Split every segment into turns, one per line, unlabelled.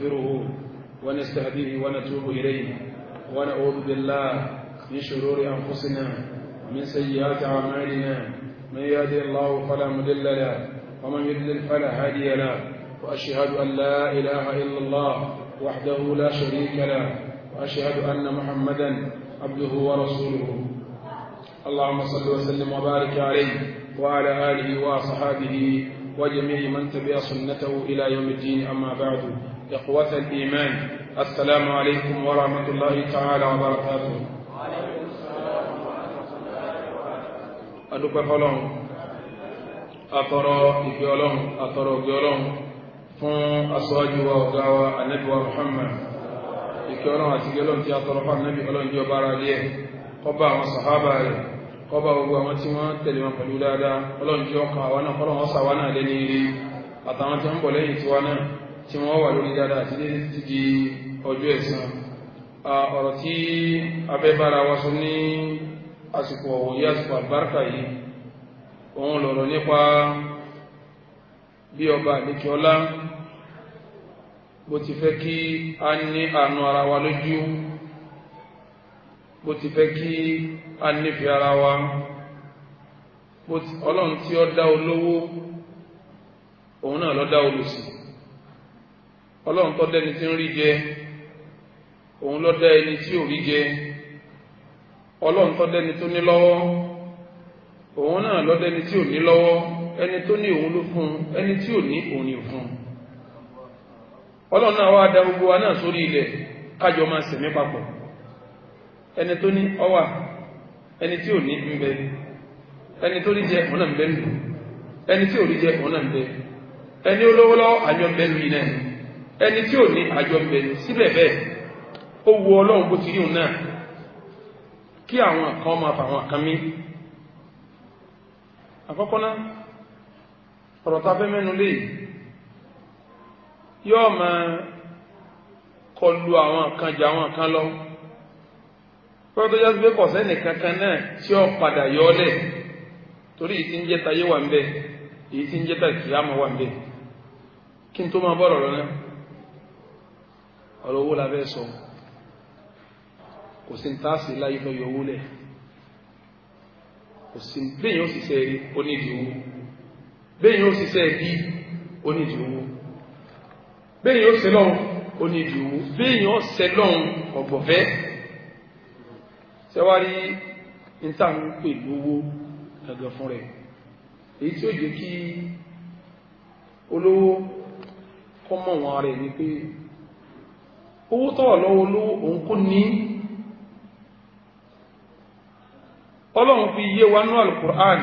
نستغفره ونستهديه ونتوب إليه ونعوذ بالله من شرور أنفسنا ومن سيئات أعمالنا من يهدي الله فلا مضل له ومن يضلل فلا هادي له وأشهد أن لا إله إلا الله وحده لا شريك له وأشهد أن محمدا عبده ورسوله اللهم صل وسلم وبارك عليه وعلى آله وصحابه وجميع من تبع سنته إلى يوم الدين أما بعد إخوة الإيمان السلام عليكم ورحمة الله تعالى وبركاته
وعليكم السلام ورحمة الله
وبركاته أدوك فلون أترى إبيالون أترى إبيالون فون أسواج وغاوة النبي محمد إكيالون أتيجالون تي أترى النبي ألون جو باراليه
قبع وصحابة
قبع وغامتما تلما فلولا دا ألون جو قاوانا فلون وصوانا لنيري أتانتهم بلين توانا tí wọ́n wà lórí dáadáa àti títí ọjọ́ ẹ̀san ọ̀rọ̀ tí abẹ́bára wa sọ ní àsìkò òye àsìkò àlùbáríkà yìí òun lọ̀rọ̀ nípa bí ọba àdékíọlá bó ti fẹ́ kí a ní àánú ara wa lójú bó ti fẹ́ kí a nífẹ̀ẹ́ ara wa ọlọ́run tí ó dá olówó òun náà ló olùsìn ọlọ́run tó tí ń rí jẹ òun lọ dá ẹni tí ò rí jẹ ọlọ́run tó tó ní lọ́wọ́ òun náà tí ò ní lọ́wọ́ ẹni tó ní òun fún ẹni tí ò ní òun ní fún un ọlọ́run náà wá da gbogbo wa náà sórí ilẹ̀ kájọ máa sẹ̀mí papọ̀ ẹni tó ní ọwà ẹni tí ò ní ń ẹni tó ní jẹ ọ̀nà ń ẹni tí ò ní jẹ ẹni tí ò ní àjọbẹ síbẹ̀ bẹ́ẹ̀ ó wu ọlọ́run bó ti rí náà kí àwọn kan máa fà àwọn kan mí. àkọ́kọ́ náà ọ̀rọ̀ tá fẹ́ mẹ́nu lé yóò máa kọlu àwọn kan àwọn kan lọ pẹ́ẹ́tọ́ pé náà tí ó padà yọ ọ́ lẹ̀ torí èyí ń wà ń bẹ̀ èyí ń lọ náà. ọ̀rọ̀ owó la fẹ́ sọ kò sí ntaasi láyé lọ yọ owó lẹ̀ kò sí bẹ́ẹ̀ yóò ṣiṣẹ́ rí onídìí owó bẹ́ẹ̀ yóò ṣiṣẹ́ bí onídìí owó bẹ́ẹ̀ yóò ṣe lọ́hùn onídìí owó bẹ́ẹ̀ yóò ṣe lọ́hùn ọ̀gbọ̀fẹ́ ṣẹ́wárí níta ń pè lówó gangan fún rẹ̀ èyí tí ó jẹ́ kí olówó kọ́mọ̀ wọn rẹ̀ ni pé owó tọ́wọ̀ lọ́wọ́ olówó òun kò ní ọlọ́run fi yé wa nú alukur'an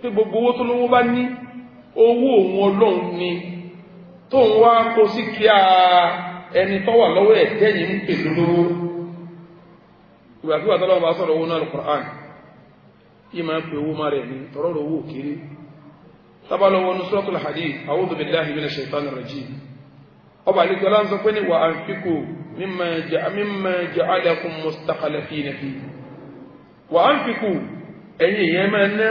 pé gbogbo owó tó lówó bá ní owó òun ọlọ́run ni tóun wá kó sí kíá ẹni tọ́wọ̀ lọ́wọ́ ẹ̀ tẹ́yìn ń pè lólówó ìgbàkigbà tọ́lọ́wọ́ bá sọ̀rọ̀ owó nú alukur'an kí máa pe owó má rẹ̀ ní tọ́rọ̀ owó kéré tábàlọ́wọ́ nú suratul hadid a'udhu billahi minash shaitanir rajim ọba àlejò ọlá ń sọ pé ní wà á fi kò mímọ jẹ àdàkùn mustaqala fi nà fi wà á fi kò ẹ̀yin ìyẹn máa ná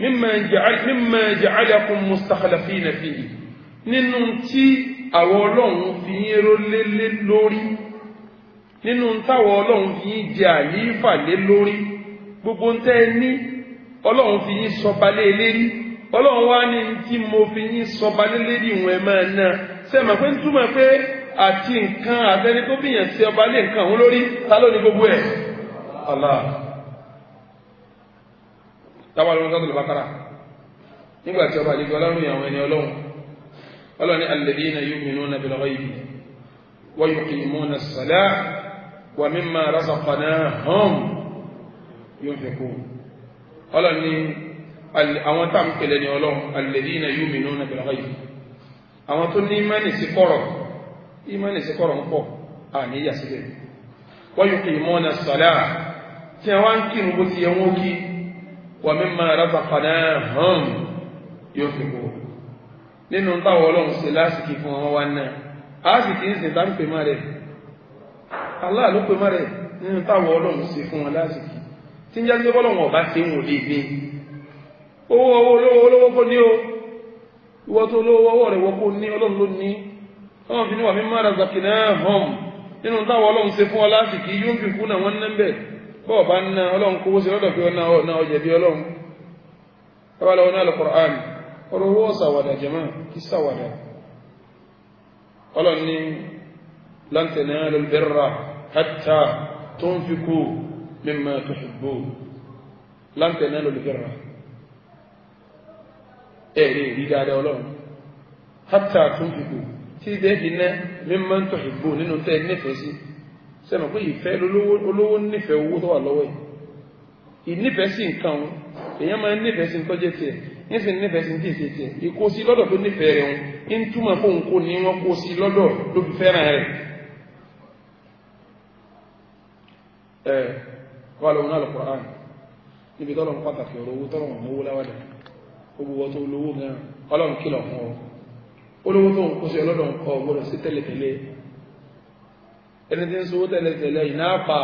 mímọ jẹ àdàkùn mustaqala fi nà nínú tí àwọn ọlọ́run fi yín rólélé lórí nínú táwọn ọlọ́run fi yín jẹ àyífà lé lórí gbogbo ń tẹ́ ẹ ní ọlọ́run fi yín sọba lé e lérí ọlọ́run wá ní tí mo fi yín sọba lé lérí ìwọ̀n ẹ máa náà sẹ́mọ̀ pé ń túmọ̀ pé àti nǹkan àtẹni tó bìyàn sí ọba lé nǹkan òun lórí ta ló ní gbogbo ẹ̀ Allah táwa lọ́wọ́ sọ́tò lùbákàrà nígbà tí ọba àlejò ọlọ́run àwọn ẹni ọlọ́run ọlọ́run ní alladhina yu'minuna bil ghaibi wa yuqimuna as-salah wa mimma razaqnahum yunfiqun ọlọ́run ní àwọn táà ń pèlè ní ọlọ́run alladhina yu'minuna bil ghaibi. àwọn tó ní ìmánì sí kọ̀rọ̀ ìmánì sí kọ̀rọ̀ ń pọ̀ àmì ìyà tí a wá ń kí ìrùn bó ti yẹ kí nínú táwọn ọlọ́run lásìkò fún ọmọ wa náà a sì kì í nínú táwọn ọlọ́run fún wọn lásìkò tí ń jáde bọ́lọ́run ọ̀bá ń ìwọ́n tó lówó ọwọ́ rẹ̀ wọ́pọ̀ ní ọlọ́run ló ní ọlọ́run fi ní wà mí má hàn nínú táwọn ọlọ́run ṣe fún ọ láti kí yóò fi kú náà wọ́n ná bẹ́ẹ̀ bọ́ ọ̀bá ná ọlọ́run kówó sí lọ́dọ̀ fi ọ̀nà ọ̀nà ọ̀jẹ̀ bí ọlọ́run bàbá lọ́wọ́ ẹ̀rẹ̀ ìrí dáadáa ọlọ́run hátà tún fìkù tí ìdẹ́ ìdínà mímọ́ ń tọ̀hìgbò nínú tẹ́ nífẹ̀ẹ́ sí sẹ́mọ̀ pé ìfẹ́ olówó nífẹ̀ẹ́ owó tó wà lọ́wọ́ ìnífẹ̀ẹ́ sí nǹkan òun èèyàn máa ń nífẹ̀ẹ́ sí tọ́jẹ́ tiẹ̀ ń sì nífẹ̀ẹ́ sí tìṣe tiẹ̀ ìkó sí lọ́dọ̀ tó nífẹ̀ẹ́ rẹ̀ òun ń túmọ̀ fóun kó ní wọ́n kó sí lọ́dọ̀ ló fi fẹ́ràn rẹ̀ ẹ̀ wà lóhun alùpùpù níbi tọ́lọ̀ ń pàtàkì ọ̀rọ̀ owó tọ́lọ̀ mọ́wó láwàdà gbogbo tó lówó gan ọlọ́run kìlọ̀ fún ọ olówó tó ń kó sí ọlọ́dọ̀ ń kọ gbọ́dọ̀ sí tẹ́lẹ̀tẹ́lẹ̀ ẹni tí ń sọ tẹ́lẹ̀tẹ́lẹ̀ ìnáàpà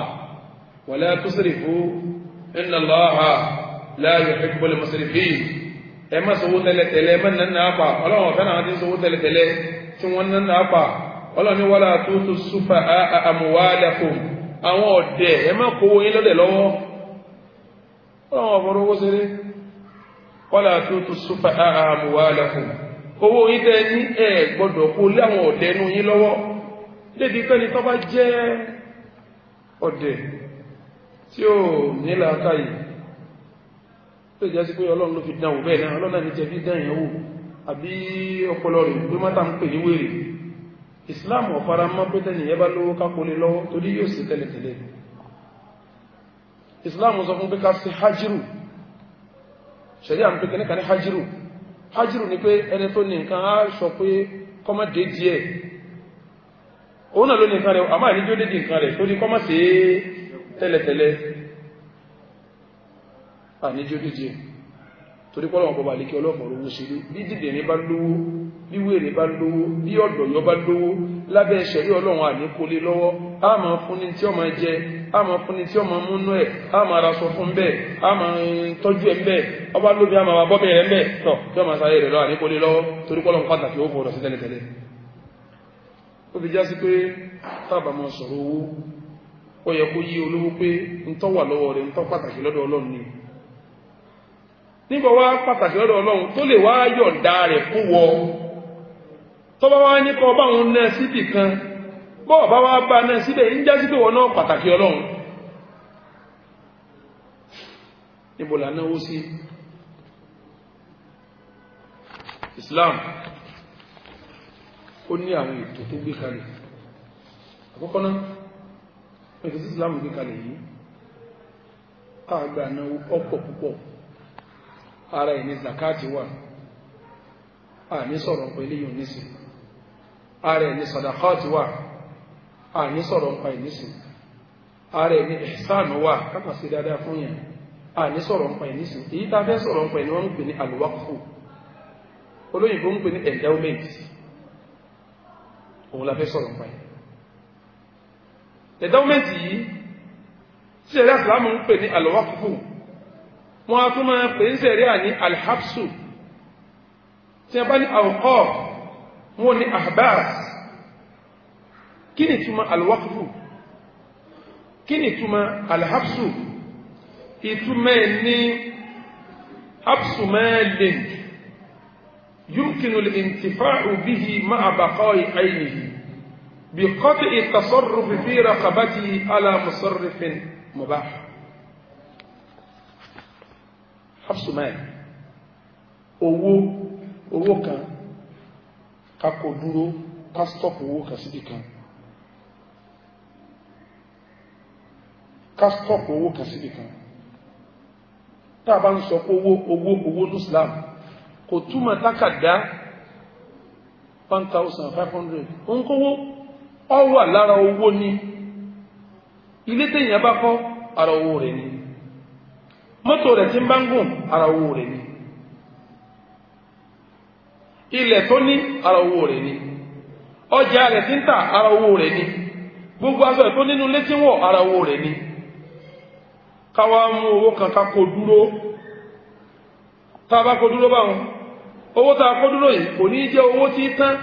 wala tusrifu inna Allaha la yuhibbul musrifin ẹ má sọwọ́ tẹ́lẹ̀tẹ́lẹ̀ ẹ má nà kọ́lá tó tó súpà àmúwá lẹ́kùn owó yín tẹ́ ní ẹ̀ gbọ́dọ̀ kó lé àwọn ọ̀dẹ́ nú yín lọ́wọ́ lédi pẹ́ni tó bá jẹ́ ọ̀dẹ̀ tí ò ní làákàyè tó jẹ́ sí pé ọlọ́run ló fi dán òun bẹ́ẹ̀ náà ọlọ́run ní jẹ́ fi dán ìyẹn wò àbí ọpọlọ rẹ̀ pé mọ́ta ń pè ní wèrè Islam ọ̀fara mọ́ pé tẹ́nìyẹn bá lówó kápólé lọ́wọ́ torí yóò sí tẹ́lẹ̀tẹ́lẹ̀ Islam sọ fún pé ká sí hajiru ṣẹ̀rí àwọn pẹ́kẹ́ níkan ní hajjiru hajjiru ni pé ẹni tó ní nǹkan á sọ pé kọ́mọ́ dé díẹ̀ òun náà ló ní nǹkan rẹ̀ àmá ìníjó dédì nǹkan rẹ̀ torí kọ́mọ́ sí tẹ́lẹ̀tẹ́lẹ̀ àníjó dédì torí pọ́lọ̀ ọ̀pọ̀ bàlíkí ọlọ́pọ̀ owó ṣe bí dìde ní bá lówó bí wèrè bá lówó bí ọ̀dọ̀yọ́ bá lówó lábẹ́ ṣẹ̀rí ọlọ́run àníkólé lọ́wọ́ á máa fún ní tí ọmọ jẹ ama máa fún tí ó máa mú nú ẹ̀ a máa fún bẹ́ẹ̀ a máa tọ́jú ẹ̀ ọba lóbi ama máa wà bọ́bẹ̀ rẹ̀ bẹ́ẹ̀ tọ̀ tí ó máa lọ àní kólé lọ́wọ́ torí pọ́lọ́ pàtàkì ó fòrò sí tẹ́lẹ̀tẹ́lẹ̀ ó fi pé tábà máa sọ̀rọ̀ owó ó yẹ kó yí olówó pé wà lọ́wọ́ pàtàkì lọ́dọ̀ wọ bọ́ọ̀ ọba wá bá náà síbẹ̀ ń já ọla pé wọn náà pàtàkì ọlọ́run níbo là náwó Islam ó ní àwọn ètò tó gbé kalẹ̀ àkọ́kọ́ Islam gbé kalẹ̀ yìí káàgbà náà ara ẹ̀ ní zakati wà sọ̀rọ̀ ara ẹ̀ ní àní sọ̀rọ̀ nípa ìnísìn ààrẹ ní ẹ̀sán wà kápá sí dáadáa fún yẹn àní sọ̀rọ̀ nípa ìnísìn èyí tá a fẹ́ sọ̀rọ̀ nípa ìní wọ́n ń pè ní alùwákùfù olóyìnbó ń pè ní endowment òun la fẹ́ sọ̀rọ̀ nípa yìí endowment yìí tí ẹ̀rẹ́ àsìlámù ń pè ní alùwákùfù wọ́n á tún máa pè ń sẹ̀rí à ní alhapsu tí a bá ní àwòkọ́ wọn ní ahbaz كيني توما الوقف كيني توما الحبس إتوما إني حبس مال يمكن الانتفاع به مع بقاء عينه بقطع التصرف في رقبته على مصرف مباح حبس مال owó owó kan kakodúró kastọpù owó kan síbi kan ká stọ́pù owó kan tá a bá ń sọ owó owó owó ní Islam kò túmọ̀ tákàdá one thousand five hundred òǹkówó ọ wà owó ilé téèyàn bá kọ́ ara owó rẹ̀ ni mọ́tò rẹ̀ ti ń bá ń gùn ara owó rẹ̀ ni ilẹ̀ tó ní ara owó rẹ̀ ni ọjà rẹ̀ ara owó rẹ̀ ni gbogbo aṣọ ìtó nínú ilé ara owó rẹ̀ ni. káwá mú owó kan ká kó dúró tá a bá kó dúró báwọn owó tá a kó dúró yìí kò ní jẹ́ owó tí tán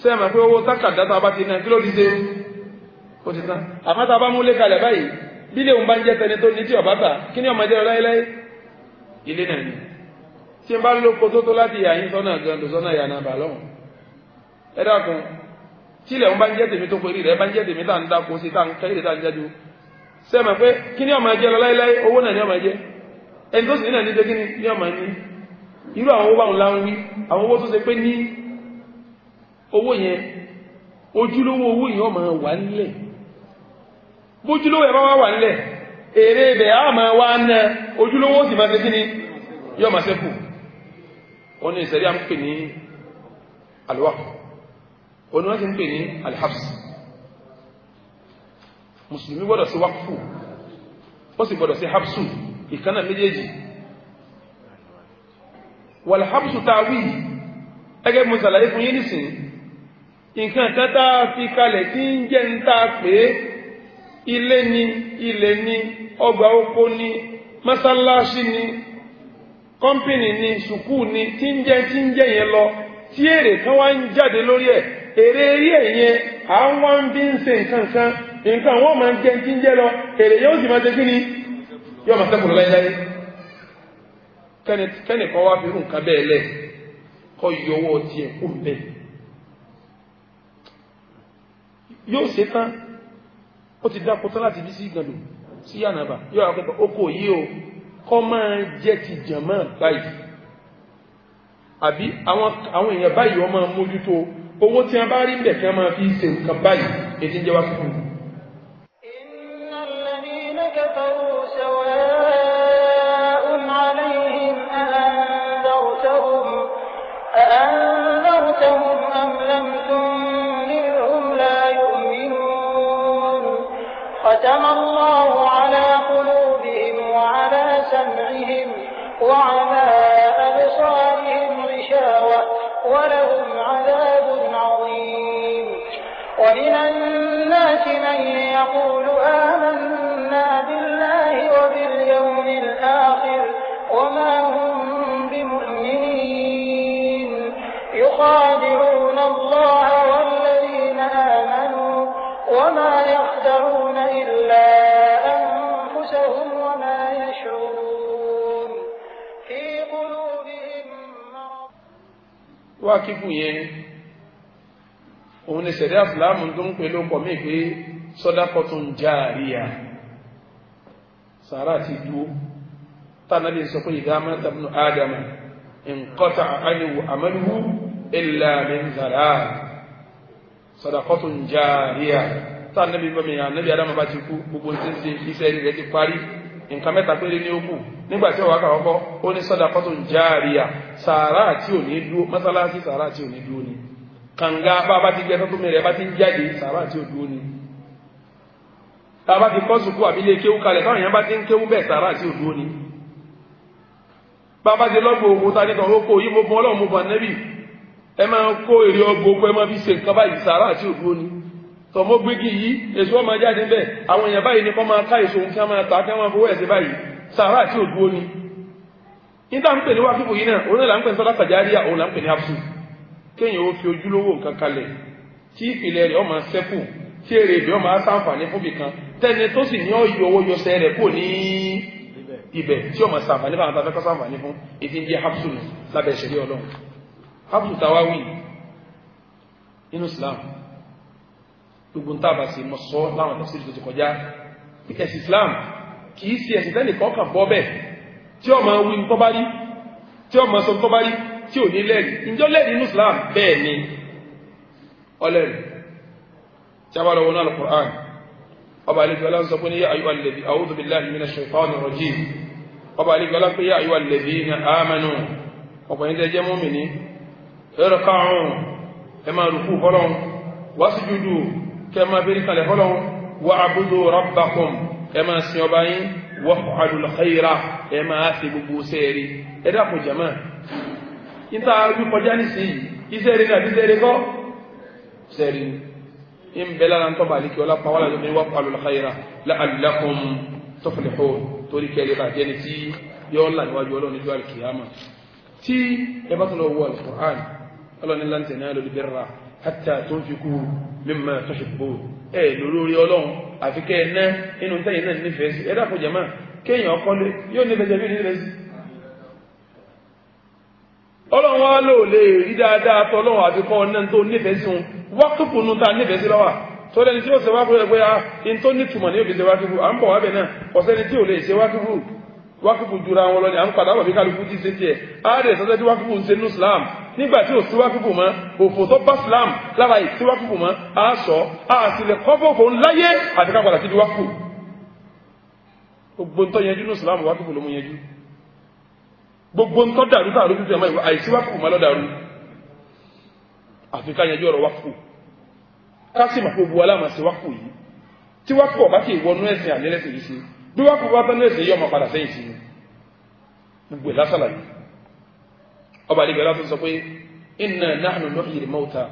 ṣe é mọ̀ pé owó tákàdá tá a bá ti ná kí ló ti dé ó ti tán àmọ́ tá a bá mú lé kalẹ̀ báyìí bí ilé òun bá ń jẹ́ tẹni tó ní tí ọ̀bá tà kí ni ọmọdé rẹ láéláé ilé náà ni tí n bá lóko tó tó láti yà yín sọ́nà gan tó sọ́nà yà náà bà lọ́hùn ẹ dákun tí ilé òun bá ń jẹ́ tèmi tó péré rẹ bá ń jẹ́ tèmi tá à ń dáko sí tá à ń kẹ́rì sẹ́mà pé kí ni ọmọ ajẹ́ lọ láíláí owó náà ni ọmọ ajẹ́ ẹni tó sì nínà níjẹ́ kí ni ọmọ ní irú àwọn owó báwọn láwọn wí àwọn owó tó ṣe pé ní owó yẹn ojúlówó owó yẹn ọmọ wà nílẹ̀ bójúlówó ẹ̀bá wà nílẹ̀ èrè ibẹ̀ a máa wá ná ojúlówó sì máa ṣe kí ni yọ máa ṣẹ́kù wọn ni ìṣẹ̀rí à ń pè ní alwaqf wọn ni wọ́n ti ń pè ní alhafs mùsùlùmí gbọ́dọ̀ sí wakfu, ó sì gbọ́dọ̀ sí hapsu ìkànnà méjèèjì wàlá hapsu tá a wí gẹ́gẹ́ mo ṣàlàyé fún yín nísìnyí nǹkan kan tá a fi kalẹ̀ tí ń jẹ́ ń tá a ilé ni ilé ni ọgbà oko ni mọ́sálásí ni kọ́mpìnì ni sùkúù ni tí ń jẹ́ tí ń jẹ́ yẹn lọ tí èrè kan wá ń jáde lórí ẹ̀ èrè eré ẹ̀yẹn àwọn wọn bí ń ṣe nǹkan kan nǹkan wọn máa ń jẹ kí ń jẹ lọ èrè yóò sì máa jẹ kí ni yóò máa sẹ́kù lọ́láyé láyé kẹ́nì kan wá fi irú nǹkan bẹ́ẹ̀ lẹ̀ kọ́ yọwọ́ tiẹ̀ kú bẹ́ẹ̀ yóò ṣe tán ó ti dáko tán láti bí sí ìgbàlù sí yànnàbà yóò àpẹẹrẹ oko yìí o kọ́ máa jẹ́ ti jàmáà báyìí àbí àwọn èèyàn báyìí wọ́n máa mójútó owó tí a bá rí mbẹ̀ kí a máa fi ṣe nǹkan báyìí ètí ń jẹ́ wá sí fún un.
ختم وعلى أبصارهم غشاوة ولو يقول آمنا بالله وباليوم الآخر وما هم بمؤمنين يخادعون الله والذين آمنوا وما يخدعون إلا أنفسهم وما يشعرون في قلوبهم
مرض واكفوا òun ni sẹ̀dá ìsìláàmù tó ń pè pọ̀ mí pé sọ́dákọ̀tún jáàríyà sàárà ti dúó tánàbí sọ pé ìdámá tàbínú ádámà nǹkọ́ta àánìwò àmàlùwò ìlà mẹ́ńtàrà sọ́dákọ̀tún jáàríyà tánàbí bọ́mi ànábì ádámà bá ti kú gbogbo tí ń ṣe iṣẹ́ rẹ̀ ti parí nǹkan mẹ́ta péré ní ó kù nígbà tí ọwọ́ àkàkọ́kọ́ ó ní sọ́dákọ̀tún jáàríyà sàárà tí ò ní dúó mọ́sálásí sàárà tí ò ní dúó ni kànga bá bá ti gbẹ́ tó tó mẹ́rẹ̀ bá ti ń jáde sàárà tí ò dúó ni tá a bá ti kọ́ sùkú àbí ilé kéwú kalẹ̀ báwọn èèyàn bá ti ń kéwú bẹ́ẹ̀ sàrà àti òdúró ni bàbá ti lọ́gbọ̀ ògùn ta ní kan ó kó yí mo fún ọlọ́run mo fún anẹ́bì ẹ máa kó èrè ọgbọ ogun ẹ máa fi ṣe nǹkan báyìí sàrà àti òdúró ni tọmọ gbégi yìí èso ọmọ jáde ń bẹ àwọn èèyàn báyìí ni kọ́ máa ká èso nǹkan máa ta kí wọ́n fowó ẹ̀sẹ̀ báyìí sàrà àti tí èrè ìbí ọmọ aṣàǹfààní fún bìkan tẹni tó sì ní ọyọ owó yọsẹ rẹ kò ní ibẹ̀ tí ọmọ aṣàǹfààní bá ń tafẹ́ kọ́sàǹfààní fún ètí ń jẹ́ hapsu lábẹ́ ìṣẹ̀lẹ̀ ọlọ́run hapsu táwa wí nínú Islam gbogbo ń tábà sí mọ sọ láwọn tafsir tó ti kọjá ẹ̀sìn Islam kì í sí ẹ̀sìn tẹ́nì kọ́kàn bọ́ bẹ́ẹ̀ tí ọmọ wí ń tọ́ bá rí tí ọmọ sọ ń bá rí tí ò ní lẹ́rìí ǹjọ́ lẹ́rìí nínú Islam bẹ́ẹ̀ ni ọlẹ́rìí tábàlọ wọn alukur'an ọba àlejò aláwọ sọ pé ní yá ayọ alẹbi àwùjọ bíi láàyè mìíràn ṣèkọ ọnà rọjì ọba àlejò aláwọ pé yá ayọ alẹbi na amẹnu ọkùnrin tẹ jẹ mọmìnì ẹrọ káàrún ẹ máa rúkú fọlọ́n wá sí júdù kẹ máa bẹ́ẹ̀ kalẹ̀ fọlọ́n wá àbúdó rabbakum ẹ máa sin ọba yín wọ́n alùlọ xeyira ẹ máa fi gbogbo sẹ́ẹ̀rì ẹ dàpọ̀ jama níta ojú kọjá nísìnyí iṣẹ́ rẹ̀ náà iṣẹ́ rẹ̀ kọ́ sẹ́ẹ̀rì ni ń bẹ lára ń tọ́ba àlekí ọlá pa wàhálà lómi wàá pàlọ́ lọ́kàyẹ̀rà la'allakum tuflihun torí kẹ́lẹ́ bá jẹ́ni tí yọ ńlá níwájú ọlọ́run níjọ́ àlùkìyàmà tí ẹ bá tún lọ wọ alukur'an ọlọ́run lan tanalul birra hatta tunfiqu mimma tuhibbun ẹ lórí ọlọ́run àfikẹ́ ẹ̀ ná inú tẹ́yìn náà nífẹ̀ẹ́ sí ẹ dákun jẹ̀mọ́ kéèyàn ọkọ lé yóò nífẹ̀ẹ́ jẹ́ bí nífẹ̀ẹ́ sí ọlọ́run wa lò lè rí dáadáa tọ́ ọlọ́run àti kọ́ ọ̀nà tó nífẹ̀ẹ́ sí wọn wákùkù nu ta nífẹ̀ẹ́ sí lọ́wọ́ tó lẹni tí ó ṣe wákùkù rẹ̀ pé a ah, in tó ní túmọ̀ ní òbí ṣe wákùkù à ń bọ̀ wábẹ̀ náà ọ̀sẹ́ni tí ò lè ṣe wákùkù wákùkù jura wọn lọ ni à ń padà wọ̀ bí kálukú ti ṣe tiẹ̀ á rẹ̀ sọ́sẹ́ tí wákùkù ń ṣe ní Islam nígbà tí ò sí wákùkù mọ́ òfò tó bá Islam lára yìí sí wákùkù mọ́ á sọ á sì lè kọ́fọ́ òfò ńláyé àti ká padà sí di wákùkù gbogbo ń tọ́ yẹjú ní Islam wákùkù ló mú yẹjú gbogbo ń tọ́ dàrú dàrú títí ẹ̀mọ́ àìsí wákùú má lọ dàrú àfi ká yanjú ọ̀rọ̀ wákùú ká sì máa gbogbo aláàmà sí wákùú yìí tí wákùú ọ̀bá sì wọnú ẹ̀sìn àlẹ́lẹ́sìn yìí sí bí wákùú bá tán lẹ́sìn yìí ọmọ padà sẹ́yìn sí ni gbogbo ẹ̀ lásàlàyé ọba àdìgbà láti sọ pé inna nahnu nuhyi al-mawta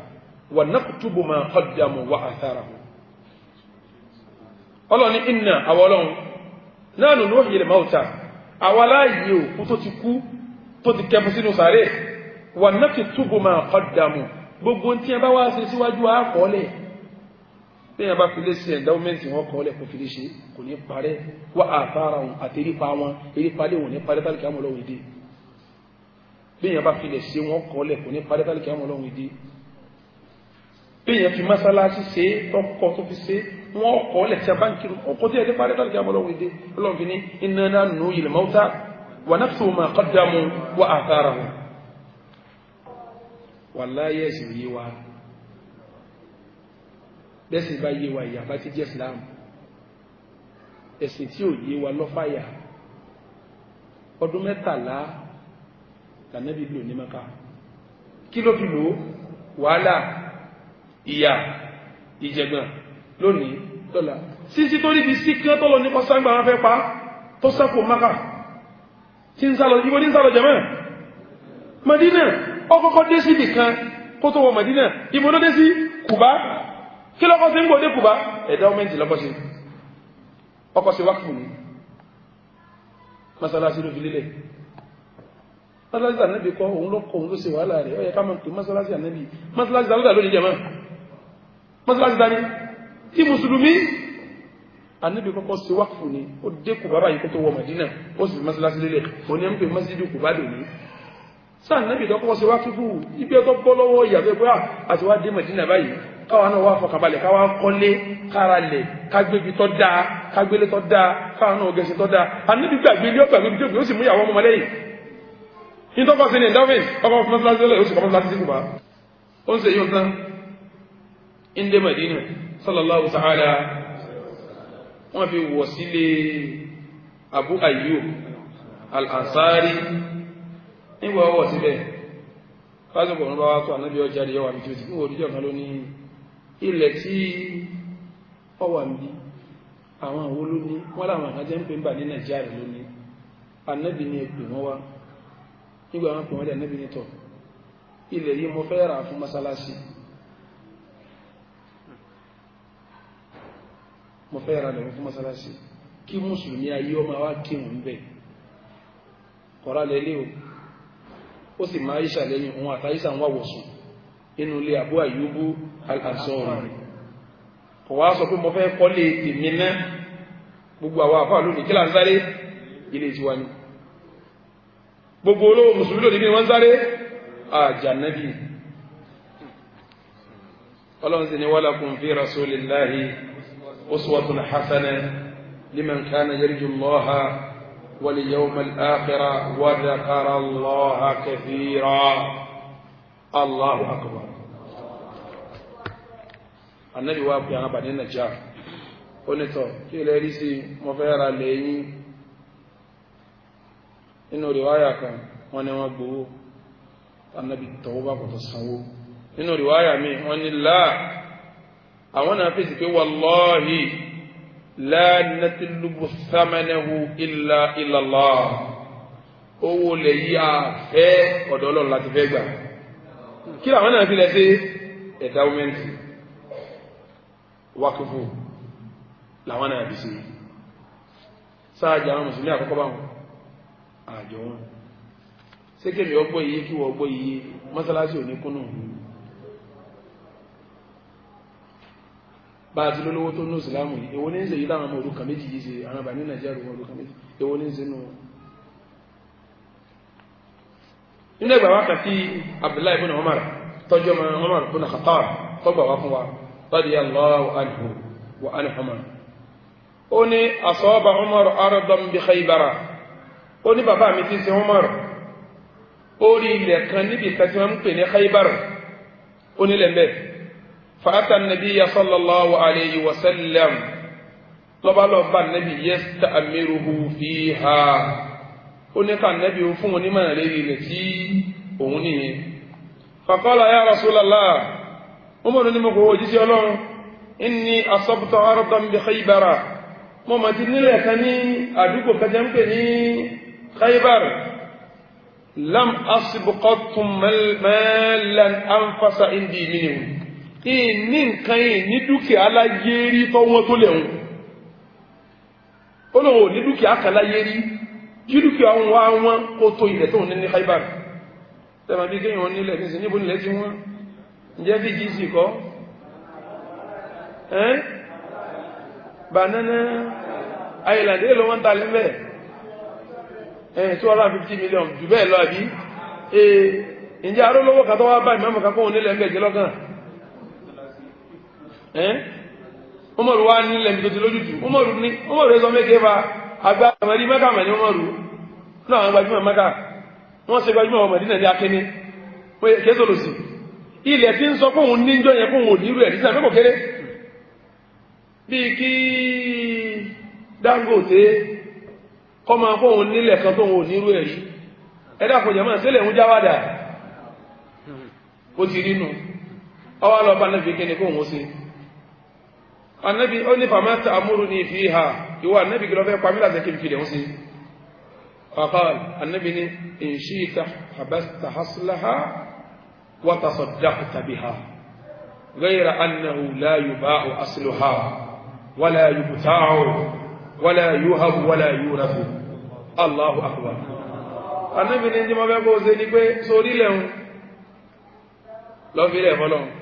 wa naktubu ma qaddamu wa atharahum ọlọ́ni inna àwọn ọlọ́run nahnu nuhyi al-mawta àwọn aláàyè òkú tó ti kú tó ti kẹfù sínú sàárè wà náàkì túbò máa kọ́dàmù gbogbo tí ẹ bá wá ṣe síwájú àkọọ́lẹ̀ tí ẹ bá fi lé sí ẹ̀ndáwọ́mẹ́ntì wọn kọ́ọ́lẹ̀ kò fi lè ṣe kò ní parẹ́ wá àtàrà wọn àti erípa wọn erípa lé wọn ní parẹ́ tálíkì àmọ́ lọ́wọ́ ìdí bí ẹ bá fi lè ṣe wọn kọ́ọ́lẹ̀ kò ní parẹ́ tálíkì àmọ́ lọ́wọ́ ìdí bí ẹ fi mọ́sálásí ṣe tọ́kọ tó fi ṣe wọn kọ́ lẹ́sẹ̀ báńkì rú ọkọ̀ tí ẹ̀dẹ́ parí tàbí àbọ̀lọ́wọ́ èdè ọlọ́run fi ní iná náà nù yìí mọ́tà wà náà tó máa kọ́ dàmú wà àtàrà wọn. wà láyé ẹ̀sìn yé wa bẹ́sìn bá yé wa ìyàbá ti jẹ́ Islam ẹ̀sìn tí ò yé wa lọ́fàyà ọdún mẹ́tàlá lànàbí lò ní maka kí wàhálà ìyà ìjẹgbọn lónìí lọ́la sísí tó níbi sí kí wọ́n tọ́lọ nípa sáńgbà wọn fẹ́ pa tó sápò maka tí ń sálọ ibo ní ń sálọ jẹ̀mọ́ Madina ọkọ̀kọ́ dé síbì kan kó tó wọ Madina ibo ló dé sí Kùbá kí lọ́kọ́ sí ń gbòdé Kùbá ẹ̀dá ọmẹ́ntì lọ́kọ́ sí ọkọ̀ sí wákùn ní masalasi ló fi lélẹ̀ masalasi ànábì kọ́ òun ló kọ́ òun ló ṣe wàhálà rẹ̀ ó ká máa pè masalasi ànábì masalasi ànábì lónìí jẹ̀mọ́ tí mùsùlùmí anabi kọ́kọ́ ṣe wákùú ni ó dé kùbá báyìí kó tó wọ Madina ó sì fi mọ́sálásí lélẹ̀ òní ẹni pé mọ́sídìí kùbá lòní sáà nàbì tó kọ́kọ́ ṣe wákùú ibi ẹ̀kọ́ bọ́ lọ́wọ́ ìyàgbẹ́ bóyá àti ah, wá dé Madina báyìí káwa náà wá fọkàbalẹ̀ káwa kọ́lé káralẹ̀ kágbébi tó dáa kágbélé tó dáa káwa náà gẹ̀ẹ́sì tó dáa anabi gbàgbé ilé ọgbà gbébi tó sì mú ìyàwó ọmọ lẹ́yìn ní tọ́kọ̀ ní endowment ọkọ̀ fún mọ́sálásí lọ́lẹ̀ ó sì kọ́ mọ́sálásí sí ó ń ṣe yóò tán inde madina sallallahu ta'ala wọn fi wọ̀ abu ayyub al-ansari
nígbà wọ́n síbẹ̀
fásitì ọ̀run bá wá tó ànábí ọjà rí ọwà bí tí ó rí ọ̀kan ilẹ̀ tí ó ń bí àwọn àwọn ló ní wọ́n ń pè ń bà ní nàìjíríà mo fẹ́ ra lẹ̀rún fún mọ́sálásí kí mùsùlùmí ayé ọmọ wa kírun bẹ̀ kọ́ra lẹ́lé o ó sì máa yíṣà lẹ́yìn òun àtàyíṣà ń wà wọ̀sùn nínú ilé àbú àyúbú al-Ansari kò wá sọ pé mo fẹ́ kọ́lé tèmi náà gbogbo àwọn àfáà lónìí kí là ń sáré ilé tiwa ni gbogbo olówó mùsùlùmí lónìí ni wọ́n ń sáré àjànàbì ọlọ́run sì ni walakum fi rasulillahi أسوة حسنة لمن كان يرجو الله وليوم الآخرة وذكر الله كثيرا الله أكبر النبي واقع بعد النجاة ونتو في ليسي مفيرا لي إنه رواية كان وانا النبي بالتوبة وتصحو إنه رواية مي وان الله àwọn náà fèsì pé wàlọ́ọ̀hì lánàtìlúbù sámẹ́nẹ́hu ilà ìlàlá owó lè yí àfẹ́ ọ̀dọ̀ ọlọ́run láti fẹ́ gbà kí làwọn náà fi lẹ sí ẹ̀dáwọ́mẹ́ntì wákìfù làwọn náà fi sí sáájà àwọn mùsùlùmí àkọ́kọ́ báwọn àjọ wọn sékèmí ọgbọ́ iye kí wọ́n ọgbọ́ iye mọ́sálásí ò ní kúnnù yìí bá a ti lólówó tó ní ìsìlámù yìí èwo ní ń ṣe yìí láwọn ọmọ òrukàn méjì yìí ṣe àwọn àbáni nàìjíríà rògbò òrukàn méjì èwo ní ń ṣe nù. nínú ìgbà wákà tí abdullahi ibn umar tọjú ọmọ umar ibn khattab tọgbà wá fún wa radiyallahu anhu wa anhuma. ó ní asaba umar ardan bi khaybara ó ní bàbá mi ti ṣe umar ó rí ilẹ̀ kan níbi kan tí ń pè ní khaybar ó nílẹ̀ mbẹ́ẹ̀ fàtà nàbíyà sallallahu alayhi wa sallam lọ́ba lọ́ba nàbí yẹ́sítà àmìrùhù fi ha ó ní ká nàbí ó fún wọn ní mọ̀nà lérí rẹ̀ tí òun nìyẹn. fàkọ́lá ya rasulallah umaru ni mo kò wọ́n jíṣẹ́ ọlọ́run inni asabtu ardan bi khaybara mo mà ti nílẹ̀ kan ní àdúgbò kan jẹ́ ń pè ní khaybar lam asibqatum malan anfasa indi minhu ìní nǹkan ìní dúkìá láyé rí tọ́wọ́n tó lẹ̀hún ó lóun ò ní dúkìá kan láyé rí kí dúkìá òun wá wọn kó tó ilẹ̀ tóun ní ní Khaibar tẹ̀wọ̀n bí kéèyàn nílẹ̀ ní sìn nílẹ̀ tí wọ́n ǹjẹ́ bí kì sì kọ́ banana island èlò wọn ta lẹ́mẹ̀ ẹ̀ two hundred and fifty million jù bẹ́ẹ̀ lọ àbí ǹjẹ́ arólówó kan tó bá ìmọ̀ kan umaru wa ní lẹ́mí tó ti lójútù umaru ní umaru ẹzọ méje fa àgbà àmàrí mẹ́kà mẹ́ ní umaru náà àwọn gbajúmọ̀ mẹ́kà wọ́n ṣe gbajúmọ̀ ọmọ ìdínà ní akéní késo lòsì ilẹ̀ tí ń sọ fóun níjọ yẹn fóun òdìrú ẹ̀ nígbà kéré bíi kí Dangote kọ́ máa fóun nílẹ̀ kan òdìrú ẹ̀dá kò jẹ́ anabi ó ní fama ta amúru ní fi ha ìwọ anabi kìlọ̀ fẹ́ pamílà tẹ́ kìlì kìlì ọ̀sìn kàkàl anabi ní ìṣí ta habasta haslaha wa tasaddaqta biha ghayra annahu la yuba'u asluha wala yubta'u wala yuhab wala yurathu allahu akbar anabi ní ní ma fẹ́ kó o ṣe ni pé sórí lẹ́hùn lọ́fílẹ̀ fọlọ́hùn.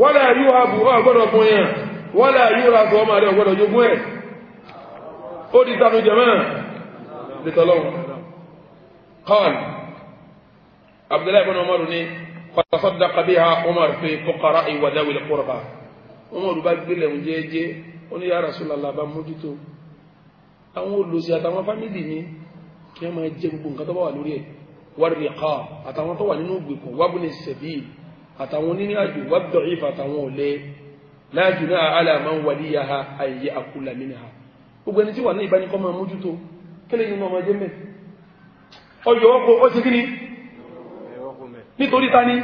wọ́lá yóò abù ọ gbọ́dọ̀ fún yàn wọ́lá yóò ra sọ ọmọ rẹ̀ gbọ́dọ̀ jogún ẹ̀ ó di sanu jẹ̀mọ́ lẹ́tọ̀lọ́wọ́ kọ́ọ̀l abdullahi ibn umar ni fasọ́dà kabi ha umar fi fọkara ìwàdáwì lẹ́kọ̀ọ́rọ̀ba umar bá gbélé ń jẹ́ẹ́jẹ́ ó ní ya Rasulullah bá mójútó àwọn olùsí àtàwọn fámìlì mi kí wọ́n máa jẹ gbogbo nǹkan tó bá wà lórí ẹ̀ wárí ẹ̀kọ́ àtàwọn tó wà nínú ìgbèkùn wábùnì sẹ̀bíì àtàwọn onírìnàjò wà bẹ̀rẹ̀ ìfà àtàwọn òlé láàjù náà àlàmà ń wàlí ya ha àyè àkúlà mí ni ha gbogbo ẹni tí wà ní ìbánikọ́ máa mójútó kílẹ̀ yìí máa jẹ́ mẹ́ ọjọ́ ọkọ̀ ó ti kíni nítorí ta ni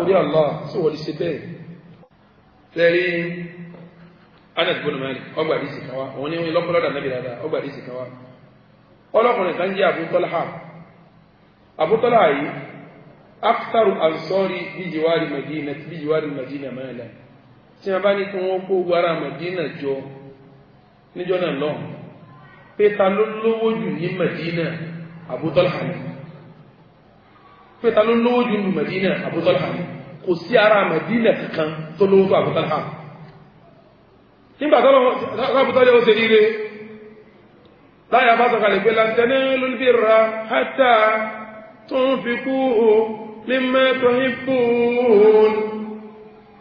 orí Allah sí wọ́n ṣe bẹ́ẹ̀ fẹ́rí Anas ọgbà rí sì káwá òun ní lọ́pọ̀lọ́dà náà bí dáadáa ọgbà rí sì káwá ọlọ́kùnrin kan jẹ́ Abu Talha yìí akitaru ansori bijiwari madina bijiwari madina mẹ́lẹ̀ tí wọ́n bá ní kí wọ́n kó wàrà madina jọ níjọ́ náà lọ pé ta ló lówó jù ní madina Abu Talha ni pé ta ló lówó jù ní madina Abu Talha ni kò sí ara madina kankan tó lówó tó Abu nígbà tó Abu Talha ó ṣe rire láyà bá sọ̀kalẹ̀ pé lantẹ́nẹ́ lónìí bí tó ń fi kú o mímọ́ tó ń fún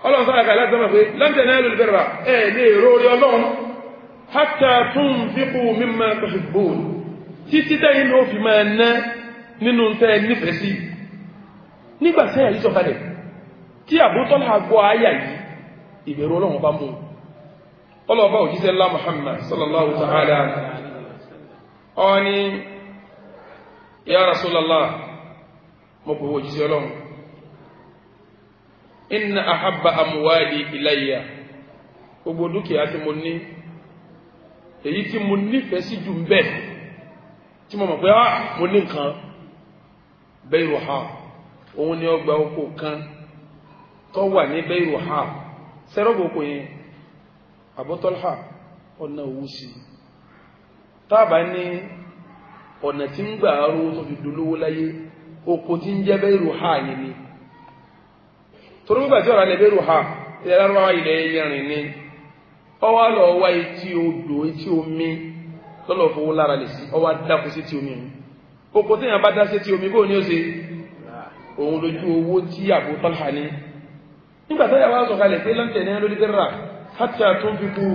ọlọ́run sọ́ra kàlá sọ́mọ̀ pé lọ́ntẹ̀ náà lórí bẹ̀rẹ̀ حتى lè rórí ọlọ́run hátà tún fíkú mímọ́ tó ń fún títí tẹ́yìn ló fi máa ná nínú tẹ́ nífẹ̀ẹ́ sí nígbà sẹ́yà yìí sọ̀kalẹ̀ tí àbótọ́lá gbọ́ àyà yìí ìbẹ̀rù ọlọ́run bá mú ńlá Muhammad sallallahu ta'ala ọ ni ya Rasulallah mo pè wò jíṣẹ́ ọlọ́run inna ahabba amuwaali ilayya gbogbo dúkìá tí mo ní èyí tí mo nífẹ̀ẹ́ sí jù bẹ́ẹ̀ tí mo mọ̀ pé ah mo ní nǹkan bẹ́ẹ̀ rò ha òun ni ọgbà oko kan tó wà ní bẹ́ẹ̀ rò ha sẹ́rọ̀bù oko yẹn àbọ̀tọ́lá ọ̀nà òwú sí i táàbà ní ọ̀nà tí ń gbà aró tó fi dolówó láyé oko tí ń jẹ́ bẹ́ẹ̀rù ha yìí ni torí nígbà tí ọ̀rọ̀ alẹ́ bẹ́ẹ̀rù ha ilẹ̀ lárúbáwá ilẹ̀ ẹ̀yẹrin ni ọwọ́ lọ wá etí odò etí omi lọ́lọ́ fowó lára lè sí ọwọ́ dákú sí etí omi yìí oko tí yàn bá dá sí etí omi bóun ni ó ṣe òun lójú owó tí àbò tọ́lá ní nígbà tó yà wá sọ̀kalẹ̀ pé lọ́ntẹ̀ ní lórí bẹ́ẹ̀rà hátì àtúnfikú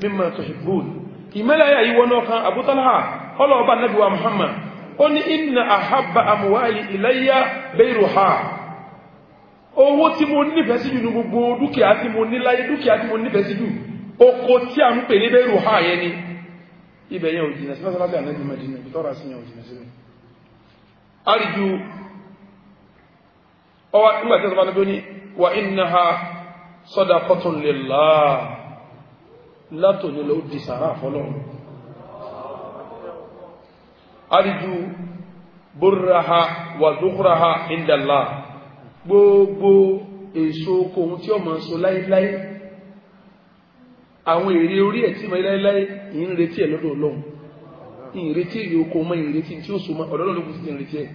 mímọ̀ tọ̀ṣùgbọ́n ìmẹ́lẹ̀ ayé ìwọ́n náà kan àbútọ́lá ọlọ́ọ̀bá nàbíwá Muhammad ó ní inna àhábà àmúwáyì ilayya bayruha owó tí mo nífẹ̀ẹ́ sí jù ní gbogbo dúkìá tí mo ní láyé dúkìá tí mo nífẹ̀ẹ́ sí jù oko tí a ń pè ní ni ibẹ̀ yẹn ò jìnà sí lọ́sọ́lọ́sọ́ àná ìdìmọ̀ jìnà ibi tọ́ra sí yẹn ò jìnà sílẹ̀ arìjú ọwọ́ nígbà tí a sọ fún wa innaha ha lillah látò sàrà arju burraha wà dukhraha indala gbogbo èso oko ohun tí ọmọ so láéláé àwọn èrè orí ẹ̀ tí mo láéláé ìyìn retí ẹ̀ lọ́dọ̀ ọlọ́run ìyìn retí èrè oko mọ́ ìyìn retí tí ó so mọ́ ọ̀dọ́ ọlọ́run kò sí ìyìn retí ẹ̀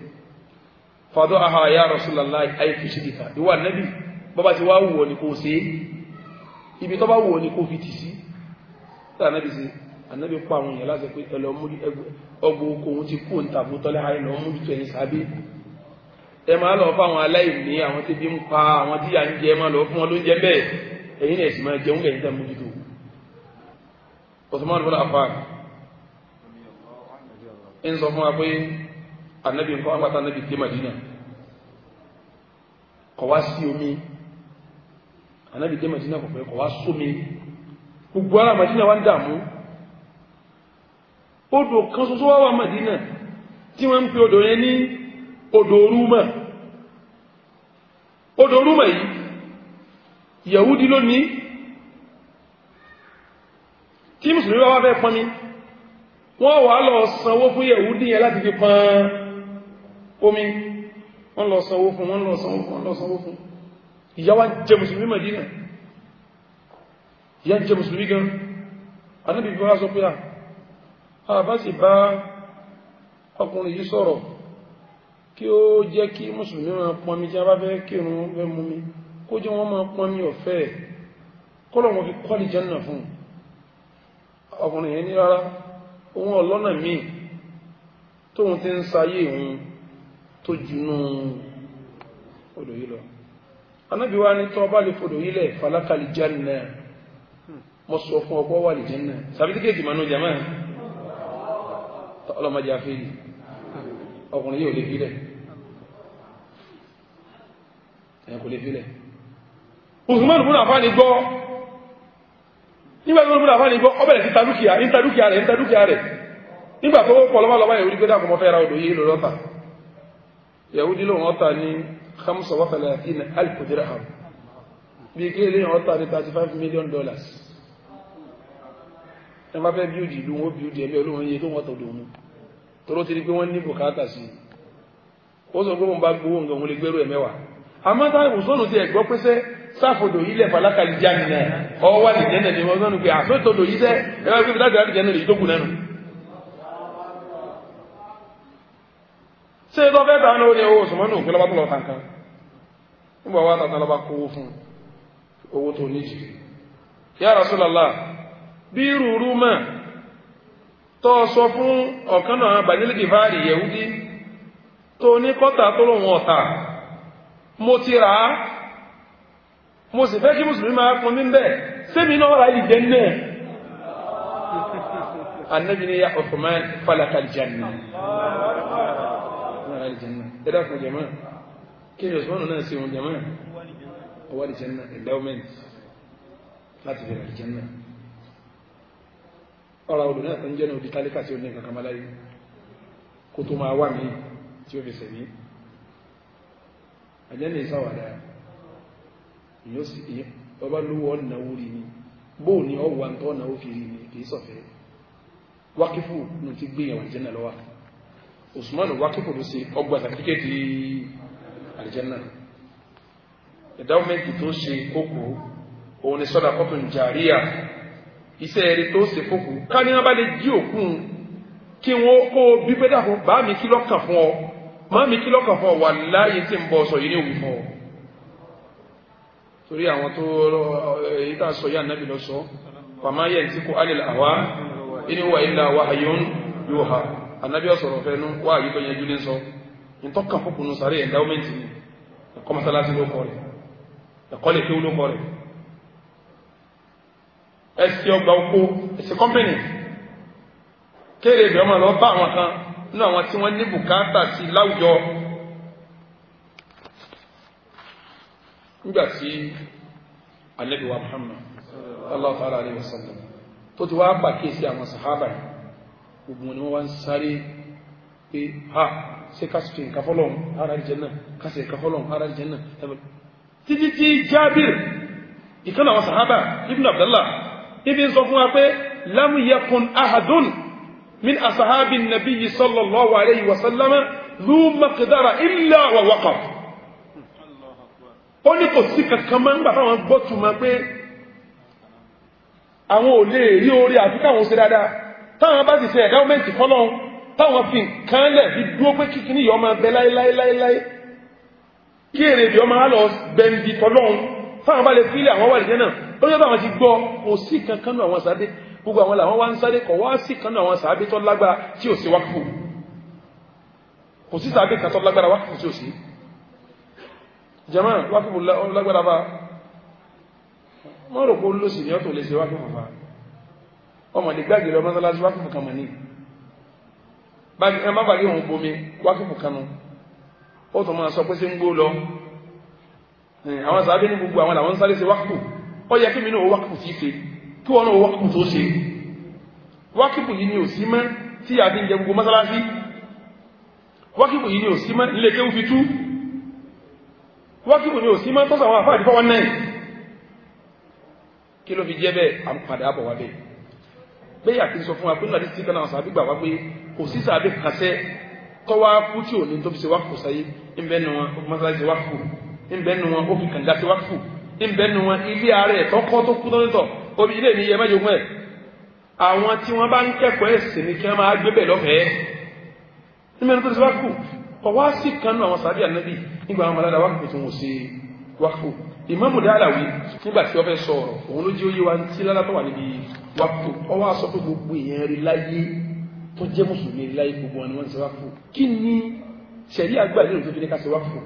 fàdọ́ aha ya Rasulullah ayé fi ṣèkìkà ìwà nẹ́bì bọ́bá ti wá wù ọ ní kò sí ibi tó bá wù ọ ní kò fi tì sí tí ànábì sí anabi kó àwọn èèyàn láti pé ẹlọ mú ọgbọ oko òun ti kú òǹtà na tọ́lẹ́ ayé lọ mú ìtọ́ ẹ̀yìn sábé ẹ máa lọ fún àwọn aláìní àwọn tẹ́bí ń pa àwọn tí à ń jẹ máa lọ fún wọn jẹ bẹ́ẹ̀ ẹ̀yìn náà sì máa jẹun lẹ́yìn tẹ́ anabi nǹkan anabi dé Madina wá anabi dé Madina pé wá sómi gbogbo Madina wa ń odò kan ṣoṣo wá wà Màdínà tí wọ́n ń pe odò yẹn ní odò Rúmà odò Rúmà yìí Yahudi lónìí tí mùsùlùmí wá fẹ́ pọnmi wọ́n wà lọ sanwó fún Yahudi yẹn láti fi pọn omi wọ́n lọ sanwó fún wọ́n lọ sanwó fún wọ́n lọ sanwó fún ìyà wá jẹ mùsùlùmí Màdínà ìyà jẹ mùsùlùmí gan anábìbí wá sọ pé à ah, àbá sì bá ọkùnrin yìí sọ̀rọ̀ kí ó jẹ́ kí mùsùlùmí máa pọnmi tí a bá fẹ́ kírun fẹ́ mú mi kó jẹ́ wọ́n máa pọnmi ọ̀fẹ́ kọ́lọ̀ wọn fi kọ́lì jẹ́nà fún ọkùnrin yẹn ní rárá ohun ọlọ́nà míì tóun ti ń sayé òun tó junú odò yìí lọ anábì ní tọ́ bá lè fodò yìí lẹ̀ falákàlì jẹ́nà mo sọ fún ọkọ̀ wà lè jẹ́nà sàbídíkèjì mọ́nú jẹ́mọ́ ọlọ́mọdé afẹ́rì ọkùnrin yóò lè fílẹ̀ ẹ̀ lè fílẹ̀ Usman bùnà fáni gbọ́ nígbà tó bùnà fáni gbọ́ ọbẹ̀rẹ̀ sí tadúkìá ní tadúkìá rẹ̀ ní tadúkìá rẹ̀ nígbà tó kọ̀ lọ́mọlọ́mọ yẹ̀wò dígbé dàpọ̀ mọ́fẹ́ ra odò yìí lọ ní hamsa wa talatin alf dirham bí kí ilé wọn ta ní thirty five million dollars ẹ má fẹ́ bíúdì ìlú wọn bíúdì ẹgbẹ́ olóhùn iye tó wọ́n tọ̀dọ̀ mú tóró ti di pé wọ́n ní bùkátà sí ó sọ pé wọ́n bá gbowó nǹkan òun lè gbèrú ẹ̀ mẹ́wàá àmọ́ táwọn ìwòsàn ti ẹ̀gbọ́ pé sẹ́ sáfòdò yìí lẹ̀ falákàlì já mi náà ọwọ́ wà ní jẹ́nẹ̀ ni wọ́n sọ́nù pé yìí sẹ́ ẹ wá gbé bíláàdì láti jẹ́nẹ̀ yìí tó kù nánu. ṣé fẹ́ owó ní wá lọ́ba kówó fún owó tó Ya Rasulullah bí rúurú mọ́ tó sọ fún ọ̀kan náà bàjẹ́lì gìfárì yẹ̀wúdí tó ní kọ́tà tó lòun ọ̀tà mo ti rà á mo sì fẹ́ kí mùsùlùmí máa fún mi bẹ́ẹ̀ sẹ́mi náà ra ìjẹ́ náà annabi ni ya Uthman falakal janna ẹ dákun jẹ̀mọ́ kí ni Usman náà ṣe wọn jẹ̀mọ́ ọwọ́ ìjẹ́ náà endowment láti bẹ̀rẹ̀ ìjẹ́ náà ọ̀rọ̀ olù náà ń jẹ́nà òbí tálíkà tí ó ní nǹkan kamalá yìí kó tó máa wà mí tí ó fi sẹ̀mí àjẹ́nà ìsáwàdá yóò sì yí ọba lówó ọ̀nàwó rí ni bóò ni ọwà ń tọ́ ọ̀nàwó fi rí ni kìí sọ̀fẹ́ wákífù nù ti gbé ìyàwó àjẹ́nà lọ́wọ́ Usmanu wákífù ló ṣe ọgbà sàtíkẹ́tì àjẹ́nà ẹ̀dáwọ́mẹ́ntì tó ṣe kókó òun ni sọ́dà kọ́tùn iṣẹ́ eré tó ṣe fòkù ká ní wọ́n bá lè jí òkun kí wọ́n kó bí pé dàpọ̀ bá mi kí lọ́kàn fún ọ má mi kí lọ́kàn fún ọ wà láàyè tí ń bọ sọ yìí ní òwú fún ọ. torí àwọn tó èyí tá a sọ yá nàbì lọ sọ pàmò ayé ti kó alẹ́ àwa inú wa ilà wa àyọ̀n yóò ha ànábì ọ̀sọ̀rọ̀ fẹ́ nu wá àyè tó yẹn jú ní sọ ntọ́kàn fòkùnù sàrẹ́ endowment ni ẹ̀kọ́ ẹsẹ ọgbà oko ẹsẹ kọ́mpìnì kéèrè ìbẹ̀ ọmọ lọ bá àwọn kan nínú àwọn tí wọ́n ní bùkátà sí láwùjọ nígbà tí Ànábì wa Muhammad Allah ta'ala alayhi wa sallam tó ti wá pàkíyèsí àwọn sàhábà gbogbo wọn ni wọ́n wá ń sáré pé ha ṣe ká nǹkan fọ́lọ́run ara jẹ náà ká nǹkan fọ́lọ́run ara jẹ náà títí tí Jábìr ìkànnà àwọn sàhábà Ibn Abdullah ibi sọ fún wa pé lam yakun ahadun min asahabi nabiyyi sallallahu alayhi wa sallama dhu maqdara illa wa waqaf ó ní kò sí kankan máa ń gbà fáwọn gbọ́ túmọ̀ pé àwọn ò lè rí orí àti káwọn ṣe dáadáa táwọn bá ti ṣe ẹ̀dáwọ́mẹ́ntì fọ́lọ́run táwọn fi nǹkan lẹ̀ fi dúró pé kíkiní yọ máa bẹ láéláéláé kí èrè bí ọmọ á lọ bẹ́ẹ̀ táwọn bá lè fílẹ̀ àwọn wà lè jẹ́ náà ó ní ọdún àwọn ti gbọ́ kò sí kankan náà àwọn sáré gbogbo àwọn làwọn wá ń sáré kọ̀ wá sí kan náà àwọn sáré tó lágbára tí ò sí wákùú kò sí sáré kan tó lágbára wákùú tí ò sí jama wákùú lágbára bá wọ́n rò pé ó lòsì ní ọ̀tọ̀ lè ṣe wákùú bá ọmọ ní gbàgbé lọ mọ́sálásí wákùú kan mọ̀ ní ẹ má bàgé òun bomi wákùú kan nù ó tún máa sọ pé ṣé ń gbó lọ àwọn sáré ní gbogbo àwọn làwọn sáré ṣe wákùú ó yẹ kí mi náà wákìbù sí ṣe kí wọn náà wákìbù tó ṣe wákìbù yìí ni ò sí mọ́ tí a ti ń jẹ gbogbo mọ́sálásí wákìbù yìí ni ò sí mọ́ ilé kéwù fi tú wákìbù ni ò sí mọ́ tọ́sà àwọn àfáà àdìfọ́ wọn náà kí ló fi jẹ́ bẹ́ẹ̀ à ń padà bọ̀ wá bẹ́ẹ̀ bẹ́ẹ̀ àti sọ fún wa pé nígbà tí síkà náà sàbí gbà wá pé kò sí ó fi sí wákìbù ńbẹ́nu wọn ilé ara ẹ̀ tọ́kọ́ tó kú tọ́nítọ̀ omi ilé mi yẹ mẹ́jọ mọ́ ẹ̀ àwọn tí wọ́n bá ń kẹ́kọ̀ọ́ ẹ̀sìn ni kí wọ́n máa gbé bẹ̀ lọ́fẹ̀ẹ́ nímẹ́nu tó ti wákù ọwá sì kanú àwọn sàbí ànábì nígbà àwọn ọmọlára wákù tó ń ṣe wákù ìmáàmù Dáláwì nígbà tí wọ́n fẹ́ sọ ọ̀rọ̀ òun ló jẹ́ oyé wa ti lálátọ́ wà níbi wákù ọwá sọ pé gbogbo èèyàn rí láyé tó jẹ́ mùsùlùmí rí láyé gbogbo wọn ni wọ́n ti kí ni sẹ̀rí àgbà ìlú tó ká ṣe wákù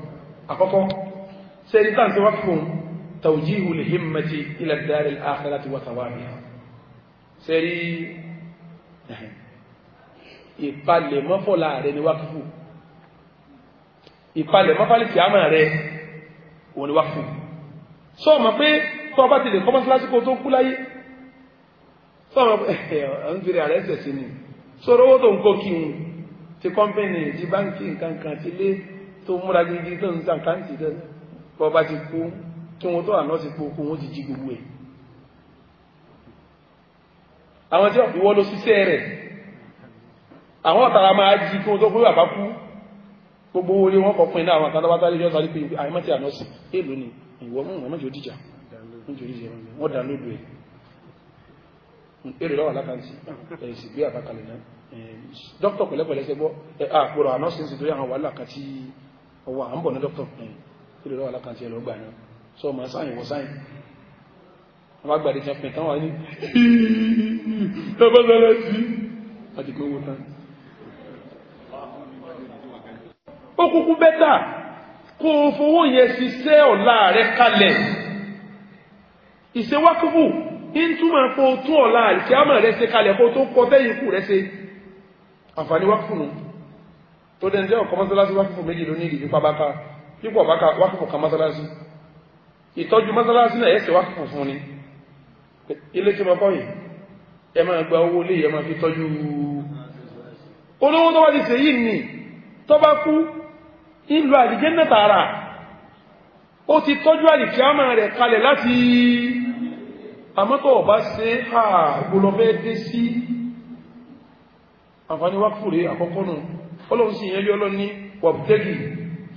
àkọ́kọ́ sẹ́ni tá à ń توجيه الهمة إلى الدار الآخرة وثوابها سري ìpalẹ̀mọ́ fọ́la rẹ̀ ni wákìfù ìpalẹ̀mọ́ fálìkì àmà rẹ̀ òun ni wákìfù sọ ma pé tọ́ bá ti lè kọ́mọ́ sí lásìkò tó kú láyé sọ ma pé ẹ̀hún fi rẹ̀ ẹ̀sẹ̀ sí ni sọ̀rọ̀ owó tó ń kó kí un ti kọ́mpẹ́nì ti báńkì nǹkan kan ti lé tó múra gidi tó ń sàkáǹtì tọ́ bá ti kú kí wọn tó àná ti pòkó wọn ti jí gbogbo ẹ̀ àwọn tí ìwọ ló ṣiṣẹ́ rẹ̀ àwọn ọ̀tara máa jí kí wọn tó kúrò àbá kú gbogbo orí wọn kọ̀pin náà àwọn àtàlọ́bátá lè jọ́sà lípé àìmọ́tí ànọ́sì èlò ni ìwọ mú wọn mọ́jọ díjà wọ́n dá lódò ẹ̀ èrè lọ́wọ́ látàntí ẹ̀sì gbé àbákalẹ̀ náà dókítà pẹ̀lẹ́pẹ̀lẹ́ ṣe gbọ́ àpòrò ànọ́sì ń sì torí àwọn wàhálà kan tí ọwọ́ à ń bọ̀ sọ ma sáyìn wọ sáyìn wọn gbàdé tí a pè tán wà ní ẹbọ́sára sí àdìgbò owó tán ó kúkú bẹ́tà kó o fowó yẹn ṣiṣẹ́ ọ̀la rẹ kalẹ̀ ìṣewákúbù ń túmọ̀ kó o tún ọ̀la ìṣẹ́àmọ̀ rẹ ṣe kalẹ̀ kó o tó kọ tẹ́yìn ikú rẹ ṣe àǹfààní wákúbù nù tó dẹ̀ ń jẹ́ ọ̀kọ́ mọ́sálásí wákúbù méjì lónìí ìdí pípa báka pípọ̀ báka wákúbù kan mọ́sálásí ìtọ́jú mọ́sálásí náà ẹ̀sẹ̀ wá fún fún ni ilé tí mo kọ́ yìí ẹ máa gba owó lé ẹ máa fi tọ́jú olówó tó bá ti ṣe yìí nì tó bá kú ìlú àdìjẹ́ náà tààrà ó ti tọ́jú àdìkíámà rẹ̀ kalẹ̀ láti àmọ́ tó bá ṣe àgbòlọ́fẹ́ dé sí àǹfààní wákùfù rẹ̀ àkọ́kọ́ nù ọlọ́run sì yẹn lé ọlọ́ni wàbùtẹ́gì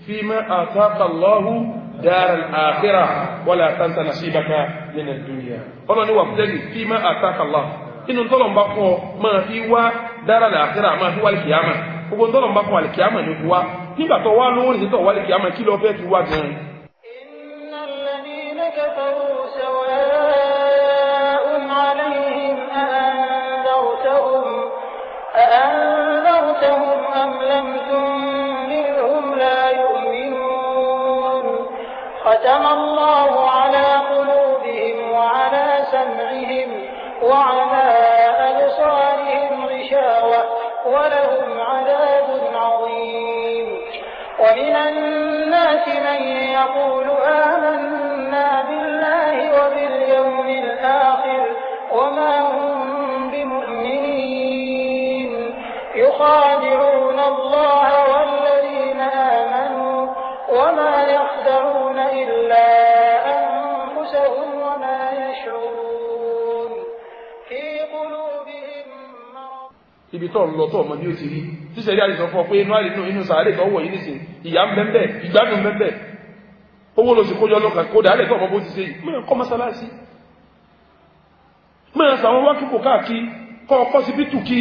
fíìmẹ́ àtàkàlọ́hùn دار الآخرة ولا تنس نصيبك من الدنيا فما نوى فيما أتاك الله إن ظلم بقو ما هو دار الآخرة ما هو الكيامة فقد ظلم بقو الكيامة نبوى نبا توالون يتوى الكيامة كي لو فيت هو جن
إن الذين كفروا سواء عليهم أأنذرتهم أأنذرتهم أم لم تنذرهم ختم الله على قلوبهم وعلى سمعهم وعلى أبصارهم غشاوة ولهم عذاب عظيم ومن الناس من يقول
ibi tó ń lọ tó ọmọ bí ó ti rí tíṣẹ́ rí àdìsọ fún ọ pé inú àdìsọ inú sàárè tó wọ̀ yìí nìsín ìyá ń bẹ́ẹ̀ ìgbádùn bẹ́ẹ̀ owó ló sì kójọ lọ́kàn kó dàálẹ̀ tó ọmọ bó ti ṣe yìí mẹ́rin kọ́ mọ́sálásí mẹ́rin sàwọn wákìkò káàkiri kọ́ ọkọ́ sí bítù kí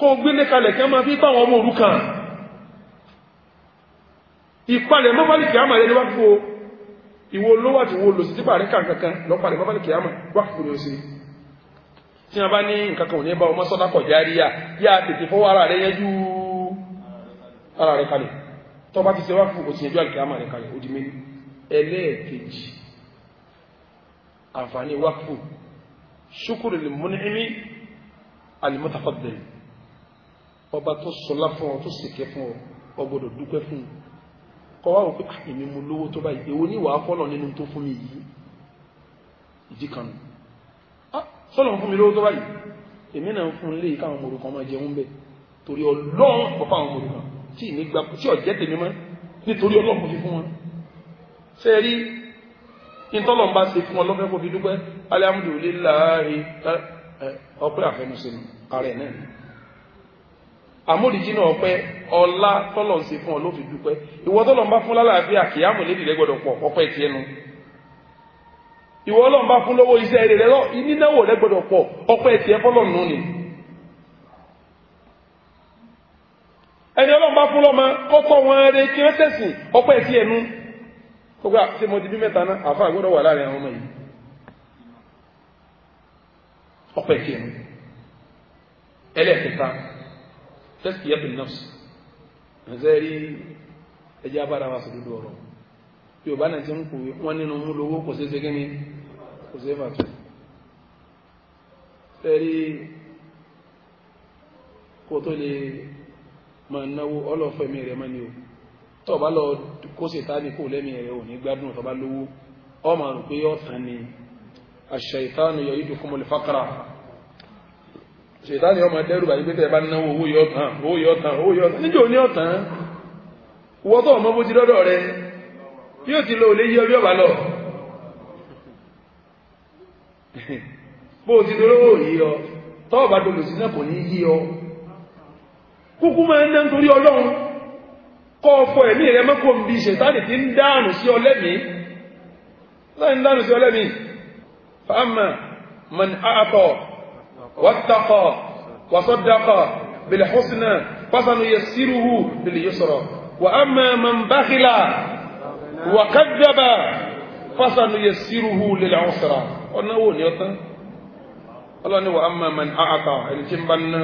kó gbélé kalẹ̀ kí a máa fi táwọn ọmọ òrukàn ìpalẹ̀ mọ́bálì kìámà rẹ̀ níwájú ìwo lówàtí wo lòsì tí pàrí kàǹkankan lọ́pàlẹ̀ mọ́bálì kìámà wákìkò ni ó ṣe tí wọn bá ní nǹkan kan ò ní bá ọmọ sọdá kọ járíyà yá tètè fọwọ́ ara rẹ yẹjú ara rẹ kalẹ̀ tó bá ti ṣe wá fún òsìyànjú àlùkè àmà rẹ kalẹ̀ òdì méjì ẹlẹ́ẹ̀kejì àǹfààní wákùú ṣukuru lè mú ní ẹ̀mí alimọ́tàfọ́dẹ̀lì ọba tó sọlá fún ọ tó sèké fún ọ ọgbọ́dọ̀ dúpẹ́ fún un wá wò pé ah, lówó tó báyìí èwo ni wàá fọlọ nínú tó fún mi yìí ìdí kan sọ́lọ̀ fún mi lówó tó báyìí èmi náà fún lé káwọn mòrò kan máa jẹun bẹ́ẹ̀ torí ọlọ́run ọ̀pọ̀ àwọn mòrò kan tí ìní gba tí ọ̀jẹ́ tèmi mọ́ nítorí ọlọ́run kò fi fún wọn. ṣé ẹ rí ìtọ́lọ̀ ń bá ṣe fún ọlọ́fẹ́ kò fi dúpẹ́ alihamudulilayi ọpẹ́ àfẹnusẹ ara ẹ̀ náà àmóríjínà ọpẹ́ ọlá tọ́lọ̀ ń ṣe fún ọ ló fi dúpẹ́ ìwọ tọ́lọ̀ ń bá fún lálàáfíà kìyàmù ìwọ ọlọ́run bá fún lọ́wọ́ iṣẹ́ rere lọ nínáwó rẹ gbọdọ̀ pọ̀ ọpẹ́ tiẹ̀ fọlọ́run nù ni. ẹni ọlọ́run bá fún lọ́mọ kọ́kọ́ wọn rẹ kí wọ́n tẹ̀sìn ọpẹ́ tiẹ̀ nù. gbogbo àti mo ti bí mẹ́ta náà àfa àgbọ̀dọ̀ wà láàrin àwọn ọmọ yìí ọpẹ́ tiẹ̀ nù. ẹlẹ́ẹ̀kẹta tẹ́sítì yẹ́pẹ̀ nọ́ọ̀sì ẹ̀sẹ̀ rí ẹjẹ́ abára wa sọ̀rọ̀ lọ́rọ̀ yorùbá náà ti ń kú wọn nínú mú lówó kò ṣeé ṣe kí ni Uzima tu. Ẹ̀rí kó tó lè máa náwó ọlọ́fẹ́ mi rẹ̀ máa o. Tọ́ lọ kó sì tání kó lẹ́mí rẹ̀ ò ní gbádùn tọ́ bá lówó. ni aṣ-ṣaytanu yaidukumul faqra. Ṣètánì ọmọ dẹ́rù bàyí pé náwó owó yọ tán, owó yọ tán, owó yọ tán. Níjọ́ ní ọ̀tán, wọ́tọ̀ ọmọ bó o ti dolówó yìí ọ tọ́wọ́ bá dolòsí náà kò ní yí ọ kúkú máa ń ná nítorí ọlọ́run kọ́ ọkọ ẹ̀mí rẹ mọ́kò ń bi ṣètánì tí ń dáànù sí ọlẹ́mí láì ń dáànù sí ọlẹ́mí fàámà man àtọ̀ wàtàkọ̀ wàsọ̀dàkọ̀ bìlẹ̀ húsínà fásánù yẹ síruhu bìlẹ̀ yóò sọ̀rọ̀ wà á mọ̀ man bákìlà wà kàdàbà fásánù yẹ síruhu lè làwọn sọ̀rọ̀ ọ̀nàwó ni ọ̀tán ọlọ́ni wa amma man a'ata ẹni tí ń bá ná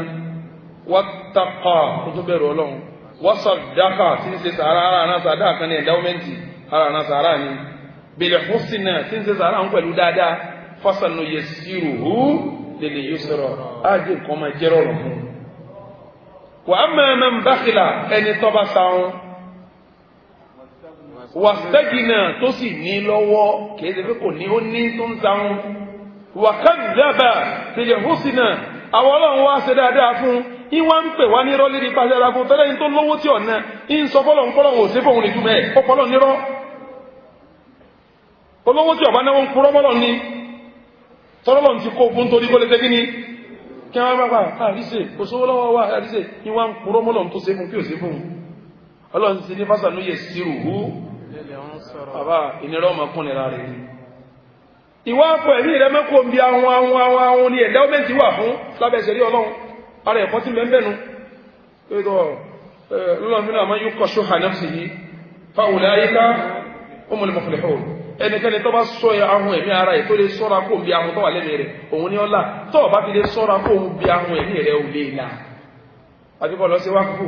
wattaqa tó tó bẹ̀rù ọlọ́run wa saddaqa tí ń ṣe sàárà ara àná sàdá kan ní ẹ̀dáwọ́mẹ́ntì ara àná sàárà ni bil husna tí ń ṣe ń pẹ̀lú dáadáa fasanu yasiruhu lil yusra ájì nǹkan máa jẹ́rọ̀ ọ̀rọ̀ fún wa amma man bakhila ẹni tó sáwọn wàsẹ́gìnà tó sì ní lọ́wọ́ kìí kò ní ó ní tó ń sanwó wàkàndàbà tẹ̀yẹ̀ àwọn ọlọ́run wá ṣe dáadáa fún ìwà ń pè wá pàṣẹ ara fún tẹ́lẹ̀ tó lówó tí ọ̀nà ń sọ fọlọ́ ńkọ́lọ́ wò sí fóun nìtumẹ̀ ọpọlọ nírọ́ olówó tí ọba náwó ń ni tọ́lọ́lọ́ ti kó fún torí kó lè ni kí wọ́n bá àríṣe kò sówó lọ́wọ́ wà àríṣe ń tó ṣe fún kí bàbá ìnira ọmọ kún nira rẹ̀ ni ìwà akọ ẹ̀mí rẹ̀ mẹ́kọ̀ ń bi àwọn àwọn àwọn àwọn ni ẹ̀dá ọmọ ti wà fún lábẹ́ ìṣẹ̀rí ọlọ́run ara ẹ̀kọ́ ti mẹ́ mbẹ́nu lọ́nà mìíràn àmọ́ yóò kọ́ ṣóhà náà sì yí fáwọn ilẹ̀ ayíká ó mọ̀ ní mọ̀fìlẹ̀ fún òun ẹnikẹ́ni tó bá sọ ahun ẹ̀mí ara yìí tó lè sọ́ra kó bí ahun tó wà lẹ́mìí rẹ̀ òun ni ọlá tó o bá fi lè sọ́ra kó bí ahun ẹ̀mí rẹ̀ ò lè là. àdúgbò lọ sí wákùú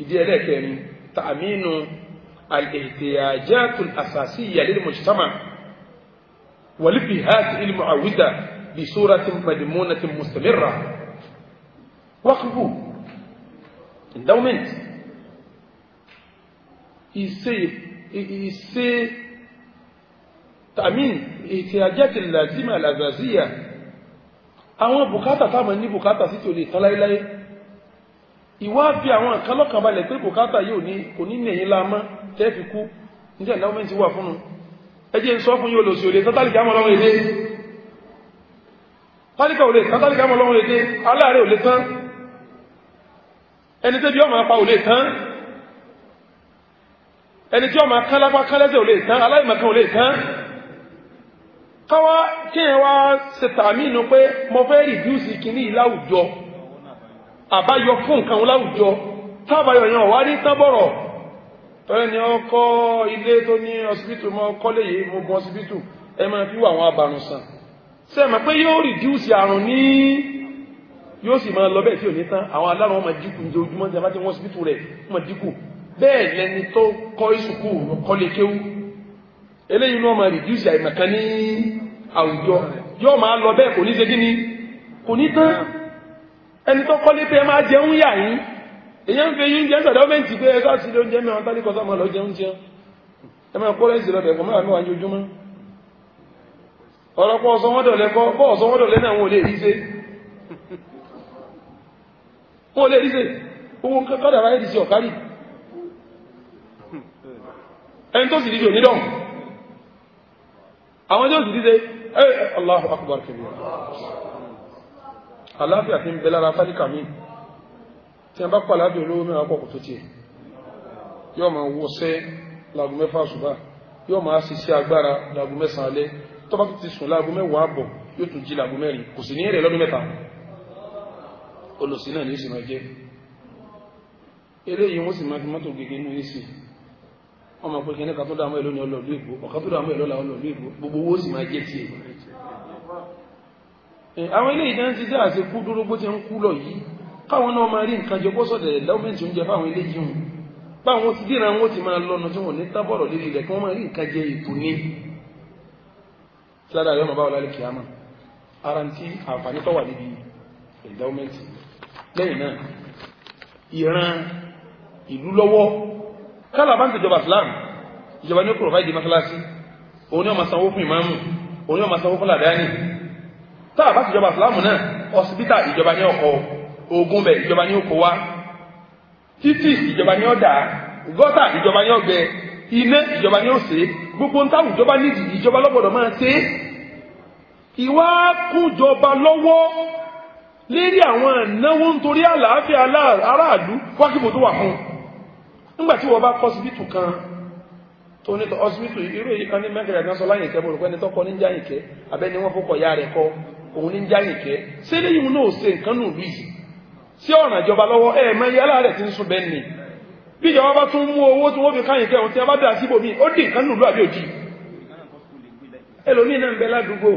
ìdí ẹlẹ́kẹ̀ẹ́ni tàmínú الاحتياجات الأساسية للمجتمع والبهات المعوزة بصورة مدمونة مستمرة وقف endowment ìṣe ìṣe tàmín ìtìyàjẹ́tì làzima làzàzíyà àwọn bùkátà táwọn ní bùkátà sí tí ò lè tán láéláé ìwá fi àwọn nǹkan lọ́kànbalẹ̀ pé bùkátà yóò ní kò ní nìyí la tẹ́ẹ̀fì kú ní endowment wà fún un ẹjẹ́ ń sọ fún yóò lò sí olè tátàlìkà mọ́ lọ́wọ́ èdè tátàlìkà olè tátàlìkà mọ́ èdè aláàrẹ̀ olè tán ẹni tẹ́bí ọmọ apá olè tán ẹni tí ọmọ akán lápá olè tán aláìmọ̀kan olè tán káwá wá ní ẹni ọkọ ilé tó ní ọsibítù mọ kọ́lé yìí mo gun ọsibítù ẹ máa fi wà àwọn abàrùn sàn ṣe mọ̀ pé yóò rìdíùsì àrùn ní yóò sì máa lọ bẹ́ẹ̀ tí ò ní tán àwọn alárùn ọmọ dínkù ní ojúmọ́ ní abájẹ́ wọn ọsibítù rẹ̀ ọmọ dínkù bẹ́ẹ̀ lẹni tó kọ́ ìsùnkú kọ́lé kéwú eléyìí ni wọ́n máa rìdíùsì àìmọ̀kan ní àwùjọ yóò máa lọ bẹ́ẹ̀ kò ní ṣe kí ni kò ní tán ẹni tó kọ́lé pé ẹ máa jẹun yà yín ihe ń fi eyín jẹ́ gbẹ̀dọ́ mẹ́ǹtì pé ẹgbẹ́ àti oúnjẹ mẹ́wàá tálí kọ́sọ́ máa lọ jẹun jẹun ẹ máa kó lẹ́sìn lọ́dẹ̀ ẹ̀kọ́ mẹ́wàá mẹ́wàá jojúmọ́ ọ̀rọ̀pọ̀ ọ̀sánwọ́dọ̀lẹ́ kọ́ bọ́ ọ̀sánwọ́dọ̀lẹ́ náà wọn ò na rí ṣe wọn ò lè rí ṣe àwọn tí wọ́n bá pàládé olówó mẹ́wàá pọ̀ kò tó tiẹ̀ yóò máa wọṣẹ́ láago mẹ́fà ṣùgbà yóò máa ṣiṣẹ́ agbára láago mẹ́sàn-án alẹ́ tó bá ti sùn láago mẹ́wàá àbọ̀ yóò tún jí láago mẹ́rin kò sì ní èrè lọ́dún mẹ́ta olùsí náà ní ìsìn ọjẹ́ eléyìí wọ́n sì máa fi mọ́tò gègé ní ìsìn ọmọ pé kí ní ká tó dámọ́ èlò ní ọlọ́ọ̀lú ìgbò ọ̀ká tó dámọ́ èlò láwọn ọlọ́ọ̀lú ìgbò gbogbo owó sì máa jẹ́ ti èyí àwọn eléyìí náà ti dá àti kú dúró bó ti káwọn náà máa rí nǹkan jẹ kó sọ̀dẹ̀ lẹ́wọ́mẹ̀ntì oúnjẹ fáwọn eléyìí hùn báwọn ti dínà wọn ti máa lọ́nà tí wọn ní tábọ̀rọ̀ lórí ilẹ̀ kí wọ́n máa rí nǹkan jẹ ètò ní. síládà yọmọ báwo lálẹ́ kìámà ara ti àǹfààní tó wà níbi endowment lẹ́yìn náà ìran ìlú lọ́wọ́ kálá bá ń tẹ̀jọba Islam ìjọba ní ó provide mọ́sálásí òun ní ó máa sanwó fún ìmáàmù òun ní ó máa sanwó fún làdáni tá a bá tẹ̀jọba Islam náà hospital ìjọba ní ọkọ̀ ogun bẹ ìjọba ni ó kó wá títì ìjọba ni ó dà ijoba ìjọba ni ó gbẹ iná ìjọba ni ó ṣe gbogbo ń táwọn ìjọba nídìí ìjọba lọ́gbọ̀dọ̀ máa ṣe é ìwà kújọba lọ́wọ́ lérí àwọn ìnáwó nítorí àlàáfíà aráàlú wákìbò tó wà fún nígbà tí wọ́n bá kọ́ síbítù kan tó ní ọsibítù irú èyí kan ní wọ́n ya rẹ̀ kọ́ òun ní sẹ́lẹ̀ yìí náà ṣe nǹkan nù si ọ̀nà ìjọba lọ́wọ́ ẹ̀ mọ iye aláàrẹ̀ ti ń sùn bẹ́ẹ̀ ni bí ìjọba bá tún mú owó tí wọ́n fi káyìn kẹ́hùn tí a bá dà síbò míì ó dì nǹkan lùlù àbí òjì náà ń bẹ ládùúgbò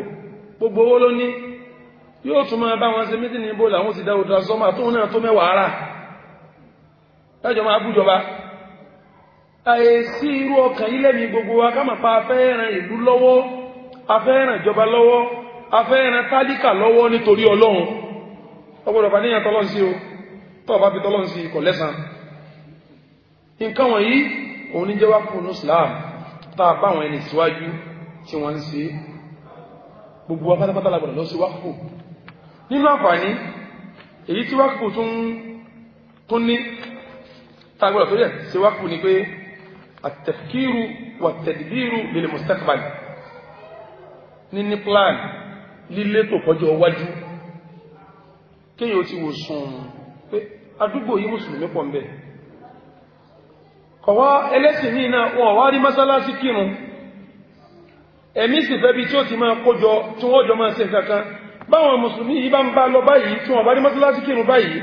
gbogbo owó ló ní yóò tún máa bá wọn ṣe mítí ní ibo làwọn ti dá òdà sọmọ náà tó ara gbogbo wa pa afẹ́ràn ìlú ọgbọ́dọ̀ fani níyàn tọ́lọ́n sí o tọ́ bá fi tọ́lọ́n sí ikọ̀ lẹ́sàn nǹkan wọ̀nyí òun ní jẹ́ wá kúrò islam tá a bá àwọn ẹni síwájú tí wọ́n ń ṣe gbogbo wa pátápátá la gbọ́dọ̀ lọ sí wákò nínú àǹfààní èyí tí wákò tún ní tá a gbọ́dọ̀ tó yẹ sí wákò ni pé àtẹ̀kíru wà tẹ̀dìbíru lil mustaqbal níní plan lílétò kọjọ wájú kéyàn ti wò sùn pé àdúgbò yí mùsùlùmí pọ̀ mbẹ̀ kọ̀wá ẹlẹ́sìn ní iná wọn wá rí mọ́sálásí kírun ẹ̀mí sì fẹ́ bí tí ó ti máa kójọ tí wọ́n jọ máa ṣe kankan báwọn mùsùlùmí yìí bá ń bá lọ báyìí tí wọ́n bá rí mọ́sálásí kírun báyìí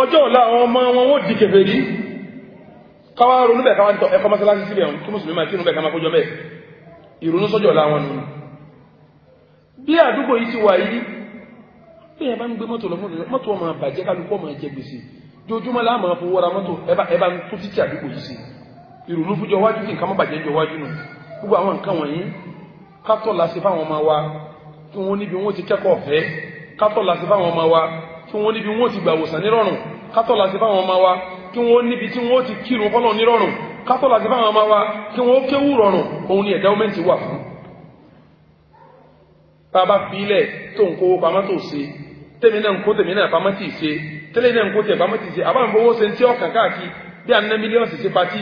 ọjọ́ ọ̀la àwọn ọmọ wọn ó di kèfèrí káwá ronú bẹ̀ káwá tọ ẹ̀kọ́ mọ́sálásí síbẹ̀ kí mùsùlùmí máa kírun bẹ̀ ká kójọ bẹ́ẹ̀ ìrònú sọ́jọ́ ọ̀la wọn nù bí àdúgbò yìí ti wà yìí bí ẹ bá ń gbé mọ́tò lọ mọ́tò ọmọ àbàjẹ́ kálukú ọmọ ẹ̀jẹ̀ gbèsè jojúmọ́ la máa fowó ra mọ́tò ẹ bá ẹ bá ń tún títí àdúgbò yìí sí ìrònú fúnjọ wájú kí nǹkan má bàjẹ́ jọ wájú nù gbogbo àwọn nǹkan wọ̀nyí kátọ̀ làṣẹ fáwọn ọmọ wa kí wọ́n níbi wọ́n ti kẹ́kọ̀ọ́ fẹ́ kátọ̀ làṣẹ fáwọn ọmọ wa kí wọ́n níbi wọ́n ti gbà wòsàn nírọ̀rùn kátọ̀ làṣẹ fáwọn ọmọ wa kí wọ́n níbi tí wọ́n ti kírun fọ́lọ̀ nírọ̀rùn kátọ̀ làṣẹ fáwọn ọmọ wa kí wọ́n kéwù rọ̀rùn òun ni endowment wà fún. bá a bá fi ilẹ̀ tó ń kówó pamọ́ tó ṣe tẹ̀mí náà nkó tẹ̀mí náà pamọ́ tì ṣe tẹ́lẹ̀ náà nkó tẹ̀ pamọ́ tì ṣe àbá nfowó ṣe ntí ọkàn káàkiri bí à mílíọ̀nù sì ṣe patí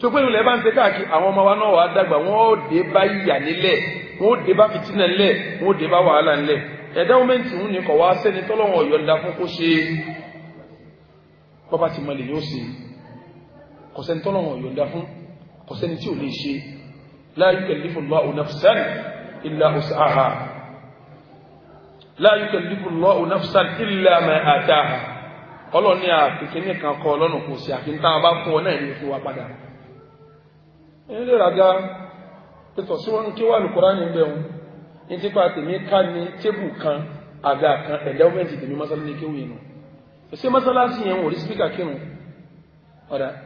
tó pé ìrìnlẹ̀ bá ń ṣe káàkiri àwọn ọmọ wa náà wàá dàgbà wọ́n ó dé bá ìyà nílẹ̀ wọ́n ó dé bá fìtínà nílẹ̀ wọ́n ó dé bá wàhálà nílẹ̀ ẹ̀dá mọ́mẹ́ntì ń ní wá sẹ́ni tọ́lọ́wọ̀n ọ̀yọ̀ǹda fún la yukallifu Allahu nafsan illa ma ataha ọlọ́run ní àkèké kan kọ ọlọ́run kò sí àfi níta bá fún ọ náà ní fún wa padà. ẹni lè raga sí wọn kí wà lùkúrá ní wọn ní tèmi ká ní tébù kan àga kan tèmi nù. yẹn wò rí sípíkà kírun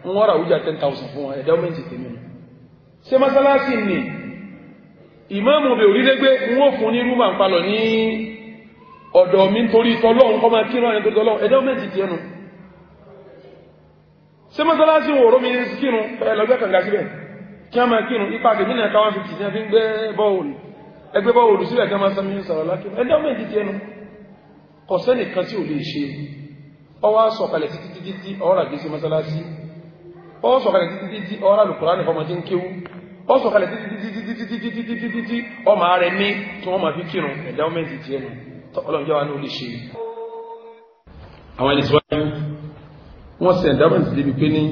fún wọn tèmi nù. ni ìmáàmù fún ní rúmà ọ̀dọ̀ mi nítorí tọlọ́run kọ́ máa kírun ẹni tó tọlọ́run ẹ̀dá méjì tiẹ̀ nù. ṣé mọ́sálásí wo orómi kírun ẹ lọ́jọ́ kànga síbẹ̀ kí wọ́n máa kírun ipa àgbẹ̀ nínú ẹ̀ka wọn fi tìṣẹ́ fi ń gbé bọ́ọ̀lù ẹgbẹ́ bọ́ọ̀lù síbẹ̀ kí wọ́n máa sọmi sọ̀rọ̀ lákìrún ẹ̀dá méjì tiẹ̀ nù. kò sẹ́nì kan tí ò lè ṣe ọwọ́ sọ̀kalẹ̀ títí títí ọ̀rọ̀ àgbèsè mọ́sálásí ọwọ́ sọ̀kalẹ̀ títí títí ọ̀rọ̀ àlùkùránì fọmọdé ń kéwú ọwọ́ sọ̀kalẹ̀ títí títí títí títí ọmọ rẹ̀ ní tí wọ́n máa fi kírun ẹ̀dá méjì tiẹ̀ nù ọlọ́run jẹ́ wa ní olè ṣe àwọn ẹni síwájú wọ́n sẹ̀ dábàǹtì débi pé ní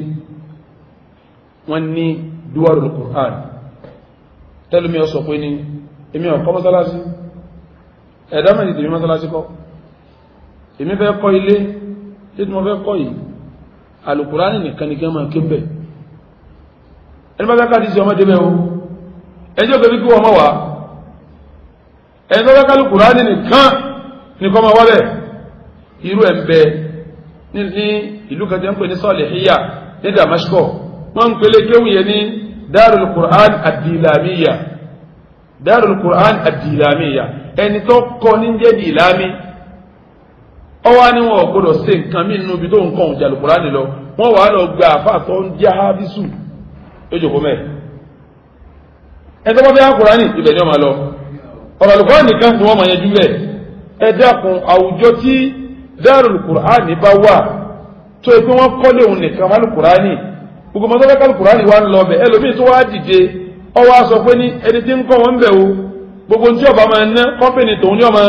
wọ́n ní duwarul Qur'an tẹ́lómi ọ̀sọ̀ pé ní èmi ọ̀kọ́ mọ́sálásí ẹ̀dá mẹ́rin tèmi mọ́sálásí kọ́ èmi fẹ́ kọ́ ilé tí mo fẹ́ kọ́ yìí alukurani nìkan nìkan máa ké bẹ̀ ẹni bá káká ti sọ ọmọdé bẹ́ẹ̀ ẹjọ́ kẹbí kí wọ́n mọ̀ wá ẹni bá káká alukurani nìkan ní kọ́ máa wá bẹ̀ irú ẹ̀ ń bẹ ní ìlú kan tí wọ́n ń pè ní Salihiyya ní Damasco wọ́n ń pele kéwù yẹn ní Darul Qur'an Ad-Dilamiya Darul Qur'an Ad-Dilamiya ẹni tó kọ́ ní jẹ́ Dilami ọwọ́ ni wọn gbọdọ̀ ṣe nǹkan mí nínú ibi tó ń kàn jàlù Kùránì lọ wọn wàá lọ gba àfa ń jẹ́ hábísù lójoko mẹ́ẹ̀. ẹ tọ́ bá fẹ́ Kùránì ibẹ̀ ni wọ́n máa lọ ọ̀rọ̀ àlùkò nìkan ni wọ́n máa yanjú ẹ dákun àwùjọ tí dárul kùránì bá wà tó ẹ pé wọ́n kọ́lé òun nìkan wà ní kùránì gbogbo mọ́tò bẹ́ẹ̀ kọ́ kùránì wà ń lọ bẹ̀ ẹlòmíì tó wá dìde ọwọ́ aṣọ pé ní ẹni tí ń kọ́ wọn bẹ̀ o gbogbo ní tí ọba máa ná kọ́pìnì tòun ní ọmọ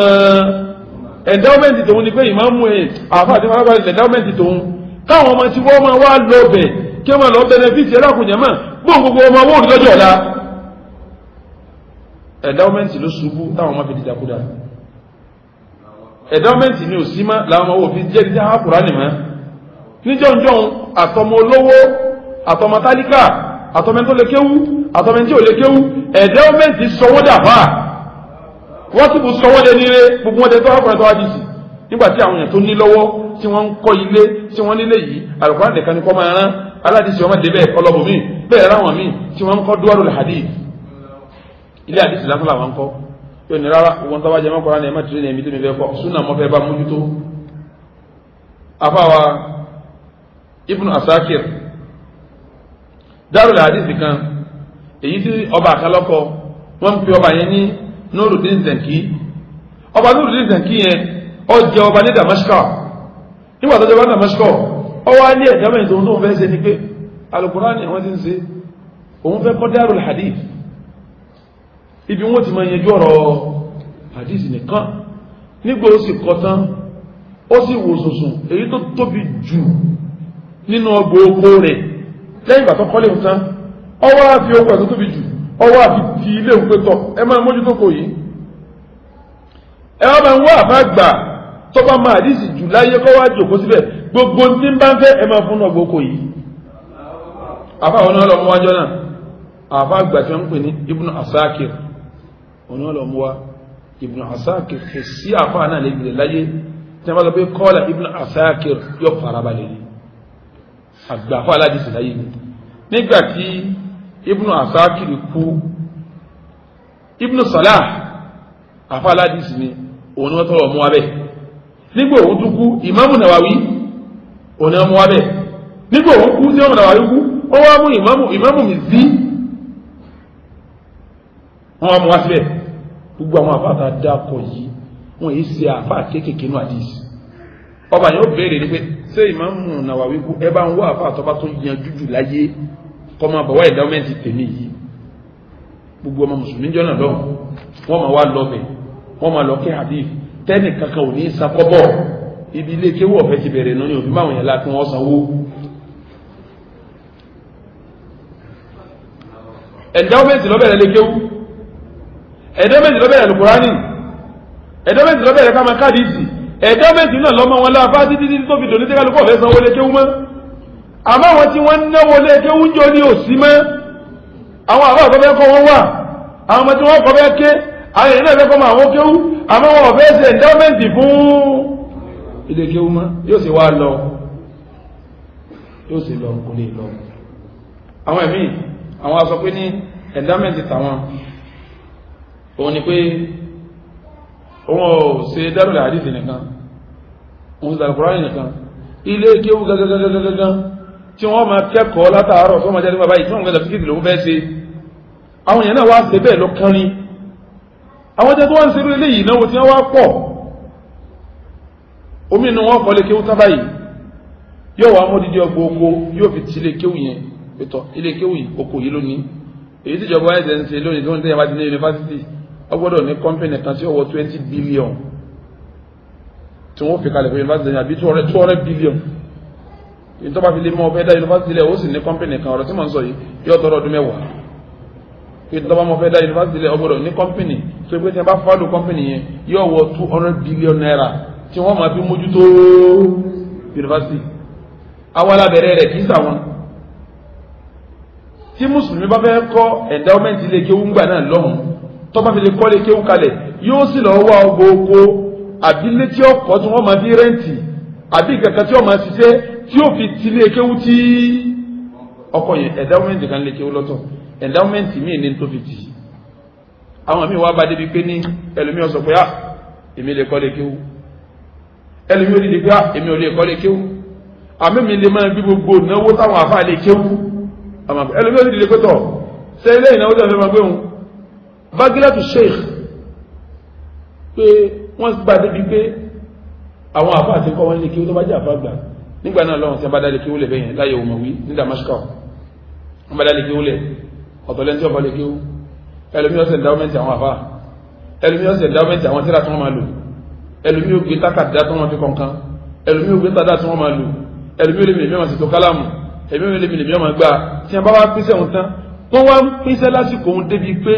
ẹ̀ndáwọ́mẹ̀ntì tòun ni pé ìmáàmù ẹ̀ àfa àti fàlàfà ẹ̀ndáwọ́mẹ̀ntì tòun káwọn ọmọ tí wọ́n máa wá lọ bẹ̀ ẹ̀dọ́mẹ̀ntì ni ò sí mọ́ làwọn ọmọ òfin jẹ́ dídá àkùránì mọ́ níjọ́njọ́n àtọmọ olówó àtọmọ tálíkà àtọmọ tó lè kéwú àtọmọ tí ò lè kéwú ẹ̀dọ́mẹ̀ntì sọwọ́ dàfà wọ́n ti bù sọwọ́ dẹni rẹ gbogbo wọn dẹ tó àkùránì tó wá dìsì nígbà tí àwọn èèyàn tó ní lọ́wọ́ tí wọ́n ń kọ́ ilé tí wọ́n nílé yìí àlùkùránì nìkan ni kọ́ máa rán aládìsí ọmọ débẹ̀ ọlọ́bù míì bẹ́ẹ̀ ráwọn míì tí wọ́n ń kọ́ duwarul hadith ilé àdìsí lásán làwọn ń kọ́ yóò ní rárá gbogbo na bá jẹ mọ́kànlá ní ẹ̀mọ́ tìrì ní èmi tí na fẹ́ kọ́ súnà mọ́fẹ́ bá mójútó ibnu asakir darul làdíìsì kan èyí tí ọba àkàlọ́kọ wọ́n pi ọba yẹn ní nurudin ọba nurudin zenki yẹn ó ọba ọba damaskọ ni pé alukurani wọ́n ti ń ṣe ibi wọ́n ti máa yanjú ọ̀rọ̀ hadisi nìkan nígbà ó sì kọ́ tán ó sì wò sùnsùn èyí tó tóbi jù nínú ọgbọ̀ oko rẹ̀ lẹ́yìn ìgbà tó kọ́lé òun tán ọwọ́ àfi owó ẹ̀ tó tóbi jù ọwọ́ àfi ti ilé òun pé tọ̀ ẹ máa mójútó kò yìí ẹ wá máa ń wá àbá gbà tó bá máa jù láyé kọ́ wá jòkó síbẹ̀ gbogbo tí bá ń fẹ́ ẹ máa fún ọgbọ̀ oko yìí àbá àwọn ọlọ́mọ wájọ́ náà àbá àgbà tí wọ́n ń pè ní Ibn Asakir òun náà lọ ibnu wa ibùn afa kò sí àfa náà lè gbìlẹ̀ láyé ibnu wọ́n bá sọ pé kọ́ọ̀lá ibùn asakir yóò farabalẹ̀ ni àgbàfọ́ aládìsí láyé ni nígbà tí ibùn asakir kú ibùn salah àfa aládìsí ni òun náà tọrọ mú wa bẹ́ẹ̀ nígbà òun tún kú ìmáàmù nàwáwí òun náà mú wa bẹ́ẹ̀ nígbà òun kú tí wọ́n nàwáwí kú ó wá mú ìmáàmù ìmáàmù mi sí wọ́n wá síbẹ̀ gbogbo àwọn àfáàtà dákọ̀ yìí wọ́n yìí ṣe àfáà kéékèèké náà àdìsí ọba yẹn ó béèrè ni pé ṣé ìmáàmù nàwáwí kú ẹ bá ń wá àfáà tó bá tó yan jújù láyé kọ́ máa bọ̀ wá ìdáwọ́mẹ́ntì tèmi yìí gbogbo ọmọ mùsùlùmí jọ náà lọ́wọ́ wọ́n máa wá lọ́bẹ̀ wọ́n máa lọ kí hadith tẹ́nì kankan ò ní í sakọ́bọ̀ ibi ilé kéwú ọ̀fẹ́ ti bẹ̀rẹ̀ náà ni lọ́bẹ̀rẹ̀ lé kéwú ẹ̀dọ́ méjì ló bẹ̀rẹ̀ lukurani ẹ̀dọ́ méjì ló bẹ̀rẹ̀ kama kádìsì ẹ̀dọ́ méjì náà lọ́mọ wọn láfa títí títí tó fi dòní tí kálukọ́ fẹ́ sanwó lé kéwú mọ́ àmọ́ àwọn tí wọ́n náwó lé kéwú ń jọ ní òsì mọ́ àwọn àwọn àkọ́fẹ́ kọ́ wọn wà àwọn ọmọ tí wọ́n kọ́ fẹ́ ké àwọn ènìyàn náà fẹ́ kọ́ mọ àwọn kéwú àmọ́ àwọn ẹ̀mí òun ni pé òun ò ṣe dárúlẹ̀ àdìsí nìkan òun sì dàgbọ́rọ́ nìkan ilé kéwú gangan tí wọ́n máa kẹ́kọ̀ọ́ látàárọ̀ fún ọmọdé nípa báyìí tí wọ́n gbẹ́dọ̀ fíkìtì lòún fẹ́ ṣe àwọn èèyàn náà wá ṣe bẹ́ẹ̀ lọ kán ní àwọn jẹ́ tó wá ń ṣe lórí eléyìí náà tí wọ́n wá pọ̀ omi inú wọn kọ́lé kéwú tán báyìí yóò wá mọ́dídí ọgbọ́ oko yóò fi ti ilé kéwú yẹn pẹ̀tọ̀ ilé kéwú yìí oko yìí lónìí èyí tíjọba ẹ̀sẹ̀ ń ṣe lónìí tó ń tẹ́yà bá ti ní yunifásitì ọgbọ́dọ̀ ní kọ́mpìnì kan tí ó wọ twenty billion tí wọ́n fi kalẹ̀ fún yunifásitì ní àbí two hundred billion yìí tó bá fi lé mọ́ fẹ́ dá yunifásitì lẹ̀ ó sì ní kọ́mpìnì kan ọ̀rọ̀ tí mò ń sọ yìí yóò tọrọ ọdún mẹ́wàá yìí tó bá mọ́ fẹ́ dá yunifásitì lẹ̀ ọgbọ́dọ̀ ní kọ́mpìnì tó pé tí wọ́n bá fọ́ọ̀lù kọ́mpìnì yẹn yóò wọ two hundred billion naira tí wọ́n máa fi mójútó yunifásitì àwọn alábẹ̀rẹ̀ rẹ̀ kì í sàwọn tí mùsùlùmí bá fẹ́ kọ́ endowment ilé kéwú náà lọ́hùn-ún tọ́ba fi lè kọ́lé kéwú kalẹ̀ yóò sì lọ wá ọgbọ oko àbílé tí ó kọ́ tí wọ́n máa fi rẹ́ǹtì àbí kankan tí ó máa ṣiṣẹ́ tí ó fi tilé kéwú tí ọkọ yẹn endowment kan lè kéwú lọ́tọ̀ endowment míì ní tó fi tì í àwọn míì wá bá débi pé ní ẹlòmíì ọ̀sọ̀ pé ah èmi lè kọ́lé kéwú ẹlòmíì ó dìde pé ah èmi ò lè kọ́lé kéwú àmì mi lè máa bí gbogbo ìnáwó táwọn àfáà lè kéwú ẹlòmíì ó dìde pé tọ̀ bagilatu sheikh pé wọ́n ti gbàdé bíi pé àwọn àfa àti kọ́ wọn lè kí ó tó bá jẹ́ àfa gbà nígbà náà lọ́wọ́n tí wọ́n bá dá lè kí ó lè bẹ́yẹn láyé òmùwí ní Damascus wọ́n bá dá lè kí ó lẹ̀ ọ̀tọ̀lẹ́ntì ọba lè kí ó ẹlòmí ọ̀sẹ̀ endowment àwọn àfa ẹlòmí ọ̀sẹ̀ endowment àwọn tíra tí wọ́n máa lò ẹlòmí ògbé tákàdá tí wọ́n fi kọ̀ọ̀kan ẹlòmí ògbé tàdá tí wọ́n máa lò ẹlòmí olè mìlèmí ọmọ sètò kálámù ẹlòmí olè mìlèmí ọmọ gbà tí wọ́n bá wá pín sẹ́wọ̀n tán wọ́n wá ń pín sẹ́ lásìkò òun débi pé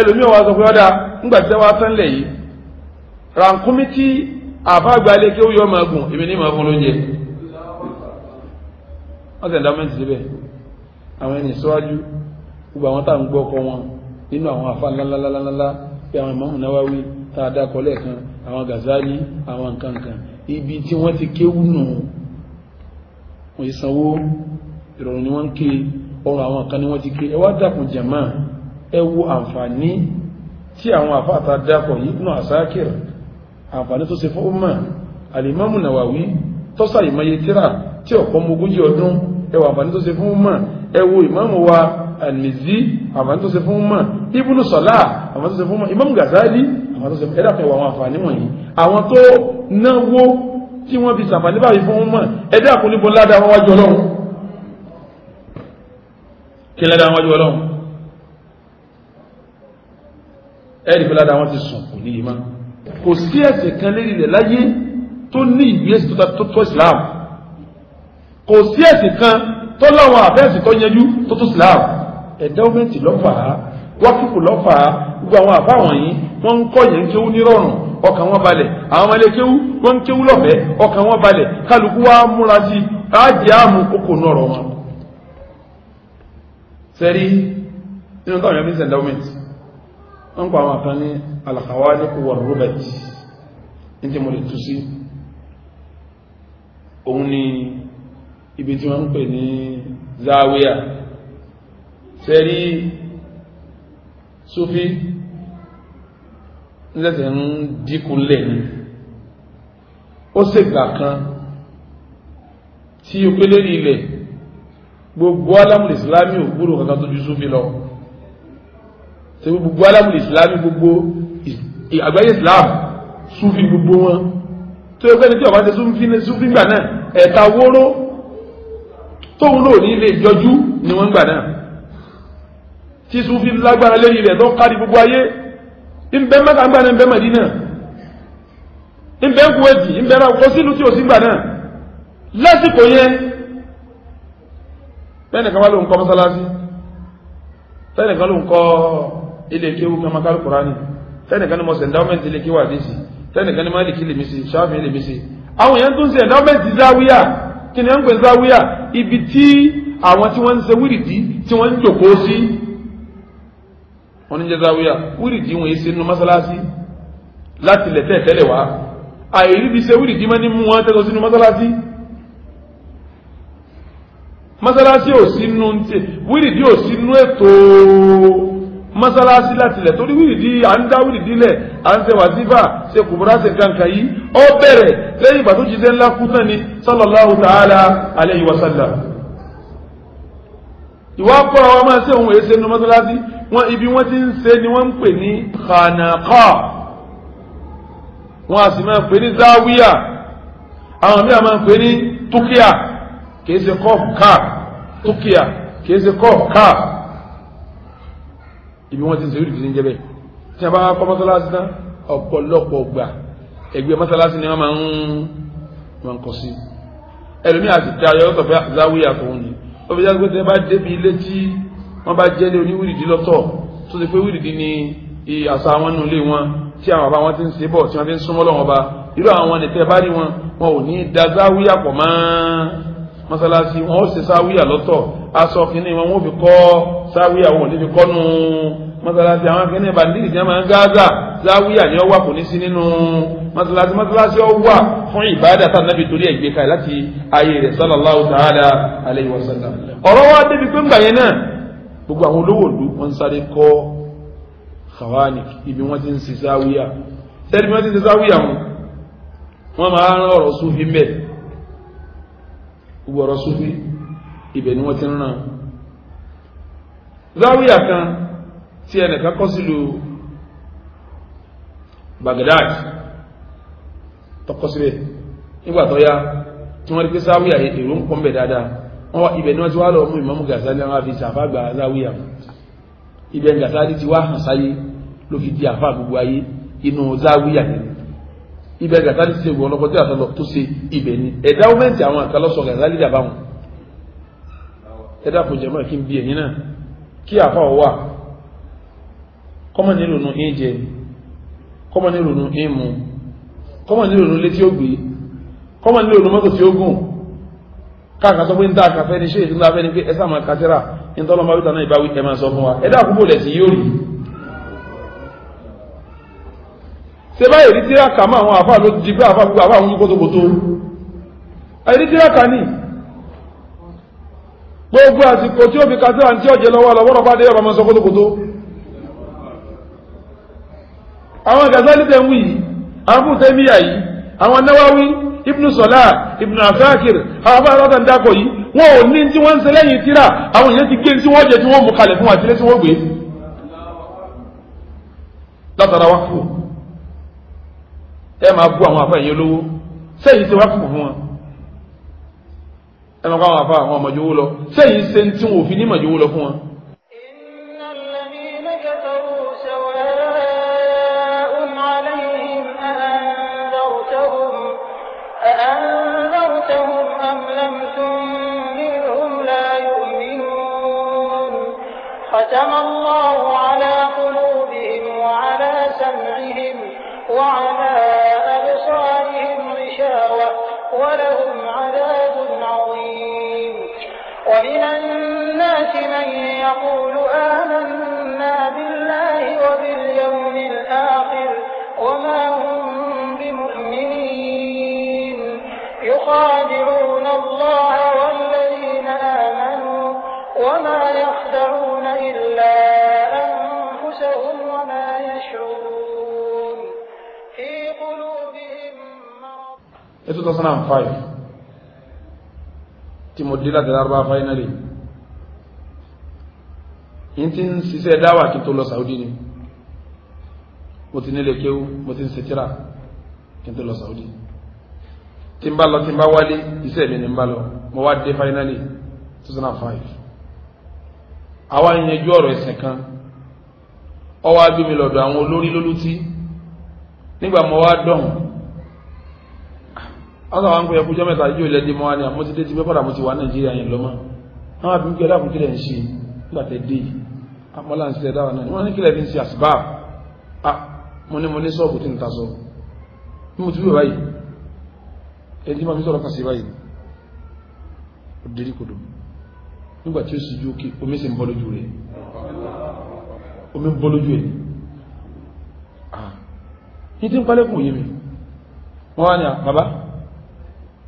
ẹlòmíràn wa sọ pé ọ̀dà ńgbà tí wàá tán lẹ̀ yìí rànkúmí tí àfáàgbálẹ̀ kí ó yọ máa gùn èmi ní máa fún lóúnjẹ wọ́n sì ń dámẹ́ǹtì síbẹ̀ àwọn ẹni síwájú gbogbo àwọn táwọn gbọ́ ọkọ wọn nínú àwọn afá ńláńláńláńlá bí àwọn ìmọ̀mù Nawawi tá a dákọ lẹ́ẹ̀kan àwọn Gazali àwọn nkankan ibi tí wọ́n ti kéwú nù wọ́n yìí ìrọ̀rùn ni wọ́n ń ké ọrùn àwọn kan ni wọ́n ti ké ẹ wá dàkùn jẹ̀máà ẹ wo àǹfààní tí àwọn àfáàtà dákọ̀ yìí náà àsákìr àǹfààní tó ṣe fún ọmọ alìmọ́mù nàwàwí tọ́sà ìmọye tíra tí ọ̀pọ̀ ogójì ọdún ẹ àǹfààní tó ṣe fún ọmọ ẹ wo wa àlìzí àǹfààní tó ṣe fún ọmọ ibùnú sọ̀lá àǹfààní tó ṣe fún ọmọ ìmọ́mù gàzálì àǹfààní tó ṣe fún ẹ̀dàpẹ̀ wọ àwọn àǹfààní wọ̀nyí àwọn tó náwó tí wọ́n fi sàǹfààní báyìí ọmọ ẹ̀rì pé ládàá wọn ti sùn kò ní ìmá kò sí ẹ̀sẹ̀ kan lérí rẹ̀ láyé tó ní ìgbésí tó tó Islam kò sí ẹ̀sẹ̀ kan tó láwọn àfẹ́sì tó yẹjú tó tó Islam ẹ̀dẹ́wọ́mẹ́ntì lọ́fàá wákìkù lọ́fàá gbogbo àwọn àbá wọ̀nyí wọ́n ń kọ́ yẹn kéwú nírọ̀rùn ọkàn wọn balẹ̀ àwọn ọmọ ilé kéwú wọ́n ń kéwú lọ́fẹ̀ẹ́ ọkàn wọn balẹ̀ kálukú wa múra sí ájì àmú sẹ́rí nínú táwọn yẹn fi ń wọ́n pa àwọn kan ní al-khawaliq war-rubat ní tí mo lè tú sí òun ni ibi tí wọ́n ń pè ní zawiya sẹ́rí sufi lẹ́sẹ̀ ń dínkù lẹ́ni ó ṣègbà kan tí ó pé lérí ilẹ̀ gbogbo alámùlẹ̀ ìsìlámì ò gbúrò kankan tó ju sufi lọ ṣe gbogbo alámùlẹ̀ ìsìlámù gbogbo eh, àgbáyé ìsìlámù súnfì gbogbo wọn tó yẹ kẹ́ni tí ọba ṣe súnfì gbà náà ẹ̀ka wóró tóun náà ní ilé ìjọjú ni wọ́n gbà náà tí súnfì lágbára lérí rẹ̀ tó kárí gbogbo ayé ńbẹ́ mẹ́ta gbà náà ńbẹ́ Mẹdínà ńbẹ́ Kuwéètì ńbẹ́ náà kò sílùú tí ò sí gbà náà lásìkò yẹn tẹ́nìkan wá ló ń kọ́ mọ́sálásí tẹ́nìkan ló ń kọ́ ilé kéwú kan máa kálukùránì tẹ́nìkan ni mo ṣe endowment ilé kéwú àdìsí tẹ́nìkan ni Málíkì lèmi sí Ṣáfi'í lèmi sí àwọn èèyàn tó ń ṣe endowment záwíyà kí ni ẹ̀ ń pè záwíyà ibi tí àwọn tí wọ́n ń ṣe wíìdì tí wọ́n ń jòkó sí wọ́n ní jẹ́ záwíyà wíìdì wọn yìí ṣe nínú mọ́sálásí láti lẹ̀ tẹ́ tẹ́lẹ̀ wá àìríbi ṣe wíìdì máa ní mú wọn tẹ́lẹ̀ sínú mọ́sálásí mọ́sálásí ò sínú wíìdì ò sínú ètò mọ́sálásí láti lẹ̀ torí wíìdì à ń dá wíìdì lẹ̀ à ń ṣe wàzífà ṣe kùbúrà ṣe kankan yìí ó bẹ̀rẹ̀ lẹ́yìn ìgbà tó jíṣẹ́ ńlá kú tán ni sallallahu ta'ala alayhi wa sallam. ìwà pọ̀ àwọn máa ṣe òun èsè nu mọ́sálásí wọn ibi wọ́n ti ń ṣe ni wọ́n ń pè ní khanaqa wọn a sì máa pè ní záwíyà àwọn míì máa pè ní túkìá kì í ṣe kọ́ọ̀ká túkìá ibi wọ́n ti ń sèwédìí fi ń jẹ́ bẹ́ẹ̀ tí a bá kọ́ mọ́sálásí tán ọ̀pọ̀lọpọ̀ gbà ẹgbẹ́ mọ́sálásí ni wọ́n máa ń wọn kọ sí ẹlòmíì àti tẹ ayọ̀ lọ́tọ̀ fẹ́ záwíyà fún ni wọ́n fi jáde pé tẹ bá débi ilé tí wọ́n bá jẹ́ ní oníwìrìdì lọ́tọ̀ tó ti pé wìrìdì ni àṣà wọn nù lé wọn tí àwọn bàbá wọn ti ń ṣe bọ̀ tí wọ́n ti ń súnmọ́ lọ́wọ́ bá irú àwọn ni tẹ bá rí wọn wọn ò ní da záwíyà pọ̀ mọ́sálásí wọn ó ṣe sáwíyà lọ́tọ̀ aṣọ kìíní wọn ó fi kọ́ sáwíyà wọn ò ní fi kọ́ nù mọ́sálásí àwọn akẹ́ni bàndìrì tí wọ́n máa ń gáàzà sáwíyà ni ó wà kò ní sí nínú mọ́sálásí mọ́sálásí ó wà fún ìbáàdà tá nàbì torí ẹ̀gbẹ́ ká láti ayé rẹ̀ sallallahu ta'ala alayhi wa sallam ọ̀rọ̀ wa débi pé ńgbà yẹn náà gbogbo àwọn olówó ìlú wọn sáré kọ́ kàwáàní ibi wọn ti ń ṣe sáwíyà gbogbo ọ̀rọ̀ súfí ibẹ̀ ni wọ́n ti ń ràn záwíyà kan tí ẹnìkan kọ́ sílùú Baghdad tọkọ síbẹ̀ nígbà tó yá tí wọ́n rí pé záwíyà èrò ń pọ̀ mbẹ̀ dáadáa wọ́n wá ibẹ̀ ni wọ́n ti wá lọ mú ìmọ̀mú Gazali àwọn àfi sàfà gba záwíyà ibẹ̀ Gazali ti wá hàn sáyé ló fi di àfà gbogbo ayé inú záwíyà nínú ibẹ̀ gàtá ti ṣe wọ ọlọ́kọ tí àtọ́ lọ tó ṣe ibẹ̀ ni ẹ̀dáwọ́mẹ̀ntì àwọn àkàlọ́sọ gàtá lídà bá wọn ẹ̀dá kò jẹ́ mọ́ kí n bí ẹ̀yìn náà kí àfa ọ̀wà kọ́mọ̀ nílò nu ẹ̀ jẹ kọ́mọ̀ nílò nu ẹ̀ mu kọ́mọ̀ nílò nu létí ògbé kọ́mọ̀ nílò nu mọ́tò tí ó gùn káàkà sọ pé ń dá kàfẹ́ ni ṣé ìtúndà abẹ́ni pé ẹ sáà máa kàtẹ́rà ń tọ́lọ́mọ́ ṣe báyìí rí tíráka mọ́ àwọn àfáà ló ti jí pé àfáà gbogbo àfáà ń kótókótó àìrí tíráka ní gbogbo àsìkò tí ó fi kásíra tí ọ̀jẹ̀ lọ́wọ́ lọ́wọ́rọ̀ bá dé ọ̀rọ̀ mọ́ sọ kótókótó àwọn gazali tẹ̀ ń wí yìí àwọn fún tẹ́míyà yìí àwọn náwáwí ibnu sọlá ibnu afakir àwọn afáà lọ́tà ń dákọ̀ yìí wọn ò ní tí wọ́n ń ṣe tíra àwọn èèyàn ti gé tí wọ́n jẹ tí wọ́n mú kalẹ̀ fún àtìlẹ́sí wọ́n gbé látara wá fún un ẹ máa bú àwọn àfa ìyẹn lówó sẹ́yìn ṣe wá kùkù fún wọn ẹ máa kọ́ àwọn àfa àwọn ọmọdé lọ sẹ́yìn ṣe ń tí wọn ò ní ìmọ̀dé lọ fún wọn.
الله على قلوبهم وعلى سمعهم وعلى تلاوة ولهم عذاب عظيم ومن الناس من يقول آمنا بالله وباليوم الآخر وما هم بمؤمنين يخادعون الله والذين آمنوا وما يخدعون إلا أنفسهم وما يشعرون في
قلوبهم ní 2005 tí mo dé láti lárúbá fáínàlì yìí ti ń ṣiṣẹ́ dáwà kí n tó lọ Saudi ni mo ti nílé kéwú mo ti ń ṣe kí n tó lọ Saudi tí n bá lọ tí n bá wálé iṣẹ́ mi ni n bá lọ mo wá dé fáínàlì 2005 àwa ìyẹnjú ọ̀rọ̀ ẹ̀sìn kan ọwọ́ abimi lọ́dọ̀ àwọn olórí lólútí nígbà mo wá dọ̀hún ọ̀sán wa ń pè ẹkùjọ́ mẹ́ta yóò lẹ́dí mọ́ wa ní àmọ́tídé ti pẹ́ padà mo ti wà nàìjíríà yẹn lọ́mọ́ àwọn àbí wípé ẹlẹ́kùn kílẹ̀ ń ṣe nígbà tẹ́ dé àpọ́lá ń ṣe ẹ̀dá wọn náà wọ́n ní kílẹ̀ fi ń ṣe àṣìbá à mo ní mo ní sọ́ọ̀bù tí n ta sọ bí mo ti wí báyìí ẹni tí mo fi sọ̀rọ̀ kan sí báyìí ó dérí kodò nígbà tí ó sì ju òkè omi sì ń bọ́ lójú rẹ̀ omi ń bọ́ lójú ẹ̀ ní tí ń palẹ́kùn yé mi wọ́n wá ní bàbá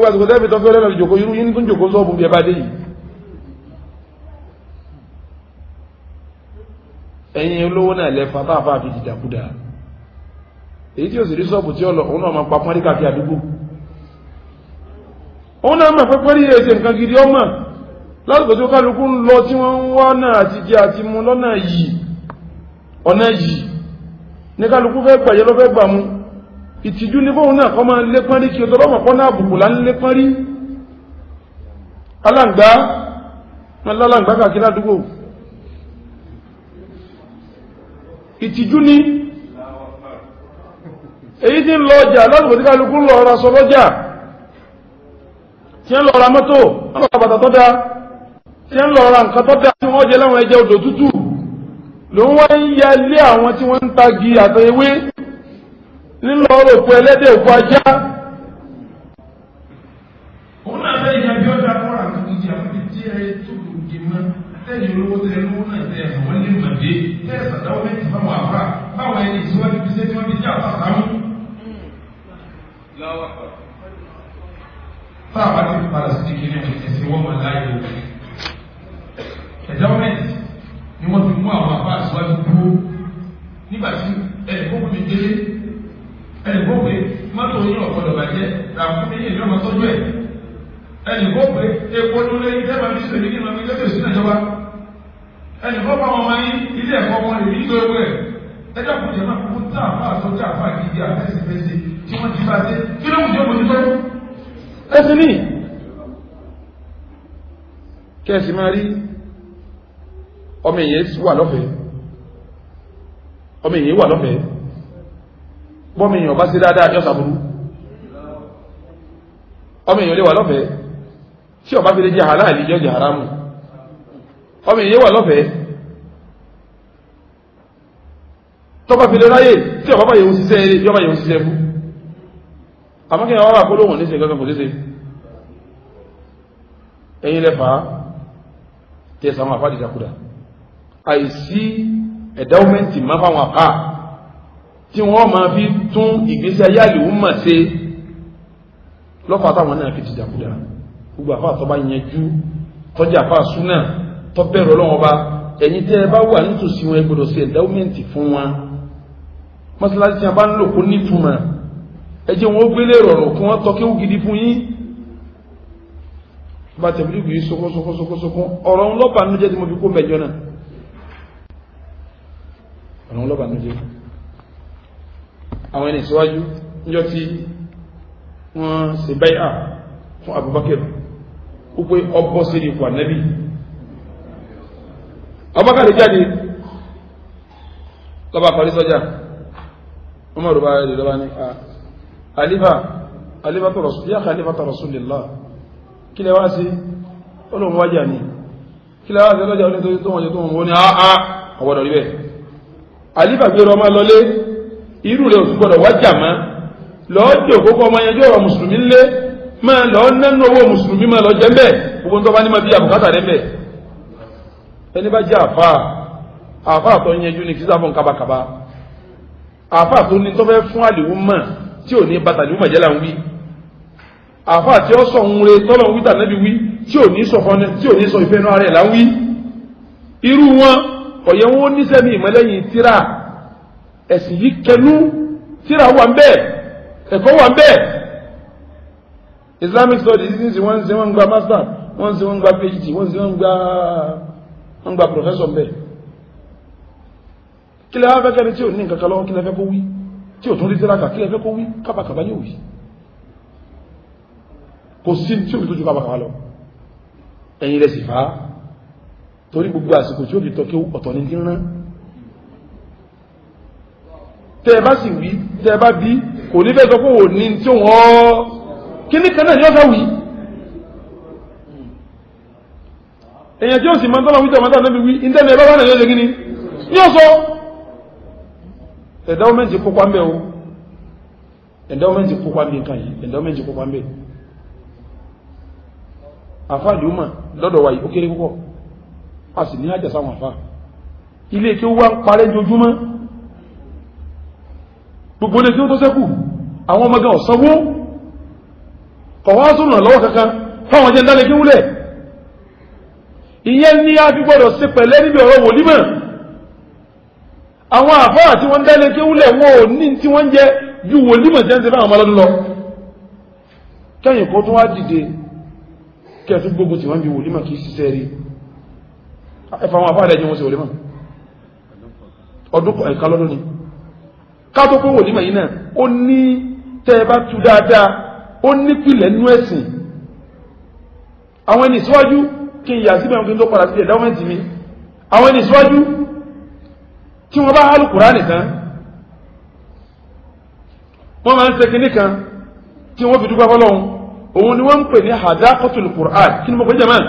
wọ́n gbà sọ̀kọ̀ tẹ́bì tọ́fẹ́ lẹ́nà ìjòkó irú yìí tó ń jòkó sọ́ọ̀bù bí ẹ bá dé yìí ẹ̀yin olówó náà lẹ́fà táàfà àfi jìjàkúdà èyí tí ó sì rí sọ́ọ̀bù tí ó lọ òun náà gidi ọmọ lásìkò tí ó kálukú ń lọ tí wọ́n ń ìtìjú ní bóun náà kọ́ máa ń lépa rí kí o tọ́lọ́mọ̀ kọ́ náà bùkù lá ń lépa rí alàǹgbá wọn lálàǹgbá kàkiri àdúgbò ìtìjú ní èyí tí ń lọ ọjà lọ́dùkò tí kálukú lọ ọ̀rọ̀ sọ lọ́jà tí ń lọ ọ̀rọ̀ mọ́tò ọ̀rọ̀ bàtà tó tí ń lọ ọ̀rọ̀ tagi àtẹ̀wé nílò òkú ẹlẹ́dẹ̀ òkú ajá. òun náà fẹ́ ìyá bí ó dá fún àkùnjì àkùnjì tí ẹ tó kù di mọ́ tẹ́yìn olówó tẹ lówó náà tẹ àwọn ní màdé tẹ́ sàdáwó méjì fáwọn àfà báwọn ẹni ìsíwájú bí sẹ́ni wọ́n bí jẹ́ àfà sáwọn.
táàbà ti padà
sí kíní ẹ̀sìn wọ́n máa láyé o. ẹ̀dáwó méjì ni wọ́n fi mú àwọn àfà àṣíwájú dúró nígbà tí ẹ̀ ẹnì kó pé mọ́tò yín ọ̀gbọ́dọ̀ bàjẹ́ ràkúnmí yìí lọ́mọ tọ́jú ẹ̀ ẹnì kó pé epo ló lé ilé ẹ̀ma bísí èmi nínú ilé tó sínú ìjọba ẹnì kó bá wọn yín ilé ẹ̀kọ́ wọn lè ní lórí ẹ̀ ẹjọ́ kò jẹ́ náà kó tá àfa àtọ́ tá àfa gidi àfẹsẹ̀fẹsẹ̀ tí wọ́n ti bá dé kí ló ń jẹ́ mojútó. ẹ ti ní kẹ́sì máa rí ọmọ èyí wà lọ́fẹ̀ẹ́ bọ́mi èèyàn bá sí dáadáa yọ́ sàbúrú ọmọ èèyàn lè wà lọ́fẹ̀ẹ́ tí ọba fi jẹ́ halal yọ́ haramu ọmọ èèyàn wà lọ́fẹ̀ẹ́ tọ́ba fi ráyè tí ọba bá yẹ òun ṣiṣẹ́ eré yọba yẹ òun ṣiṣẹ́ fún àmọ́ kí ni wọ́n kó lóhùn níṣe kankan kò léṣe ẹ̀yin lẹ́fà tẹ̀sán àfáàdìjàkúdà àìsí endowment má fáwọn tí wọ́n máa fi tún ìgbésí ayé àlèwò mà ṣe lọ́kọ̀ àtàwọn náà fi ti dàkúdà gbogbo àfa àtọ́ba yanjú tọ́jà àfa súnà tọ́bẹ̀rù ọlọ́wọ́n bá ẹ̀yin tẹ́ ẹ bá wà nítòsí wọn ẹ gbọ́dọ̀ sí ẹ̀dáwọ́mẹ̀ntì fún wọn mọ́sálásí tí a bá ń lò kó nítumọ̀ ẹ jẹ́ wọn ó gbélé rọ̀rùn kí wọ́n tọ́kéwù gidi fún yín bá tẹ̀bílì gbé sokosokosokosokun ọ̀rọ̀ ńlọ́bàánú tí mo fi kó mẹ́jọ náà ọ̀rọ̀ ńlọ́bàánú àwọn ẹni ìsíwájú níjọ́ tí wọ́n ṣe báyà fún Abubakar wípé ọbọ̀ sí ipò ànẹ́bì Abubakar jáde lọ́ba parí sọ́jà wọ́n mọ̀ rọ̀bá rẹ̀ lọ́ba ní àlífà àlífà tọ̀rọ̀ yá ni kí lẹ wá sí lọ́jà onítorí tó wọ́n jẹ tó wọ́n wọ́n ní àá àwọ̀dọ̀ ah, ah, lọlé irú rẹ̀ òsì gbọ́dọ̀ wájà má lọ́ọ́jọ́ kókó ọmọ yẹn yọ̀rọ̀ mùsùlùmí lé máa lọ́ọ́ nánú owó mùsùlùmí máa lọ jẹ́ mbẹ́ gbogbo nítorí wọn ní ma bí àbùkátà rẹ̀ mbẹ́ ẹni bá jẹ́ àfa àfa àtọ́ yẹn ju ní kí sáfọ̀n kábàkábà àfa àtọ́ ní tọ́fẹ́ fún àlìwú mọ̀ tí ò ní bàtà ní mọ̀jẹ́ là ń wí àfa àti ọ̀sọ̀ ń re tọ́lọ̀ ń wí tànẹ́bí wí tí ò ní sọ fọ́nẹ́ tí ò ní sọ ìfẹ́ náà rẹ̀ là ń wí irú wọn ọ̀yẹ́ wọn ó níṣẹ́ ìmọ̀lẹ́yìn tíra ẹ̀sìn yìí kẹnú tíra wà ń bẹ́ẹ̀
ẹ̀kọ́ wà ń bẹ́ẹ̀
islamic studies ní wọ́n ń ṣe wọ́n ń gba master wọ́n ń ṣe wọ́n ń gba phd wọ́n ń ṣe wọ́n ń gba wọ́n ń gba professor bẹ́ẹ̀ kí lè wá fẹ́ kẹ́ni tí ò ní nǹkan kan lọ́wọ́ kí lè fẹ́ kó wí tí ò tún rí tíra kà kí lè fẹ́ kó wí kábàkàbá yóò wí kò sí tí ò fi tójú kábàkàbá lọ ẹ̀yin rẹ̀ sì fà á torí gbogbo àsìkò tí ó fi tọ́kẹ́ ọ̀tọ̀ ní ti rán tẹ́ ẹ bá sì wí tẹ́ ẹ bá bí kò ní fẹ́ sọ pé ò ní tí wọ́n kíní kan náà ni wọ́n fẹ́ wí. èèyàn tí ó sì máa ń tọ́lọ̀ wí tẹ̀wọ́n tàbí wí ìtẹ́nu ẹ bá wà nàìjíríà kí ni ní ọ̀sọ́ ẹ̀dáwọ́mẹ́ntì kópa ń bẹ̀ o ẹ̀dáwọ́mẹ́ntì kópa ń bẹ̀ kan yìí ẹ̀dáwọ́mẹ́ntì kópa ń bẹ̀ àfáàdì ọmọ lọ́dọ̀ wa yìí ó kéré púpọ̀ a sì ní àjẹsáwọn àfáà ilé tí ó wá parẹ́ jojúmọ́ gbogbo ilé tí ó tó sẹ́kù àwọn ọmọdé ọ̀sánwó kọ̀wá sọ̀rọ̀ lọ́wọ́ kankan fáwọn jẹ́ ńdálẹ́ ni wúlẹ̀ ìyẹn ní a fi gbọ́dọ̀ ṣe pẹ̀lẹ́ níbi ọ̀rọ̀ wòlímọ̀ àwọn àfáà tí wúlẹ̀ wọn ò ní tí wọ́n jẹ ju wòlímọ̀ jẹ́ ń ti fáwọn ọmọlọ́dún lọ kẹ́yìn kó wá dìde gbogbo tí wọ́n wòlímọ̀ kátó pé wòlímọ̀ yìí náà ó ní tẹ́ ẹ bá tu dáadáa ó nípìlẹ̀ nú ẹ̀sìn àwọn ẹni síwájú kí n yà síbẹ̀ kí n tó padà sí ẹ̀dáwọ́mẹ́ntì mi àwọn ẹni síwájú tí wọ́n bá alùkùrá nìkan wọ́n máa ń ṣe kinní kan tí wọ́n fi dúpẹ́ fọlọ́hún òun ni wọ́n ń pè ní hadaqatul Qur'an kí ni mo pè jẹ́mọ́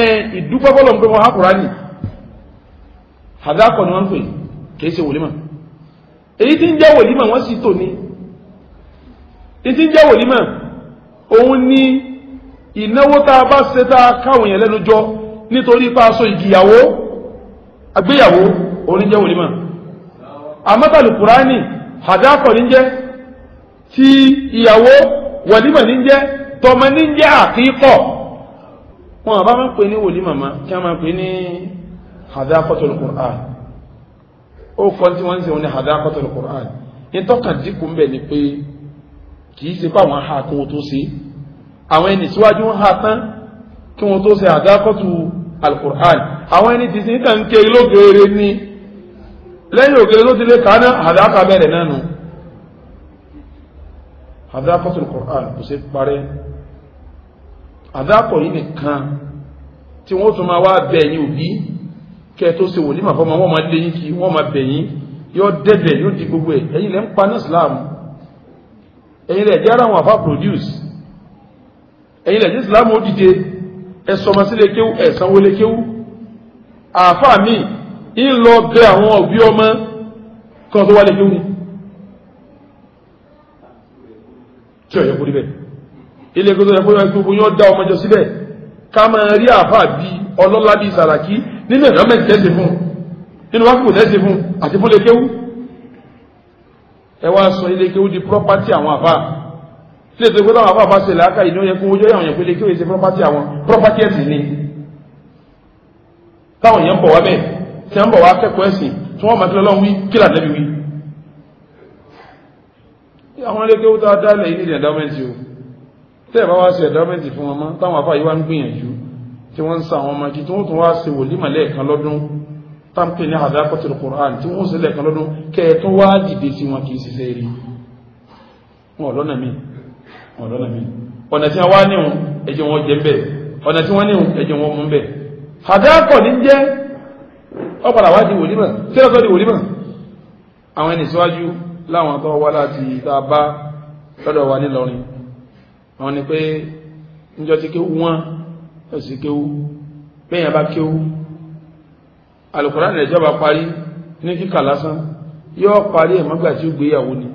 ẹ̀ ìdúpẹ́ fọlọ́hún pé wọ́n á Qur'an ni hadaqat ni wọ́n ń pè kì í ṣe wòlímọ̀ èyí tí ń jẹ́ wòlímà wọ́n sì tò ní èyí tí ń jẹ́ wòlímà òun ni ìnáwó tá a bá ṣe tá a káwọn yẹn lẹ́nu jọ nítorí pa aṣọ ìgbéyàwó òun jẹ́ àmọ́tàlù ti ìyàwó wòlímà ní tọmọ ní àkíkọ̀ wọn àbá máa ń pè ní wòlímà má kí ó kọ́ tí wọ́n ń sè wọn ní hadaqatul ní tọ́ka ń bẹ̀ ni pé kì í ṣe pé àwọn ha kí wọn tó ṣe àwọn ẹni síwájú ń ha tán kí wọn tó ṣe hadaqatul Qur'an àwọn ẹni tìsí kàn ń kiri lógeere ní lẹ́yìn ló ti hadaka bẹ̀rẹ̀ náà nù kẹ́ ẹ tó ṣe wòlíì màá fọmọ wọn máa lé yín kí wọn máa bẹ̀ yín yọ dẹ́bẹ̀ yóò di gbogbo ẹ̀ ẹ̀yin lẹ́ ń pa ní islam ẹ̀yin lẹ́ jẹ́ ara wọn àfa produce ẹ̀yin lẹ́ jẹ́ islam ó dìde ẹ̀ sọmọsílẹ̀ kéwú ẹ̀ sanwó-lé kéwú àfa mi ń lọ bẹ àwọn òbí ọmọ kan tó wálé kéwú ni tí ọ̀yẹ́ kúrí bẹ́ẹ̀ ilé kótó ẹ̀kọ́ yọ gbogbo yọ da ọmọ jọ síbẹ̀ ká máa rí àfa bíi ọlọ́lá bíi sàràkí nínú environment tẹ́sí fún nínú wákùkù tẹ́sí fún àti fún lékéwú ẹ wá sọ ilékéwú di property àwọn àbá tí ètò ìgbésẹ̀ àwọn àbá bá ṣe làákà ìdí oúnjẹ kún ojú ẹ̀yàn yẹn pé lékéwú ṣe property àwọn property ẹ̀sìn ni táwọn èèyàn bọ̀ wá bẹ́ẹ̀ tí wọ́n bọ̀ wá kẹ́kọ̀ọ́ ẹ̀sìn tí wọ́n máa kí lọ́lọ́run wí kí làdẹ́bí wí àwọn lékéwú tá a dálẹ̀ yìí ní ẹ̀dámẹ́ntì o tẹ́ẹ̀ bá wá ṣe ẹ̀dámẹ́ntì fún wọn mọ́ táwọn àbá yìí wá ń gbìyànjú tí wọ́n ń sa àwọn ọmọge tí wọ́n tún wá ṣe wòlímọ̀ lẹ́ẹ̀kan lọ́dún táǹpì ní àdákọ́tìrì Qur'an tí wọ́n ṣe lẹ́ẹ̀kan lọ́dún kẹ́ẹ̀tún wá dìde sí wọn kì í ṣiṣẹ́ rí mi wọn mi ọ̀nà tí wọ́n wá níhun ẹ̀jẹ̀ wọn jẹ́ bẹ́ẹ̀ ọ̀nà tí wọ́n níhun di wòlímọ̀ tí lọ́sọ̀ di wòlímọ̀ àwọn ẹni síwájú láwọn tó wá láti tá a bá lọ́dọ̀ wa nílọrin àwọn ni pé níjọ́ tí kí wọ́n ẹ̀sì kéwú mẹ́yàn bá kéwú alùkùránì rẹ̀ jọba parí ní kíkà lásán yóò parí ẹ̀ mọ́gbà tí ó gbéyàwó ni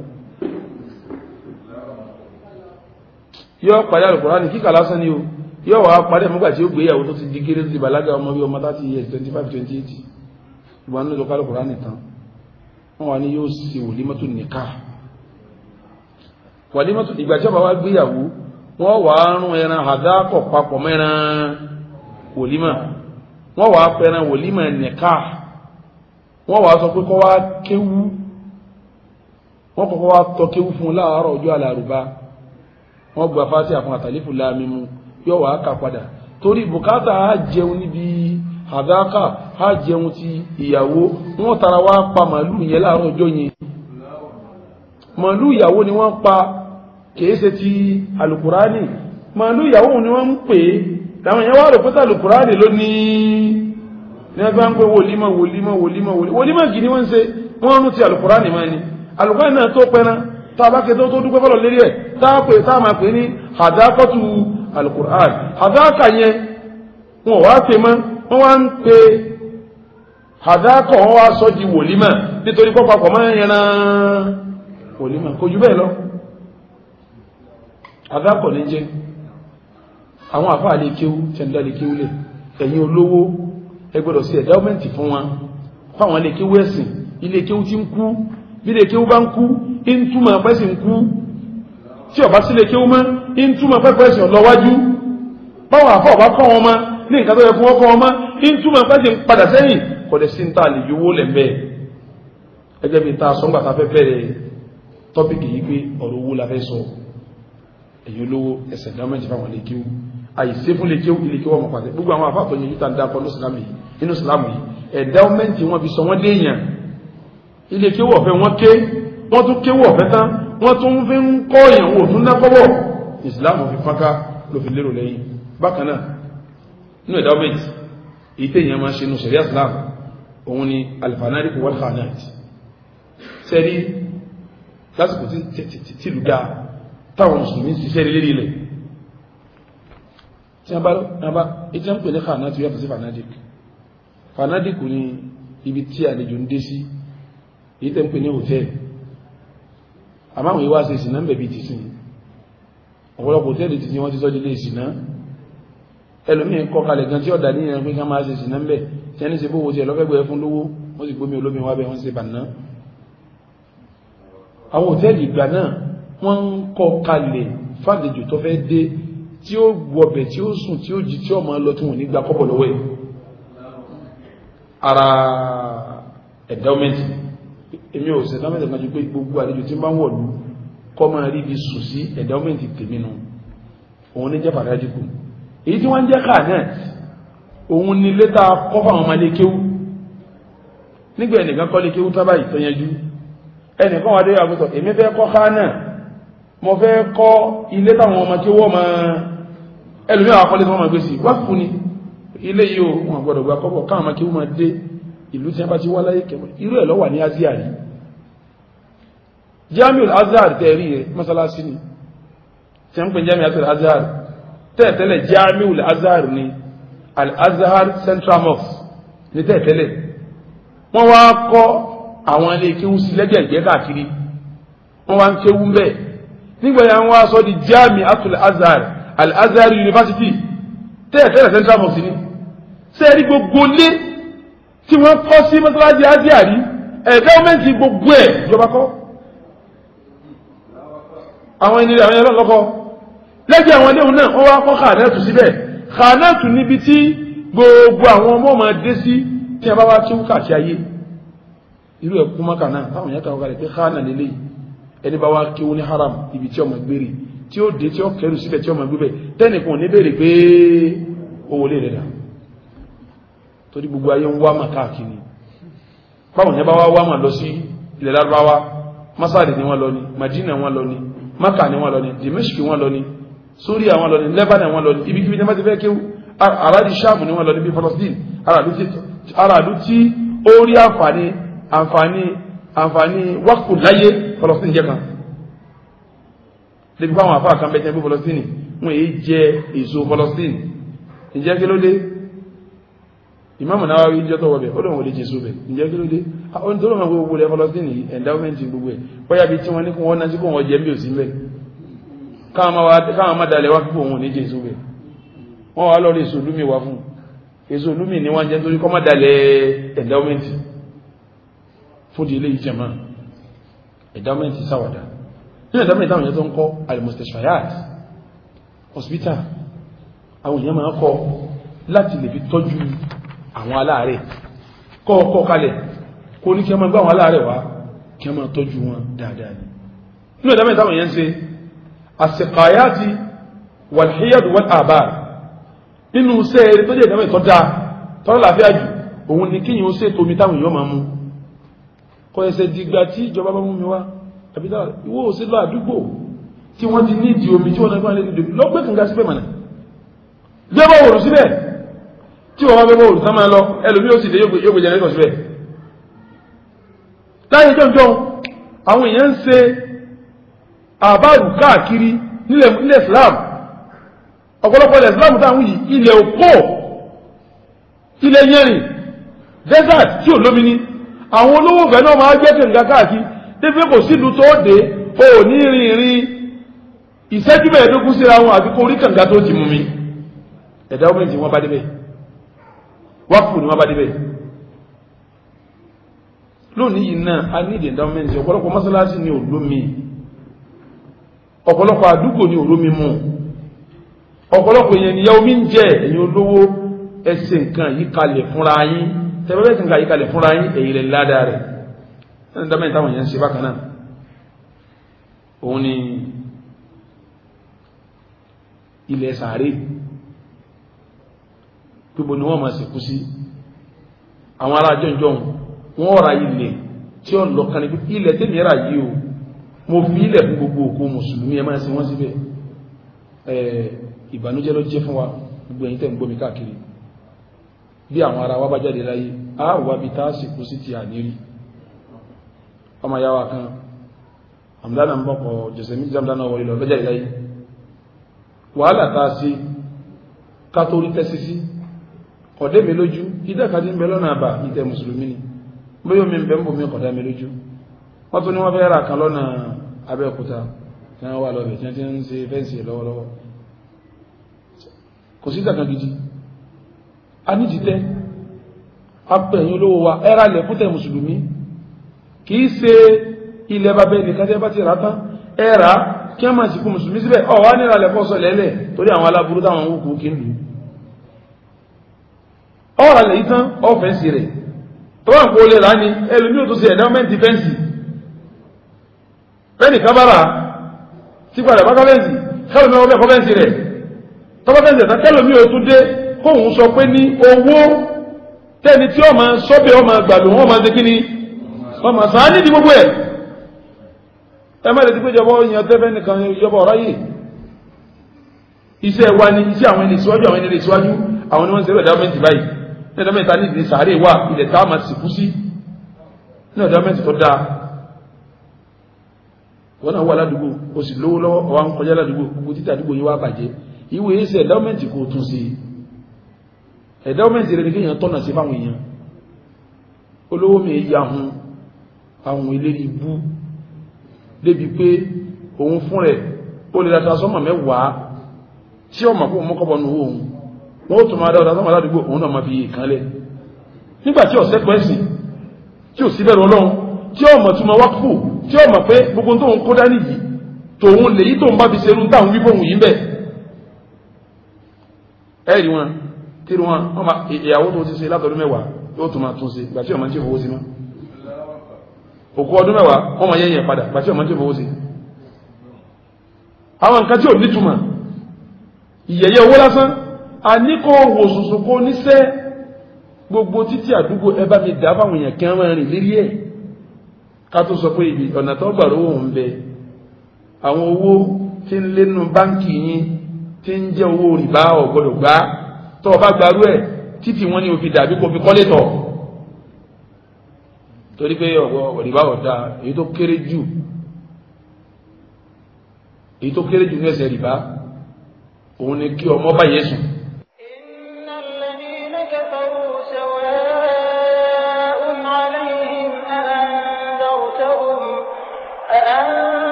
yóò parí alùkùránì kíkà lásán ni o yóò wá parí ẹ̀ mọ́gbà tí ó gbéyàwó tó ti di géré tó ti bàlágà ọmọ bí ọmọ láti yẹ 25-28 ìgbà nínú ìjọba alùkùránì tán wọ́n wá ní yóò sì wòlímọ́tò nìka wòlímọ́tò ìgbà tí ọba wá gbéyàwó wọ́n wà á rún ẹran àdáàkọ̀ papọ̀ mẹ́ran wòlímà wọ́n wà á pẹran wòlímà nìka wọ́n wà á sọ pé kọ́ wá kéwú wọ́n kọ́kọ́ wá tọ́ kéwú fún un láàárọ̀ ọjọ́ àrùbá wọ́n gba fásitì àfọ̀n àtàlẹ́fù láàmì mu yóò wà á kà padà torí bùkátà á jẹun níbi àdáàkà á jẹun ti ìyàwó wọ́n tara wá pa màálù yẹn láàárọ̀ ọjọ́ yẹn màálù ìyàwó ni wọ́n pa. kìí ti alukurani màálù ìyàwó ni wọ́n ń pè é làwọn èèyàn wà rò pé alukurani ló ní ní ẹgbẹ́ ń pè wòlímọ̀ wòlímọ̀ wòlímọ̀ wòlímọ̀ gidi wọ́n ń ṣe wọ́n rún ti alukurani máa ni alukurani náà tó pẹ́ran tá a bá kẹta tó dúpẹ́ fọlọ́ lérí ẹ̀ tá a pè tá a máa pè ní hadakọ́tù alukurani hadaka yẹn wọn wá pè mọ́ wọ́n wá ń pè hadakọ̀ wọn wá sọ di wòlímọ̀ nítorí pọ́pọ́ pọ̀ yẹn náà wòlímọ̀ kò bẹ́ẹ̀ lọ adákọ̀ ní jẹ́ àwọn àfáà lè kéwú tẹ̀ndà lè kéwú lẹ̀ ẹ̀yin olówó ẹ gbọ́dọ̀ sí ẹ̀dáwọ́mẹ́ntì fún wọn fáwọn lè kéwú ẹ̀sìn ilé kéwú ti ń kú bí lè kéwú bá ń kú ń túmọ̀ pẹ́sìn kú tí ọba sílé kéwú mọ́ ń túmọ̀ pẹ́sìn ọlọ́wájú báwọn àfọ́ ọba kọ́ wọn mọ́ ní nǹkan tó yẹ fún ọkọ wọn mọ́ ń túmọ̀ pẹ́sìn padà sẹ́yìn kọ̀dẹ̀ sí ń lè yówó lẹ̀ bẹ́ẹ̀ ẹgẹ́ bí ta sọ́ngbà ta fẹ́ bẹ̀rẹ̀ yìí pé ọ̀rọ̀ owó la fẹ́ sọ èyí olówó ẹsẹ̀ dámẹ́jì fáwọn ilé kíw àìsí fún ilé kíw ilé kíw ọmọ pàtẹ gbogbo àwọn àfáàtọ̀ yẹn yíta ń dákọ ní ìsìlámù yìí nínú ìsìlámù yìí ẹ̀dámẹ́ntì wọn fi sọ wọn léèyàn ilé kíw ọ̀fẹ́ wọn ké wọn tún kéwọ ọ̀fẹ́ tán wọn tún fi ń kọ́ èèyàn wò tún nákọ́wọ́ ìsìlámù fi fọ́nká ló fi lérò lẹ́yìn bákan náà nínú ẹ̀dámẹ́ntì èyí téèyàn máa ń ṣe nù sẹ̀rí ìsìlámù òun ni alifanarikù wal khanat sẹ́rí lásìkò tí tìlú dáa táwọn mùsùlùmí ń ṣiṣẹ́ lérí ilẹ̀ tí a bá bá ètí ń pè ní fanatic yàtọ̀ sí fanatic fanatic ni ibi tí àlejò ń dé sí èyí tẹ́ ń pè ní hòtẹ́ẹ̀lì àmọ́ àwọn ìwá ṣe ìsìnà ń bẹ̀bí ti sin ọ̀pọ̀lọpọ̀ hòtẹ́ẹ̀lì ti sin wọ́n ti sọ́jú lé ìsìnà ẹlòmíì kọ́ kalẹ̀ gan tí ọ̀dà ní ìyẹn pé ká máa ṣe ìsìnà ń bẹ̀ tí ẹni ṣe bówó tiẹ̀ lọ́fẹ́gbẹ̀ẹ́ fún lówó wọ́n sì gbómi olómi wá bẹ́ẹ̀ wọ́n ṣe bàná àwọn hòtẹ́ẹ̀lì ìgbà náà wọ́n ń kọ́ kalẹ̀ fàlejò tó fẹ́ dé tí ó wọbẹ̀ tí ó sùn tí ó jí tí ó máa lọ tí wọ́n ní gba kọ́bọ̀ lọ́wọ́ ẹ̀ ara endowment èmi ò sẹ̀ endowment kan ju pé gbogbo àlejò tí máa ń wọ̀lú kọ́ máa rí ibi sùn sí endowment tèmi nu òun ní jẹ́ pàtàkì kù èyí tí wọ́n ń jẹ́ carnet òun ni lẹ́tà kọ́ fáwọn ọmọ ilé kéwú nígbà ẹnìkan kọ́ lé kéwú tábà ìtọ́yanjú ẹnìkan wà dé àgùntàn èmi fẹ́ kọ́ ká mo fẹ́ kọ́ ilé táwọn ọmọ tí wọ́n máa ẹlòmíwà akọ́lé tí wọ́n máa gbé sí wá fún ni ilé yìí o wọn gbọ́dọ̀ gba kọ́kọ́ káwọn ọmọ kí wọ́n máa dé ìlú tí wọ́n bá ti wá láyé kẹwọ́ irú ẹ̀ lọ́wà ní Asia yìí Jamiul Azhar tẹ̀rí rẹ̀ mọ́sálásí ni tí wọ́n ń pè Jamiul Azhar tẹ́ẹ̀tẹ́lẹ̀ Jamiul Azhar ni Al-Azhar Central Mosque ní tẹ́ẹ̀tẹ́lẹ̀ wọ́n wá kọ́ àwọn ilé kéwú sí lẹ́gbẹ̀ẹ́gbẹ́ káàkiri wọ́n wá ń kéwú bẹ́ẹ̀ nígbà yẹn wọ́n aṣọ di jami atul azhar al azhar university tẹ́ẹ̀tẹ́ẹ̀ central mosque ni sẹ́ẹ̀rí gbogbo lé tí wọ́n kọ́ sí mọ́sálásí asia rí ẹ̀dẹ́wọ́mẹ́ntì gbogbo ẹ̀ ìjọba kọ́ àwọn ẹni àwọn ẹlọ́ lọ́kọ́ lẹ́gbẹ̀ àwọn ẹlẹ́hùn náà wọ́n wá kọ́ kàánẹ́tù síbẹ̀ kàánẹ́tù níbi tí gbogbo àwọn ọmọ ọmọ dé sí tí a bá wá tí ó kà sí ayé irú ẹ̀kú mọ́kà náà táwọn yẹn kà ó kalẹ̀ pé kàánà lélẹ́yìí ẹni bá wá kí ní haram ibi tí ọmọ gbére tí ó dé tí ó kẹrù síbẹ̀ tí ọmọ gbébẹ̀ tẹ́nìkan ò ní béèrè pé owó lè rẹ̀dà torí gbogbo ayé ń wá mà káàkiri báwọn yẹn bá wá wá mà lọ sí ilẹ̀ lárúbáwá masari ni wọ́n lọ ni madina wọ́n lọ ni maka ni wọ́n lọ ni dimishki wọ́n lọ ni suria wọ́n lọ ni lebanon wọ́n lọ ni ibikíbi ní wọ́n ti aradi sham ni wọ́n lọ ni bí palestine aradu tí ó rí àǹfààní àǹfààní àǹfààní wákù láyé fọlọ́sìn jẹ kan débi kó àwọn àfáà kan bẹ́ẹ̀ jẹ́ pé fọlọ́sìn wọn èyí jẹ èso fọlọ́sìn ǹjẹ́ kí ló dé ìmáàmù náà wáyé jọ́tọ̀ wọ̀bẹ̀ ó lóun ò lè jẹ èso bẹ̀ ǹjẹ́ kí ló dé àwọn tó lọ́wọ́ gbogbo ilẹ̀ fọlọ́sìn yìí endowment gbogbo ẹ̀ bóyá bí tí wọ́n ní kí wọ́n náà sí kó wọ́n jẹ bí ò sí mẹ́ káwọn má dalẹ̀ wá pípò òun ò ní jẹ èso bẹ̀ wọ́n wá lọ́ọ́ èso lúmi wá fún èso lúmi ni wọ́n jẹ́ torí kọ́ má dalẹ̀ endowment fún di ilé ìjẹmọ́ endowment sáwàdà ní endowment àwọn èèyàn tó ń kọ́ almustashfayat hospital àwọn èèyàn máa ń kọ́ láti lè fi tọ́jú àwọn aláàrẹ̀ kọ́ ọkọ̀ kalẹ̀ kó ní kí a máa gbá àwọn aláàrẹ̀ wá kí a máa tọ́jú wọn dáadáa ni ní endowment àwọn èèyàn ṣe àsìkàyàtì wàlhíyàdù wal àbá nínú iṣẹ́ eré tó jẹ́ endowment tó tọ́lá kọ ẹsẹ̀ dìgbà tí ìjọba bá mú mi wá àbí dára ìwọ ò sí lọ àdúgbò tí wọ́n ti ní ìdí omi tí wọ́n náà lè dìde lọ́gbẹ́ kìnga síbẹ̀ mọ̀nà gbẹ́bọ̀ òrùn síbẹ̀ tí wọ́n bá bẹ́bọ̀ òrùn tán máa lọ ẹlòmí ó sì dé yóò gbé jẹnẹtọ̀ síbẹ̀ láyé jọ̀njọ́ àwọn èèyàn ń ṣe àbáàrù káàkiri nílẹ̀ Islam ọ̀pọ̀lọpọ̀ ilẹ̀ Islam táwọn yìí ilẹ̀ òpó ilẹ̀ yẹrin desert tí ò lómi ní àwọn olówó ìfẹ́ náà máa gbé kànga káàkiri débi kò sílùú tó dé o ní rin rin ìṣẹ́jú mẹ́ẹ̀ẹ́dógún síra wọn àti kó rí kànga tó ti mú mi ẹ̀dá omi tí wọ́n bá débẹ̀ wákùú ni wọ́n bá débẹ̀ lónìí yìí náà a ní ìdè endowment ọ̀pọ̀lọpọ̀ mọ́sálásí ni olómi ọ̀pọ̀lọpọ̀ àdúgbò ni olómi mú ọ̀pọ̀lọpọ̀ èèyàn ni ìyá omi ń jẹ ẹ̀yin olówó ẹsẹ̀ nǹkan yìí kalẹ̀ fúnra yín tẹ́wọ́lẹ́ ti ń ka ìkalẹ̀ fúnra yín èyí lè ládàá rẹ̀ ẹni dámẹ́ ìtàwọn yẹn ń ṣe òun ni ilẹ̀ sàárè gbogbo ni wọ́n máa sìnkú sí àwọn ará jọ́njọ́ wọn ọ̀rà ilẹ̀ tí ó lọ kan níbi ilẹ̀ tẹ́mi rà yìí o mo fi ilẹ̀ fún gbogbo òkú mùsùlùmí ẹ máa sin wọ́n síbẹ̀ ìbànújẹ́ ló jẹ́ fún wa gbogbo ẹ̀yin tẹ́ ń gbómi káàkiri bí àwọn ara wa bá jáde láyé a wà bí tá a sì kú sí ti àníri ọmọ yàwá kan àmúdánà ń bọ̀kọ̀ jẹ̀sẹ̀ méjì àmúdánà wọlé lọ lọ́jà ìláyé wàhálà tá a sí ká tó rí tẹ́sí sí ọ̀dẹ́ mi lójú ìdákadí ń bẹ lọ́nà àbà ìtẹ̀ mùsùlùmí ni bóyá omi ń bẹ ń bò mí ọ̀kọ̀dá mi lójú wọ́n tún ní wọ́n fẹ́ ra kan lọ́nà Abẹ́òkúta tí wọ́n wà lọ́bẹ̀ tí wọ́n ti ń ṣe fẹ́ǹsì lọ́wọ́lọ́wọ́ kò sí ìdàkan gidi a ní jìtẹ́ apẹ̀ wa ẹ́ra lẹ̀ fún tẹ̀ mùsùlùmí kì í ṣe ilẹ̀ babẹ́ nìkan tẹ́ bá ti rà tán ẹ́ra kí a máa sìnkú mùsùlùmí síbẹ̀ ọ̀ wá níra lẹ̀ fọ́sọ̀ lẹ́lẹ̀ torí àwọn aláburú táwọn ń wùkú kí ń lù ọ̀rà lẹ̀ yìí tán ọ̀fẹ́ǹsì rẹ̀ tọ́wọ́ nǹkan olè rà ní ẹlòmí ò tó ṣe endowment defense bẹ́ẹ̀ni kábàrà tí padà bá kábẹ́ǹsì kálòmí ọ̀fẹ́ǹsì rẹ̀ tọ́wọ́ fẹ́ǹsì rẹ̀ tán kálòmí ò tún dé kóhun sọ pé ní owó tẹ́ni tí ọmọ sọ́bẹ̀ ọmọ gbàlù wọn máa ṣe kí ni ọmọ sáà nídìí gbogbo ẹ̀ ẹ má lè ti pé ìjọba ọyàn tẹ́fẹ́ nìkan ìjọba ọ̀rọ̀ yìí iṣẹ́ wa ni iṣẹ́ àwọn ẹni ìṣíwájú àwọn ẹni ìṣíwájú àwọn ni wọ́n ń ṣerú ẹ̀dámẹ́ntì báyìí ní ẹ̀dámẹ́ntì ta ní ìdí sàárè wà ilẹ̀ tá a máa sìnkú sí ní ẹ̀dámẹ́ntì tó dáa wọn náà wà ládùúgbò o sì lówó lọ́wọ́ ọ̀wá ń kọjá ládùúgbò gbogbo títà àdúgbò yìí wá bàjẹ́ ìwé iṣẹ́ ẹ̀dámẹ́ntì kò tún sí i endowment rẹ̀ ní kí èèyàn tọ́nà sí fáwọn èèyàn olówó mi ya hun àwọn ilé ibú débi pé òun fún rẹ̀ ó lè dáta sọ́mọ̀ mẹ́wàá tí ó mọ̀ kó mọ́ kọ́bọ̀ nù òun wọ́n tún máa dáadáa sọ́mọ̀ aládùúgbò òun náà máa fi ìkànlẹ̀ nígbà tí ọ̀sẹ̀ pẹ́sìn tí ò síbẹ̀rù ọlọ́run tí ó mọ̀ tún máa wá kú tí ó mọ̀ pé gbogbo tó ń kó dání yìí tòun lèyí tó ń bá fi serú táwọn wíbọ̀ òun yìí bẹ̀ ẹ̀rí wọn tíru wọn ọmọ ìyàwó tó ti ṣe látọdún mẹ́wàá yóò tún máa tún ṣe gbàtí ọmọ tí fowó sí mọ́ òkú ọdún mẹ́wàá wọ́n máa yẹ̀yẹ̀ padà gbàtí ọmọ tí fowó sí àwọn nǹkan tí ò nítumọ̀ ìyẹ̀yẹ̀ owó lásán a ní kó kó níṣẹ́ gbogbo títí àdúgbò ẹ bá mi dá fáwọn èèyàn kí wọ́n rìn lérí ẹ̀ ká tó sọ pé ibi ọ̀nà tó gbà lówó ń bẹ àwọn owó tí ń lénu báńkì tó o bá gbarú ẹ̀ títì wọn ni o fi dàbí kò fi kọ́lé tọ̀ torí pé ọ̀gbọ́ rìbá ọ̀dà èyí tó kéré jù èyí tó kéré jù ní ẹsẹ̀ rìbá òun ni kí ọmọ bá yẹ
sùn.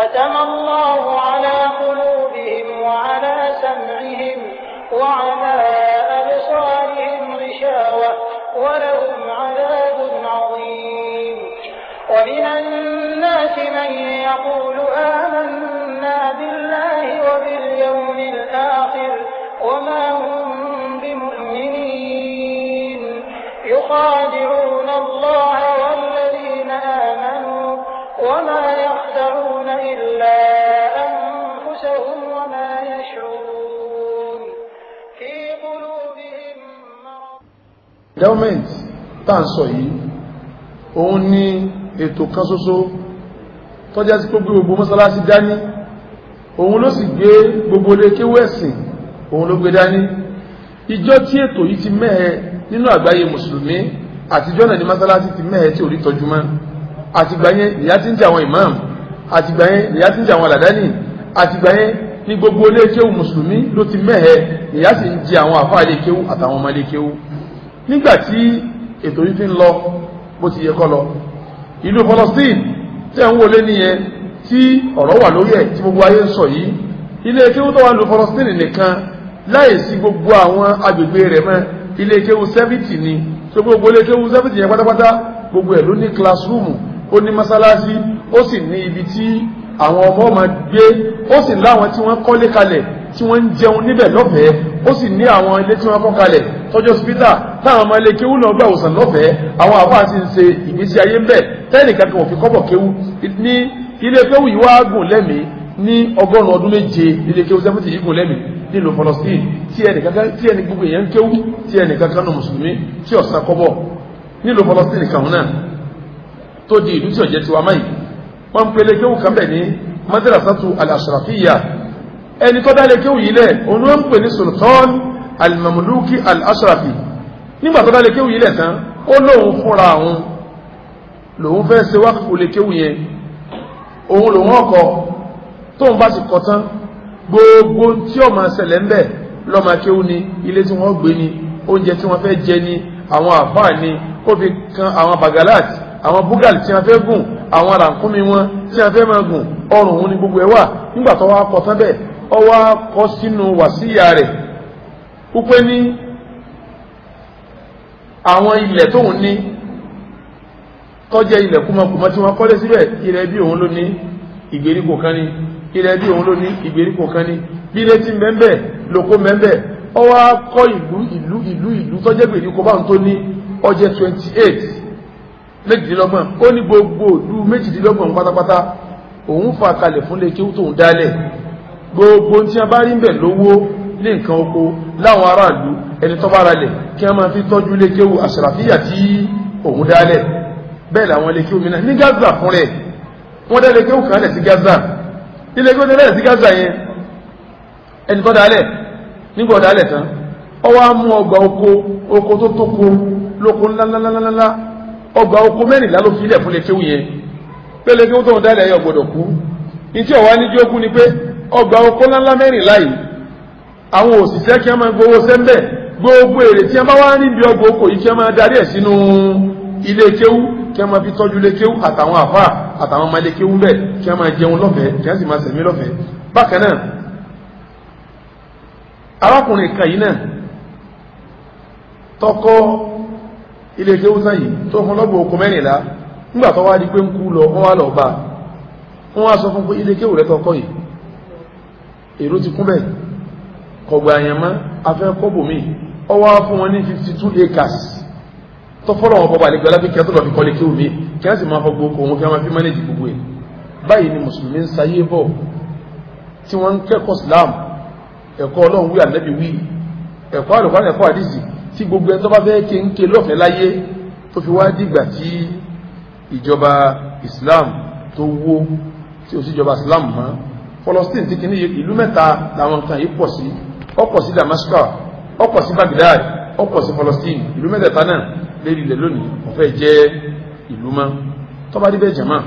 ختم الله على قلوبهم وعلى سمعهم وعلى أبصارهم غشاوة ولهم عذاب عظيم ومن الناس من يقول آمنا بالله وباليوم الآخر وما هم بمؤمنين يخادعون الله والله وما يخدعون إلا أنفسهم وما يشعرون في قلوبهم
مرض endowment tá à ń sọ yìí òun ni ètò kan ṣoṣo tọ́já sí gbogbo gbogbo mọ́sálásí dání òun ló sì gbé gbogbo ilé kéwú òun ló gbé dání ìjọ tí ètò yìí ti mẹ́ẹ̀ nínú àgbáyé mùsùlùmí àtijọ́ náà ni mọ́sálásí ti mẹ́ẹ̀ tí ò rí mọ́ àtìgbàyẹn nìyá ti ń ti àwọn imam àtìgbàyẹn nìyá ti ń ti àwọn àlàdání àtìgbàyẹn ní gbogbo ilé kéwù mùsùlùmí ló ti mẹ́hẹ̀ nìyá sì ń jẹ àwọn àfáà ilé kéwù àtàwọn ọmọ ilé kéwù nígbà tí ètò yìí fi ń lọ bó ti yẹ kọ́ lọ ìlú Palestine tẹ́ ń wọlé nìyẹn tí ọ̀rọ̀ wà lórí ẹ̀ tí gbogbo ayé ń sọ yìí ilé kéwù tó wà lù Palestine nìkan láìsí gbogbo àwọn agbègbè rẹ̀ mọ́ ilé kéwù sẹ́fìtì ni gbogbo ilé kéwù sẹ́fìtì yẹn pátápátá gbogbo ẹ̀ ló ní kílásírúùmù ó ní mọ́sálásí ó sì ní ibi tí àwọn ọmọ ọmọ gbé ó sì láwọn tí wọ́n kọ́lé kalẹ̀ tí wọ́n ń jẹun níbẹ̀ lọ́fẹ̀ẹ́ ó sì ní àwọn ilé tí wọ́n kọ́ kalẹ̀ tọ́jú hospital táwọn ọmọ ilé kéwú náà gbà òsàn lọ́fẹ̀ẹ́ àwọn àfáà ti ń ṣe ìgbésí ayé ń bẹ̀ tẹ́nìkan kan ò fi kọ́bọ̀ kéwú ní ilé kéwú yìí wá gùn lẹ́mìí ní ọgọ́rùn-ún ọdún méje ilé kéwú sẹ́fẹ̀tì yìí gùn lẹ́mìí nílùú Palestine tí ẹnì gbogbo tí ẹnì kankan tó di ìlú tí ò jẹ́ tiwa mọ́yì wọ́n ń pele kéwù kan bẹ̀ ní madrasatu al-ashrafiyya ẹni tó dálé kéwù yìí lẹ̀ òun ló ń pè ní sultan al-mamluki al-ashrafi nígbà tó dálé kéwù yìí lẹ̀ tán ó lóun fúnra òun lòun fẹ́ ṣe wákìkù lè kéwù yẹn òun lòun ọkọ tóun bá ti kọ tán gbogbo tí ó máa ṣẹlẹ̀ ń bẹ̀ lọ́mọ akéwù ni ilé tí wọ́n gbé ni oúnjẹ tí wọ́n fẹ́ jẹ ni àwọn àfáà ni kó fi kan àwọn bàgàláàtì àwọn búgàlì tí a fẹ́ gùn àwọn ràǹkúnmi wọn tí a fẹ́ máa gùn ọrùn òun ni gbogbo ẹ wà nígbà tó wá kọ tán bẹ́ẹ̀ ọ wá kọ sínú wàsíyà rẹ̀ wípé ní àwọn ilẹ̀ tóun ní tọ́jẹ́ ilẹ̀ kúmọkùmọ tí wọ́n kọ́lé síbẹ̀ ilẹ̀ bí òun ló ní ìgbèríko kan ní ilẹ̀ méjìdínlọ́gbọ̀n ó ní gbogbo òdú méjìdínlọ́gbọ̀n pátápátá òun fà kalẹ̀ fún lékí tóun dálẹ̀ gbogbo tí a bá rí ń bẹ̀ lówó ní nǹkan oko láwọn aráàlú ẹni tó bá ralẹ̀ kí a máa fi tọ́jú lékí owó àṣàràfíyà tí òun dálẹ̀ bẹ́ẹ̀ làwọn lékí omi náà ní Gaza fún rẹ̀ wọ́n dá lékí owó kan lẹ̀ sí Gaza ilé kí ó dálẹ̀ sí Gaza yẹn ẹni tó dálẹ̀ nígbà ọ̀dálẹ̀ tán ọwọ́ á mú ọgbà oko oko tó tó ko lóko ńláńláńláńlá ọgbà oko mẹ́rìnlá ló fi ilẹ̀ fún lè kéwù yẹn pélé kí wọ́n tó ń dálẹ̀ yẹn ọ̀gbọ̀dọ̀ kú ní tí ọ̀wá níjú okú ni pé ọgbà oko ńláńlá mẹ́rìnlá yìí àwọn òṣìṣẹ́ kí wọ́n máa gbowó sẹ́ńbẹ̀ gbogbo èrè tí wọ́n bá wá níbi ọgbà oko yìí kí wọ́n máa darí ẹ̀ sínú ilé kéwù kí wọ́n máa fi tọ́jú ilé kéwù àtàwọn àfà àtàwọn ọmọ ilé kéwù ilé kí ó tán yìí tó fún lọ́gbọ̀ okùn mẹ́rìnlá nígbà tó wá di pé ń kú lọ wọ́n wá lọ bá wọ́n wá sọ fún pé ilé kí ó rẹ́tọ̀ kọ́ yìí èrò ti kún bẹ́ẹ̀ kọ̀gbà àyàn afẹ́ kọ́bù mi ọ wá fún wọn ní fifty two acres tó fọ́lọ̀ wọn bọ́bà lẹ́gbẹ̀ẹ́ lábẹ́ kẹ́tọ́ lọ fi kọ́lé kí ó mi kí á sì máa fọ gbogbo òun kí á máa fi mẹ́nẹ́jì gbogbo ẹ̀ báyìí ni mùsùlùmí ń sayé bọ̀ tí wọ́n ń kẹ́kọ̀ọ́ Islam ẹ̀kọ́ Ọlọ́run wí tí gbogbo ẹni tó bá fẹ́ ké ń ké lọ́fẹ̀ẹ́ láyé tó fi wá dìgbà tí ìjọba Islam tó wó tí ò sí ìjọba Islam mọ́ Palestine ti kìíní ìlú mẹ́ta làwọn nǹkan yìí pọ̀ sí ọ̀pọ̀ sí Damascus ọ̀pọ̀ sí Baghdad ọ̀pọ̀ sí Palestine ìlú mẹ́tẹ̀ẹ̀ta náà lérí ilẹ̀ lónìí wọ́n fẹ́ jẹ́ ìlú mọ́ tó bá débẹ̀ jàmá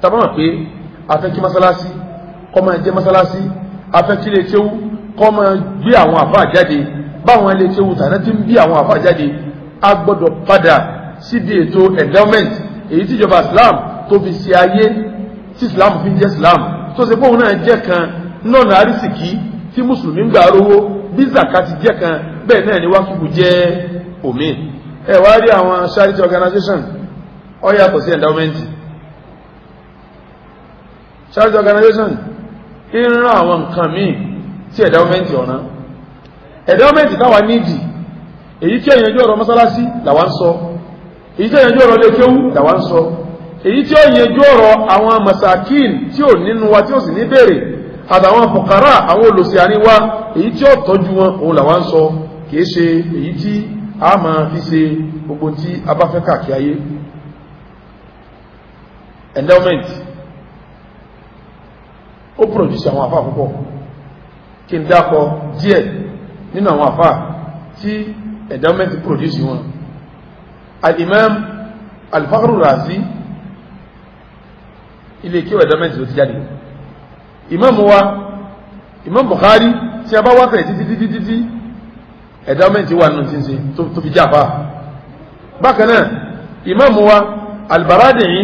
tàbá mọ̀ pé afẹ́ kí mọ́sálásí kọ́ máa jẹ́ mọ́sálásí afẹ́ kí lè kéwú kọ́ máa gbé àwọn àbá jáde báwọn ilé kéwù tàná ti ń bí àwọn àfàjáde a gbọ́dọ̀ padà síbi ètò endowment èyí tíjọba islam tó fi ṣe ayé tí islam fi ń islam tó ṣe fóun náà jẹ́ kan nọ́ọ̀nà àrísìkí tí mùsùlùmí ń gbà rówó bí zaka ti kan bẹ́ẹ̀ náà ni wákìkù omi ẹ wá rí àwọn charity organization ó yàtọ̀ sí endowment charity organization ń ran àwọn nǹkan míì ẹ̀dọ́mẹ̀tì táwa nídì èyí tí ẹ̀yànjú ọ̀rọ̀ mọ́sálásí làwa ń sọ èyí tí ẹ̀yànjú ọ̀rọ̀ lékéwú làwa ń sọ èyí tí ẹ̀yànjú ọ̀rọ̀ àwọn masakin tí ò nínú wa tí ó sì ní bèrè àtàwọn fọkàrà àwọn olùsí àárín wa èyí tí ó tọ́jú wọn òun làwa sọ kìí ṣe èyí tí a máa fi ṣe gbogbo tí a bá fẹ́ káàkiri ayé endowment ó produce àwọn àfáà púpọ̀ kí n dákọ díẹ̀ nínú àwọn àfáà tí endowment produce wọn al-imam al-Fakhru Razi ilé kí endowment ló ti jáde imam wa imam Bukhari tí a bá wá fẹ̀ títí títí títí endowment wà nínú tí ń ṣe tó fi jáfà bákan náà imam wa al-Baradei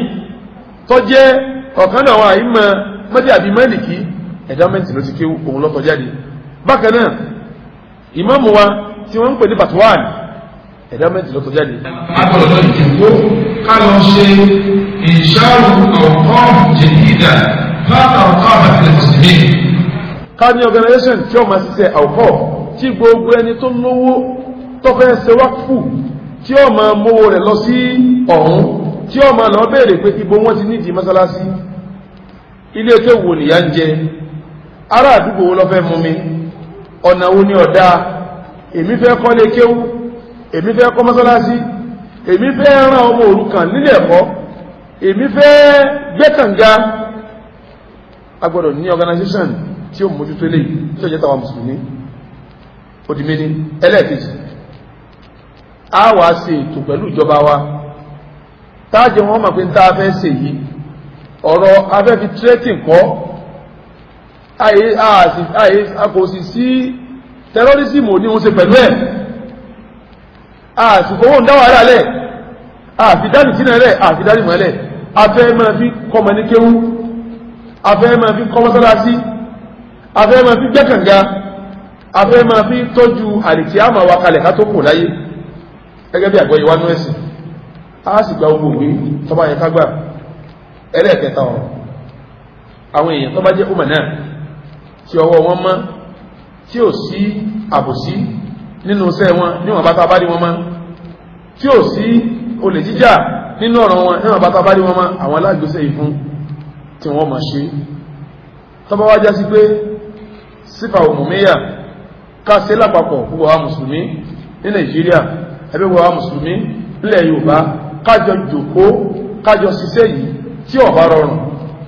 tó jẹ́ ọ̀kan náà wà ìmọ̀ mọ́dí àbí Málíkì endowment ló ti kéwù òun lọ́tọ̀ jáde bákan náà ìmáàmù wa tí wọ́n ń pè ní batuwan ẹ̀dá mẹ́tì ló tó jáde. agbọ̀dọ̀ ìdìbò ká lọ ṣe ìṣàrò ọ̀kan jẹ̀dídà láta ọ̀kan àbàtìlẹ̀ mùsùlùmí. ká ní organisation tí ó máa ṣiṣẹ́ àwòkọ́ tí gbogbo ẹni tó lówó tó fẹ́ ṣe wákùú tí ó máa mówó rẹ̀ lọ sí ọ̀hún tí ó máa lọ béèrè pé ibo wọn ti nídìí mọ́sálásí ilé tó wò nìyá ń jẹ ará àdúgbò wo lọ fẹ́ mú mi ọ̀nà wo ni ọ̀dá èmi fẹ́ kọ́ lé kéwú èmi fẹ́ kọ́ mọ́sálásí èmi fẹ́ ràn ọmọ kan nílé ẹ̀kọ́ èmi fẹ́ gbẹ́kànga agbọ́dọ̀ ní organization tí ó mójútó lè tí ó jẹ́ tàwa mùsùlùmí òdìmí ẹlẹ́ẹ̀kejì a wa wọn mọ̀ pé ń tá a fẹ́ ṣe yìí ọ̀rọ̀ àyè àyè ah, kò sì sí tẹrọrísìmù ní oun ṣe pẹ̀lú ẹ̀ àsìkòwò ń dá wàhálà lẹ̀ àfidáni sínú ẹlẹ̀ àfidáni mọ́lẹ̀ afẹ́ máa fi kọmọ ní kéwú afẹ́ máa fi kọmọ sọ́lásí afẹ́ máa fi gbẹ́kànga afẹ́ máa fi tọ́jú àrìkí àmà wa kalẹ̀ ká tó kù láyé gẹ́gẹ́ bí àgbọ̀ ìwánú ẹ̀sìn a sì gba ogun òwe tọ́ba yẹn ká gbà ẹlẹ́ẹ̀kẹta ọ̀rọ̀ àwọn èèyàn tọ́ba jẹ́ ọmọ náà tí ọwọ́ wọn mọ́ tí ò sí àbòsí nínú iṣẹ́ wọn níwọ̀n bá tá bá rí wọn mọ́ tí ò sí olè jíjà nínú ọ̀ràn wọn níwọ̀n bá tá bá rí wọn mọ́ àwọn alágbèsè yìí fún tí wọ́n máa ṣe tọ́ba wá já sí pé sífà òmùmíyà káṣe lápapọ̀ gbogbo àwọn mùsùlùmí ní nàìjíríà ẹbí gbogbo àwọn mùsùlùmí nílẹ̀ yorùbá kájọ jòkó kájọ ṣiṣẹ́ yìí tí ó rọrùn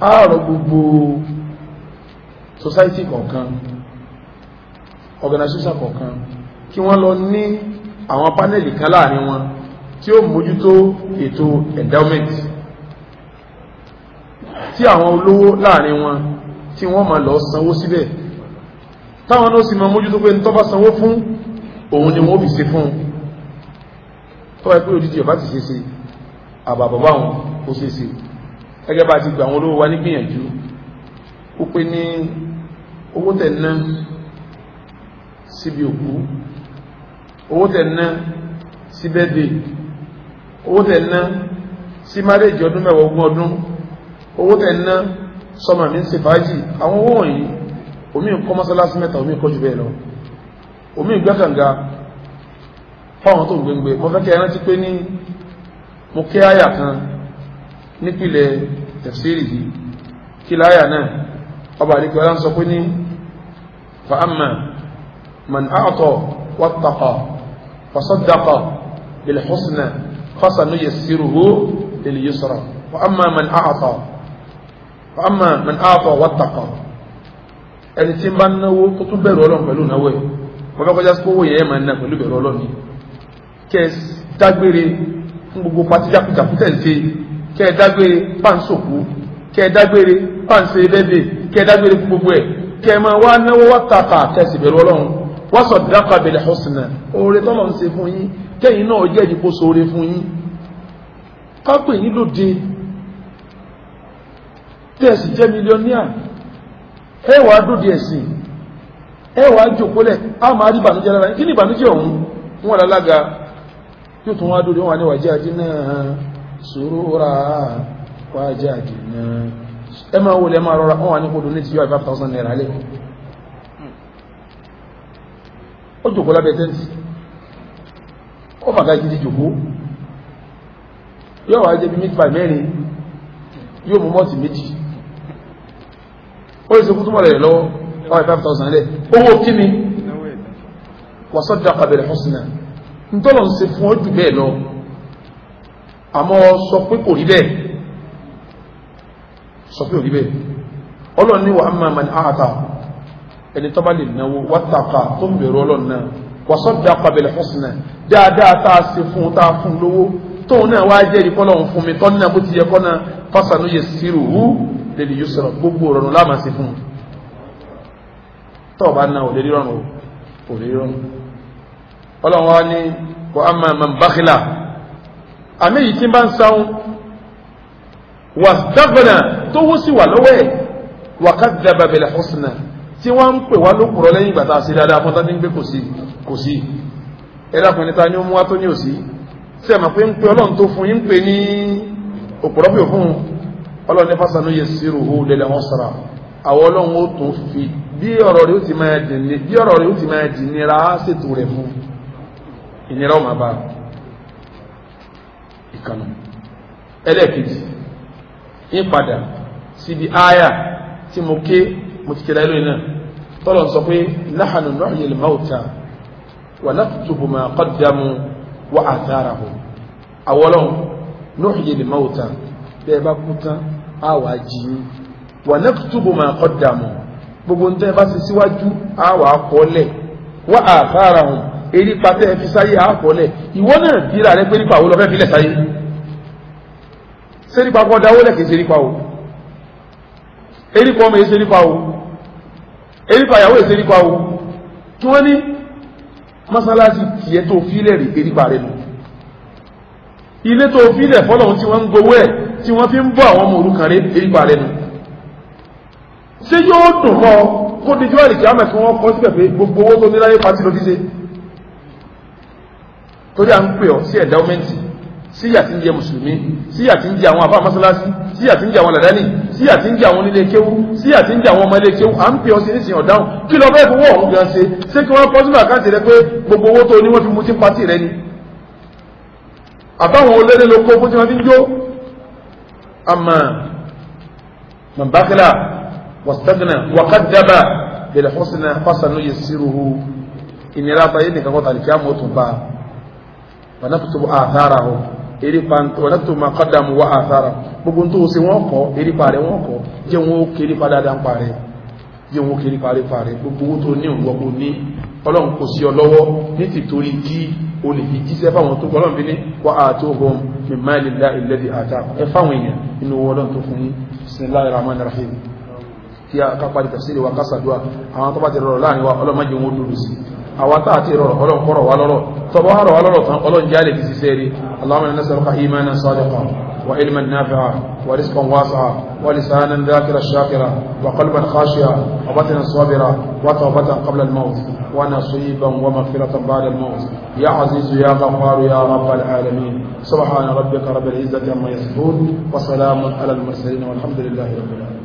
á rọ gbogbo society kọ̀ọ̀kan organization kọ̀ọ̀kan kí wọ́n lọ ní àwọn paneli kan láàrin wọn tí ó mójútó ètò endowment tí àwọn olówó láàrin wọn tí wọ́n máa lọ sanwó síbẹ̀ táwọn náà sì máa mójútó pé tó bá sanwó fún òun ni wọ́n fi ṣe fún tó wáyé pé òdíjì ọ̀bá ti ṣe ṣe àbàbàbà wọn ó ṣe ṣe gẹ́gẹ́ bá ti gbà àwọn olówó wa nígbìyànjú ó pé ní owó tẹ̀ ná síbi òkú owó tẹ̀ ná sí bẹ́ẹ̀dẹ̀ owó tẹ̀ ná sí márèjì ọdún mẹ́wàá ogún ọdún owó tẹ̀ ná sọmọ mi ń ṣe fàájì àwọn owó wọ̀nyí omi ń kọ́ mọ́sálásí mẹ́ta omi ń kọ́ jù bẹ́ẹ̀ lọ omi ń gbẹ́kànga fáwọn tó ń gbẹngbẹ mo fẹ́ kí ẹ rántí pé ní mo kí àyà kan nípìnlẹ̀ tẹ̀fsírì yìí kí láyà náà ọba àdìgbò ọlá ń sọ pé ní فأما من أعطى واتقى فصدق بالحسنى فسنيسره لليسرى وأما من أعطى فأما من أعطى واتقى ẹni tí ń bá náwó kó tún bẹ̀rù ọlọ́run pẹ̀lú náwó ẹ̀ wọ́n fẹ́ kọjá sí kówó yẹn máa ná pẹ̀lú bẹ̀rù ọlọ́run yìí kẹ́ ẹ dágbére fún gbogbo pati jákujàku ń ṣe kẹ́ ẹ dágbére pàǹsòkú kẹ́ ẹ dágbére pàǹsẹ̀ bẹ́ẹ̀dẹ̀ kẹ́ ẹ dágbére fún gbogbo ẹ̀ kẹmọ wa náwó wa tàkà kẹsìbẹ̀rù ọlọ́run wa saddaqa bil husna oore tọ́lọ̀ ń ṣe fún yín kẹ́yìn náà jẹ́ ìdìbò sóore fún yín kápẹ́ yín lóde tẹ́ẹ̀sì jẹ́ mílíọ́níà ẹwà dóde ẹ̀sìn ẹwà jòkólẹ̀ a máa rí ìbànújẹ́ lára kí ní ìbànújẹ́ ọ̀hún wọn lálága yóò tún wá dóde wọn wà ní wàjáde náà sùúrù rà wàjáde náà ẹ máa wọlé ẹ máa rọra wọn wà ní kódò ní ti yọ five thousand naira lé ó jòkó lábẹ́ tẹ́ǹtì ó fàgá gidi jòkó yóò wá jẹ́ bí mítpa mẹ́rin yóò mú mọ́ọ̀tì méjì ó lè ṣe kú rẹ̀ lọ́wọ́ five five thousand lẹ̀ owó kíni wàsọ́dà kàbẹ̀rẹ̀ husna ntọ́lọ̀ ń ṣe fún ọ jù bẹ́ẹ̀ lọ àmọ́ sọ pé kò rí bẹ́ẹ̀ sọ pé òrí bẹ́ẹ̀ ọlọ́run ní wàá máa mani àhàtà ẹni tó bá lè náwó wàtàkà tó ń bẹ̀rù ọlọ́run náà wàsọ́dà pàbẹ̀lẹ̀ husna dáadáa tá a ṣe fún tá a fún lówó tóun náà wá jẹ́ ìdí kọ́lọ́run fún mi tọ́ni bó ti yẹ kọ́ náà yẹ sírù wú lèlì yóò sọ̀rọ̀ gbogbo ọ̀rọ̀ láàmà sí fún un tọ́ọ̀bá náà ò lè rọrùn ò lè rọrùn ọlọ́run wa ní kò á máa máa bákìlà àmì yìí tí bá ń sáwọn wà dágbọ̀nà tówó sì wà lọ́wọ́ ẹ̀ wakadhaba bil husna tí wọ́n ń pè wá ló kúrọ̀ lẹ́yìn ìgbà tá a ṣe dáadáa fún tání pé kò sí kò sí ẹ̀rọ ọkùnrin ta ni ó mú wá tó ní òsì sí àmà pé ń pe ọlọ́run tó fún yín pé ní òpùrọ́ pè fún ọlọ́run ní fásánú yẹ sí rò ó lẹ́lẹ̀ wọ́n sara àwọn ọlọ́run ó tún fi bí ọ̀rọ̀ rẹ̀ ó ti máa dì ní bí ọ̀rọ̀ rẹ̀ ó ti máa dì nira á ṣètò rẹ̀ fún ìnira ó bá ìkànnì ẹlẹ́ẹ̀kejì yín padà síbi áyà tí mo ké mo ti kéde lónìí náà tọ́lọ̀ sọ pé nahanu nuhyil mauta wa naktubu ma qaddamu wa atharahum àwọlọ́n nuhyil mauta bẹ́ẹ̀ bá kú tán á wàá jí yín wa naktubu ma qaddamu gbogbo ń tẹ́ bá ti síwájú á wàá kọ́lẹ̀ wa atharahum èyí pàtẹ́ fi sáyé àkọọ́lẹ̀ ìwọ náà bíra rẹ pé nípa àwọn olùfẹ́ fi lẹ̀ sáyé sẹ́rípa kọ́ dáwọ́lẹ̀ kì í sẹ́rípa erípa ọmọ èsè nípa o erípa ìyàwó èsè nípa o kí wọ́n ní mọ́sálásí tiẹ̀ tó fílẹ̀ rí erípa rẹ̀ nù ilé tó fílẹ̀ fọ́lọ̀hún tí wọ́n ń gbowó ẹ̀ tí wọ́n fi ń bọ́ àwọn ọmọ òrukàn rẹ̀ erípa rẹ̀ nù ṣé yóò dùn mọ́ kó dijú àrìkí àmọ̀ kí wọ́n kọ́ síbẹ̀ pé gbogbo owó tó ní láyé pàtí ló fi ṣe torí à ń pè ọ́ sí ẹ̀dáwọ́mẹ́ntì síyà tí ń jẹ mùsùlùmí síyà tí ń jẹ àwọn àbá mọ́sálásí síyà tí ń jẹ àwọn làdáni síyà tí ń jẹ àwọn onílé kéwú síyà tí ń jẹ àwọn ọmọ ilé kéwú à ń pè ọ sí nísìnyàn dáhùn kí lọ bẹ́ẹ̀ fowó ọ̀hún gan ṣe ṣé kí wọ́n kọ́ sínú àkáǹtì rẹ pé gbogbo owó tó ní wọ́n fi mutí patí rẹ ni. àbáwọn olóde ló kó fún tí wọ́n fi ń jó àmà mọ̀bákìlà wàsítẹ́gìnà wàkàdàbà bẹ̀rẹ̀ fọ́sìnà erípa wàlátò máa kọ́dàmù wá àtàrà gbogbo tó ṣe wọ́n kọ́ erípa rẹ̀ wọ́n kọ́ jẹ́ wọn ó kéré padàdà ń parẹ́ jẹ́ wọn ó kéré parípa rẹ̀ gbogbo owó tó ní ìwọ̀gbò ní ọlọ́run kò sí ọ lọ́wọ́ ní tìtorí kí o lè fi jíṣẹ́ fáwọn tó gbọ́lọ́n bí ní wà á tó hom ní máìlì lá ìlẹ́dì àtà ẹ fáwọn èèyàn inú owó ọlọ́run tó fún yín bismillahir Rahman rahim kí a kápá di tafsiri wa kásàdúà àwọn tó bá ti rọrọ láàrin wa ọlọ́mọdé wọn dúró sí i أوات أتير ولون قرة ولون صباح ولون ثان قلون جالك سيري اللهم إنا نسألك إيمانا صادقا وعلما نافعا ورزقا واسعا ولسانا ذاكرا شاكرا وقلبا خاشيا وبطنا صابرا وتوبة قبل الموت ونصيبا ومغفرة بعد الموت يا عزيز يا غفار يا رب العالمين
سبحان ربك رب العزة عما يصفون وسلام على المرسلين والحمد لله رب العالمين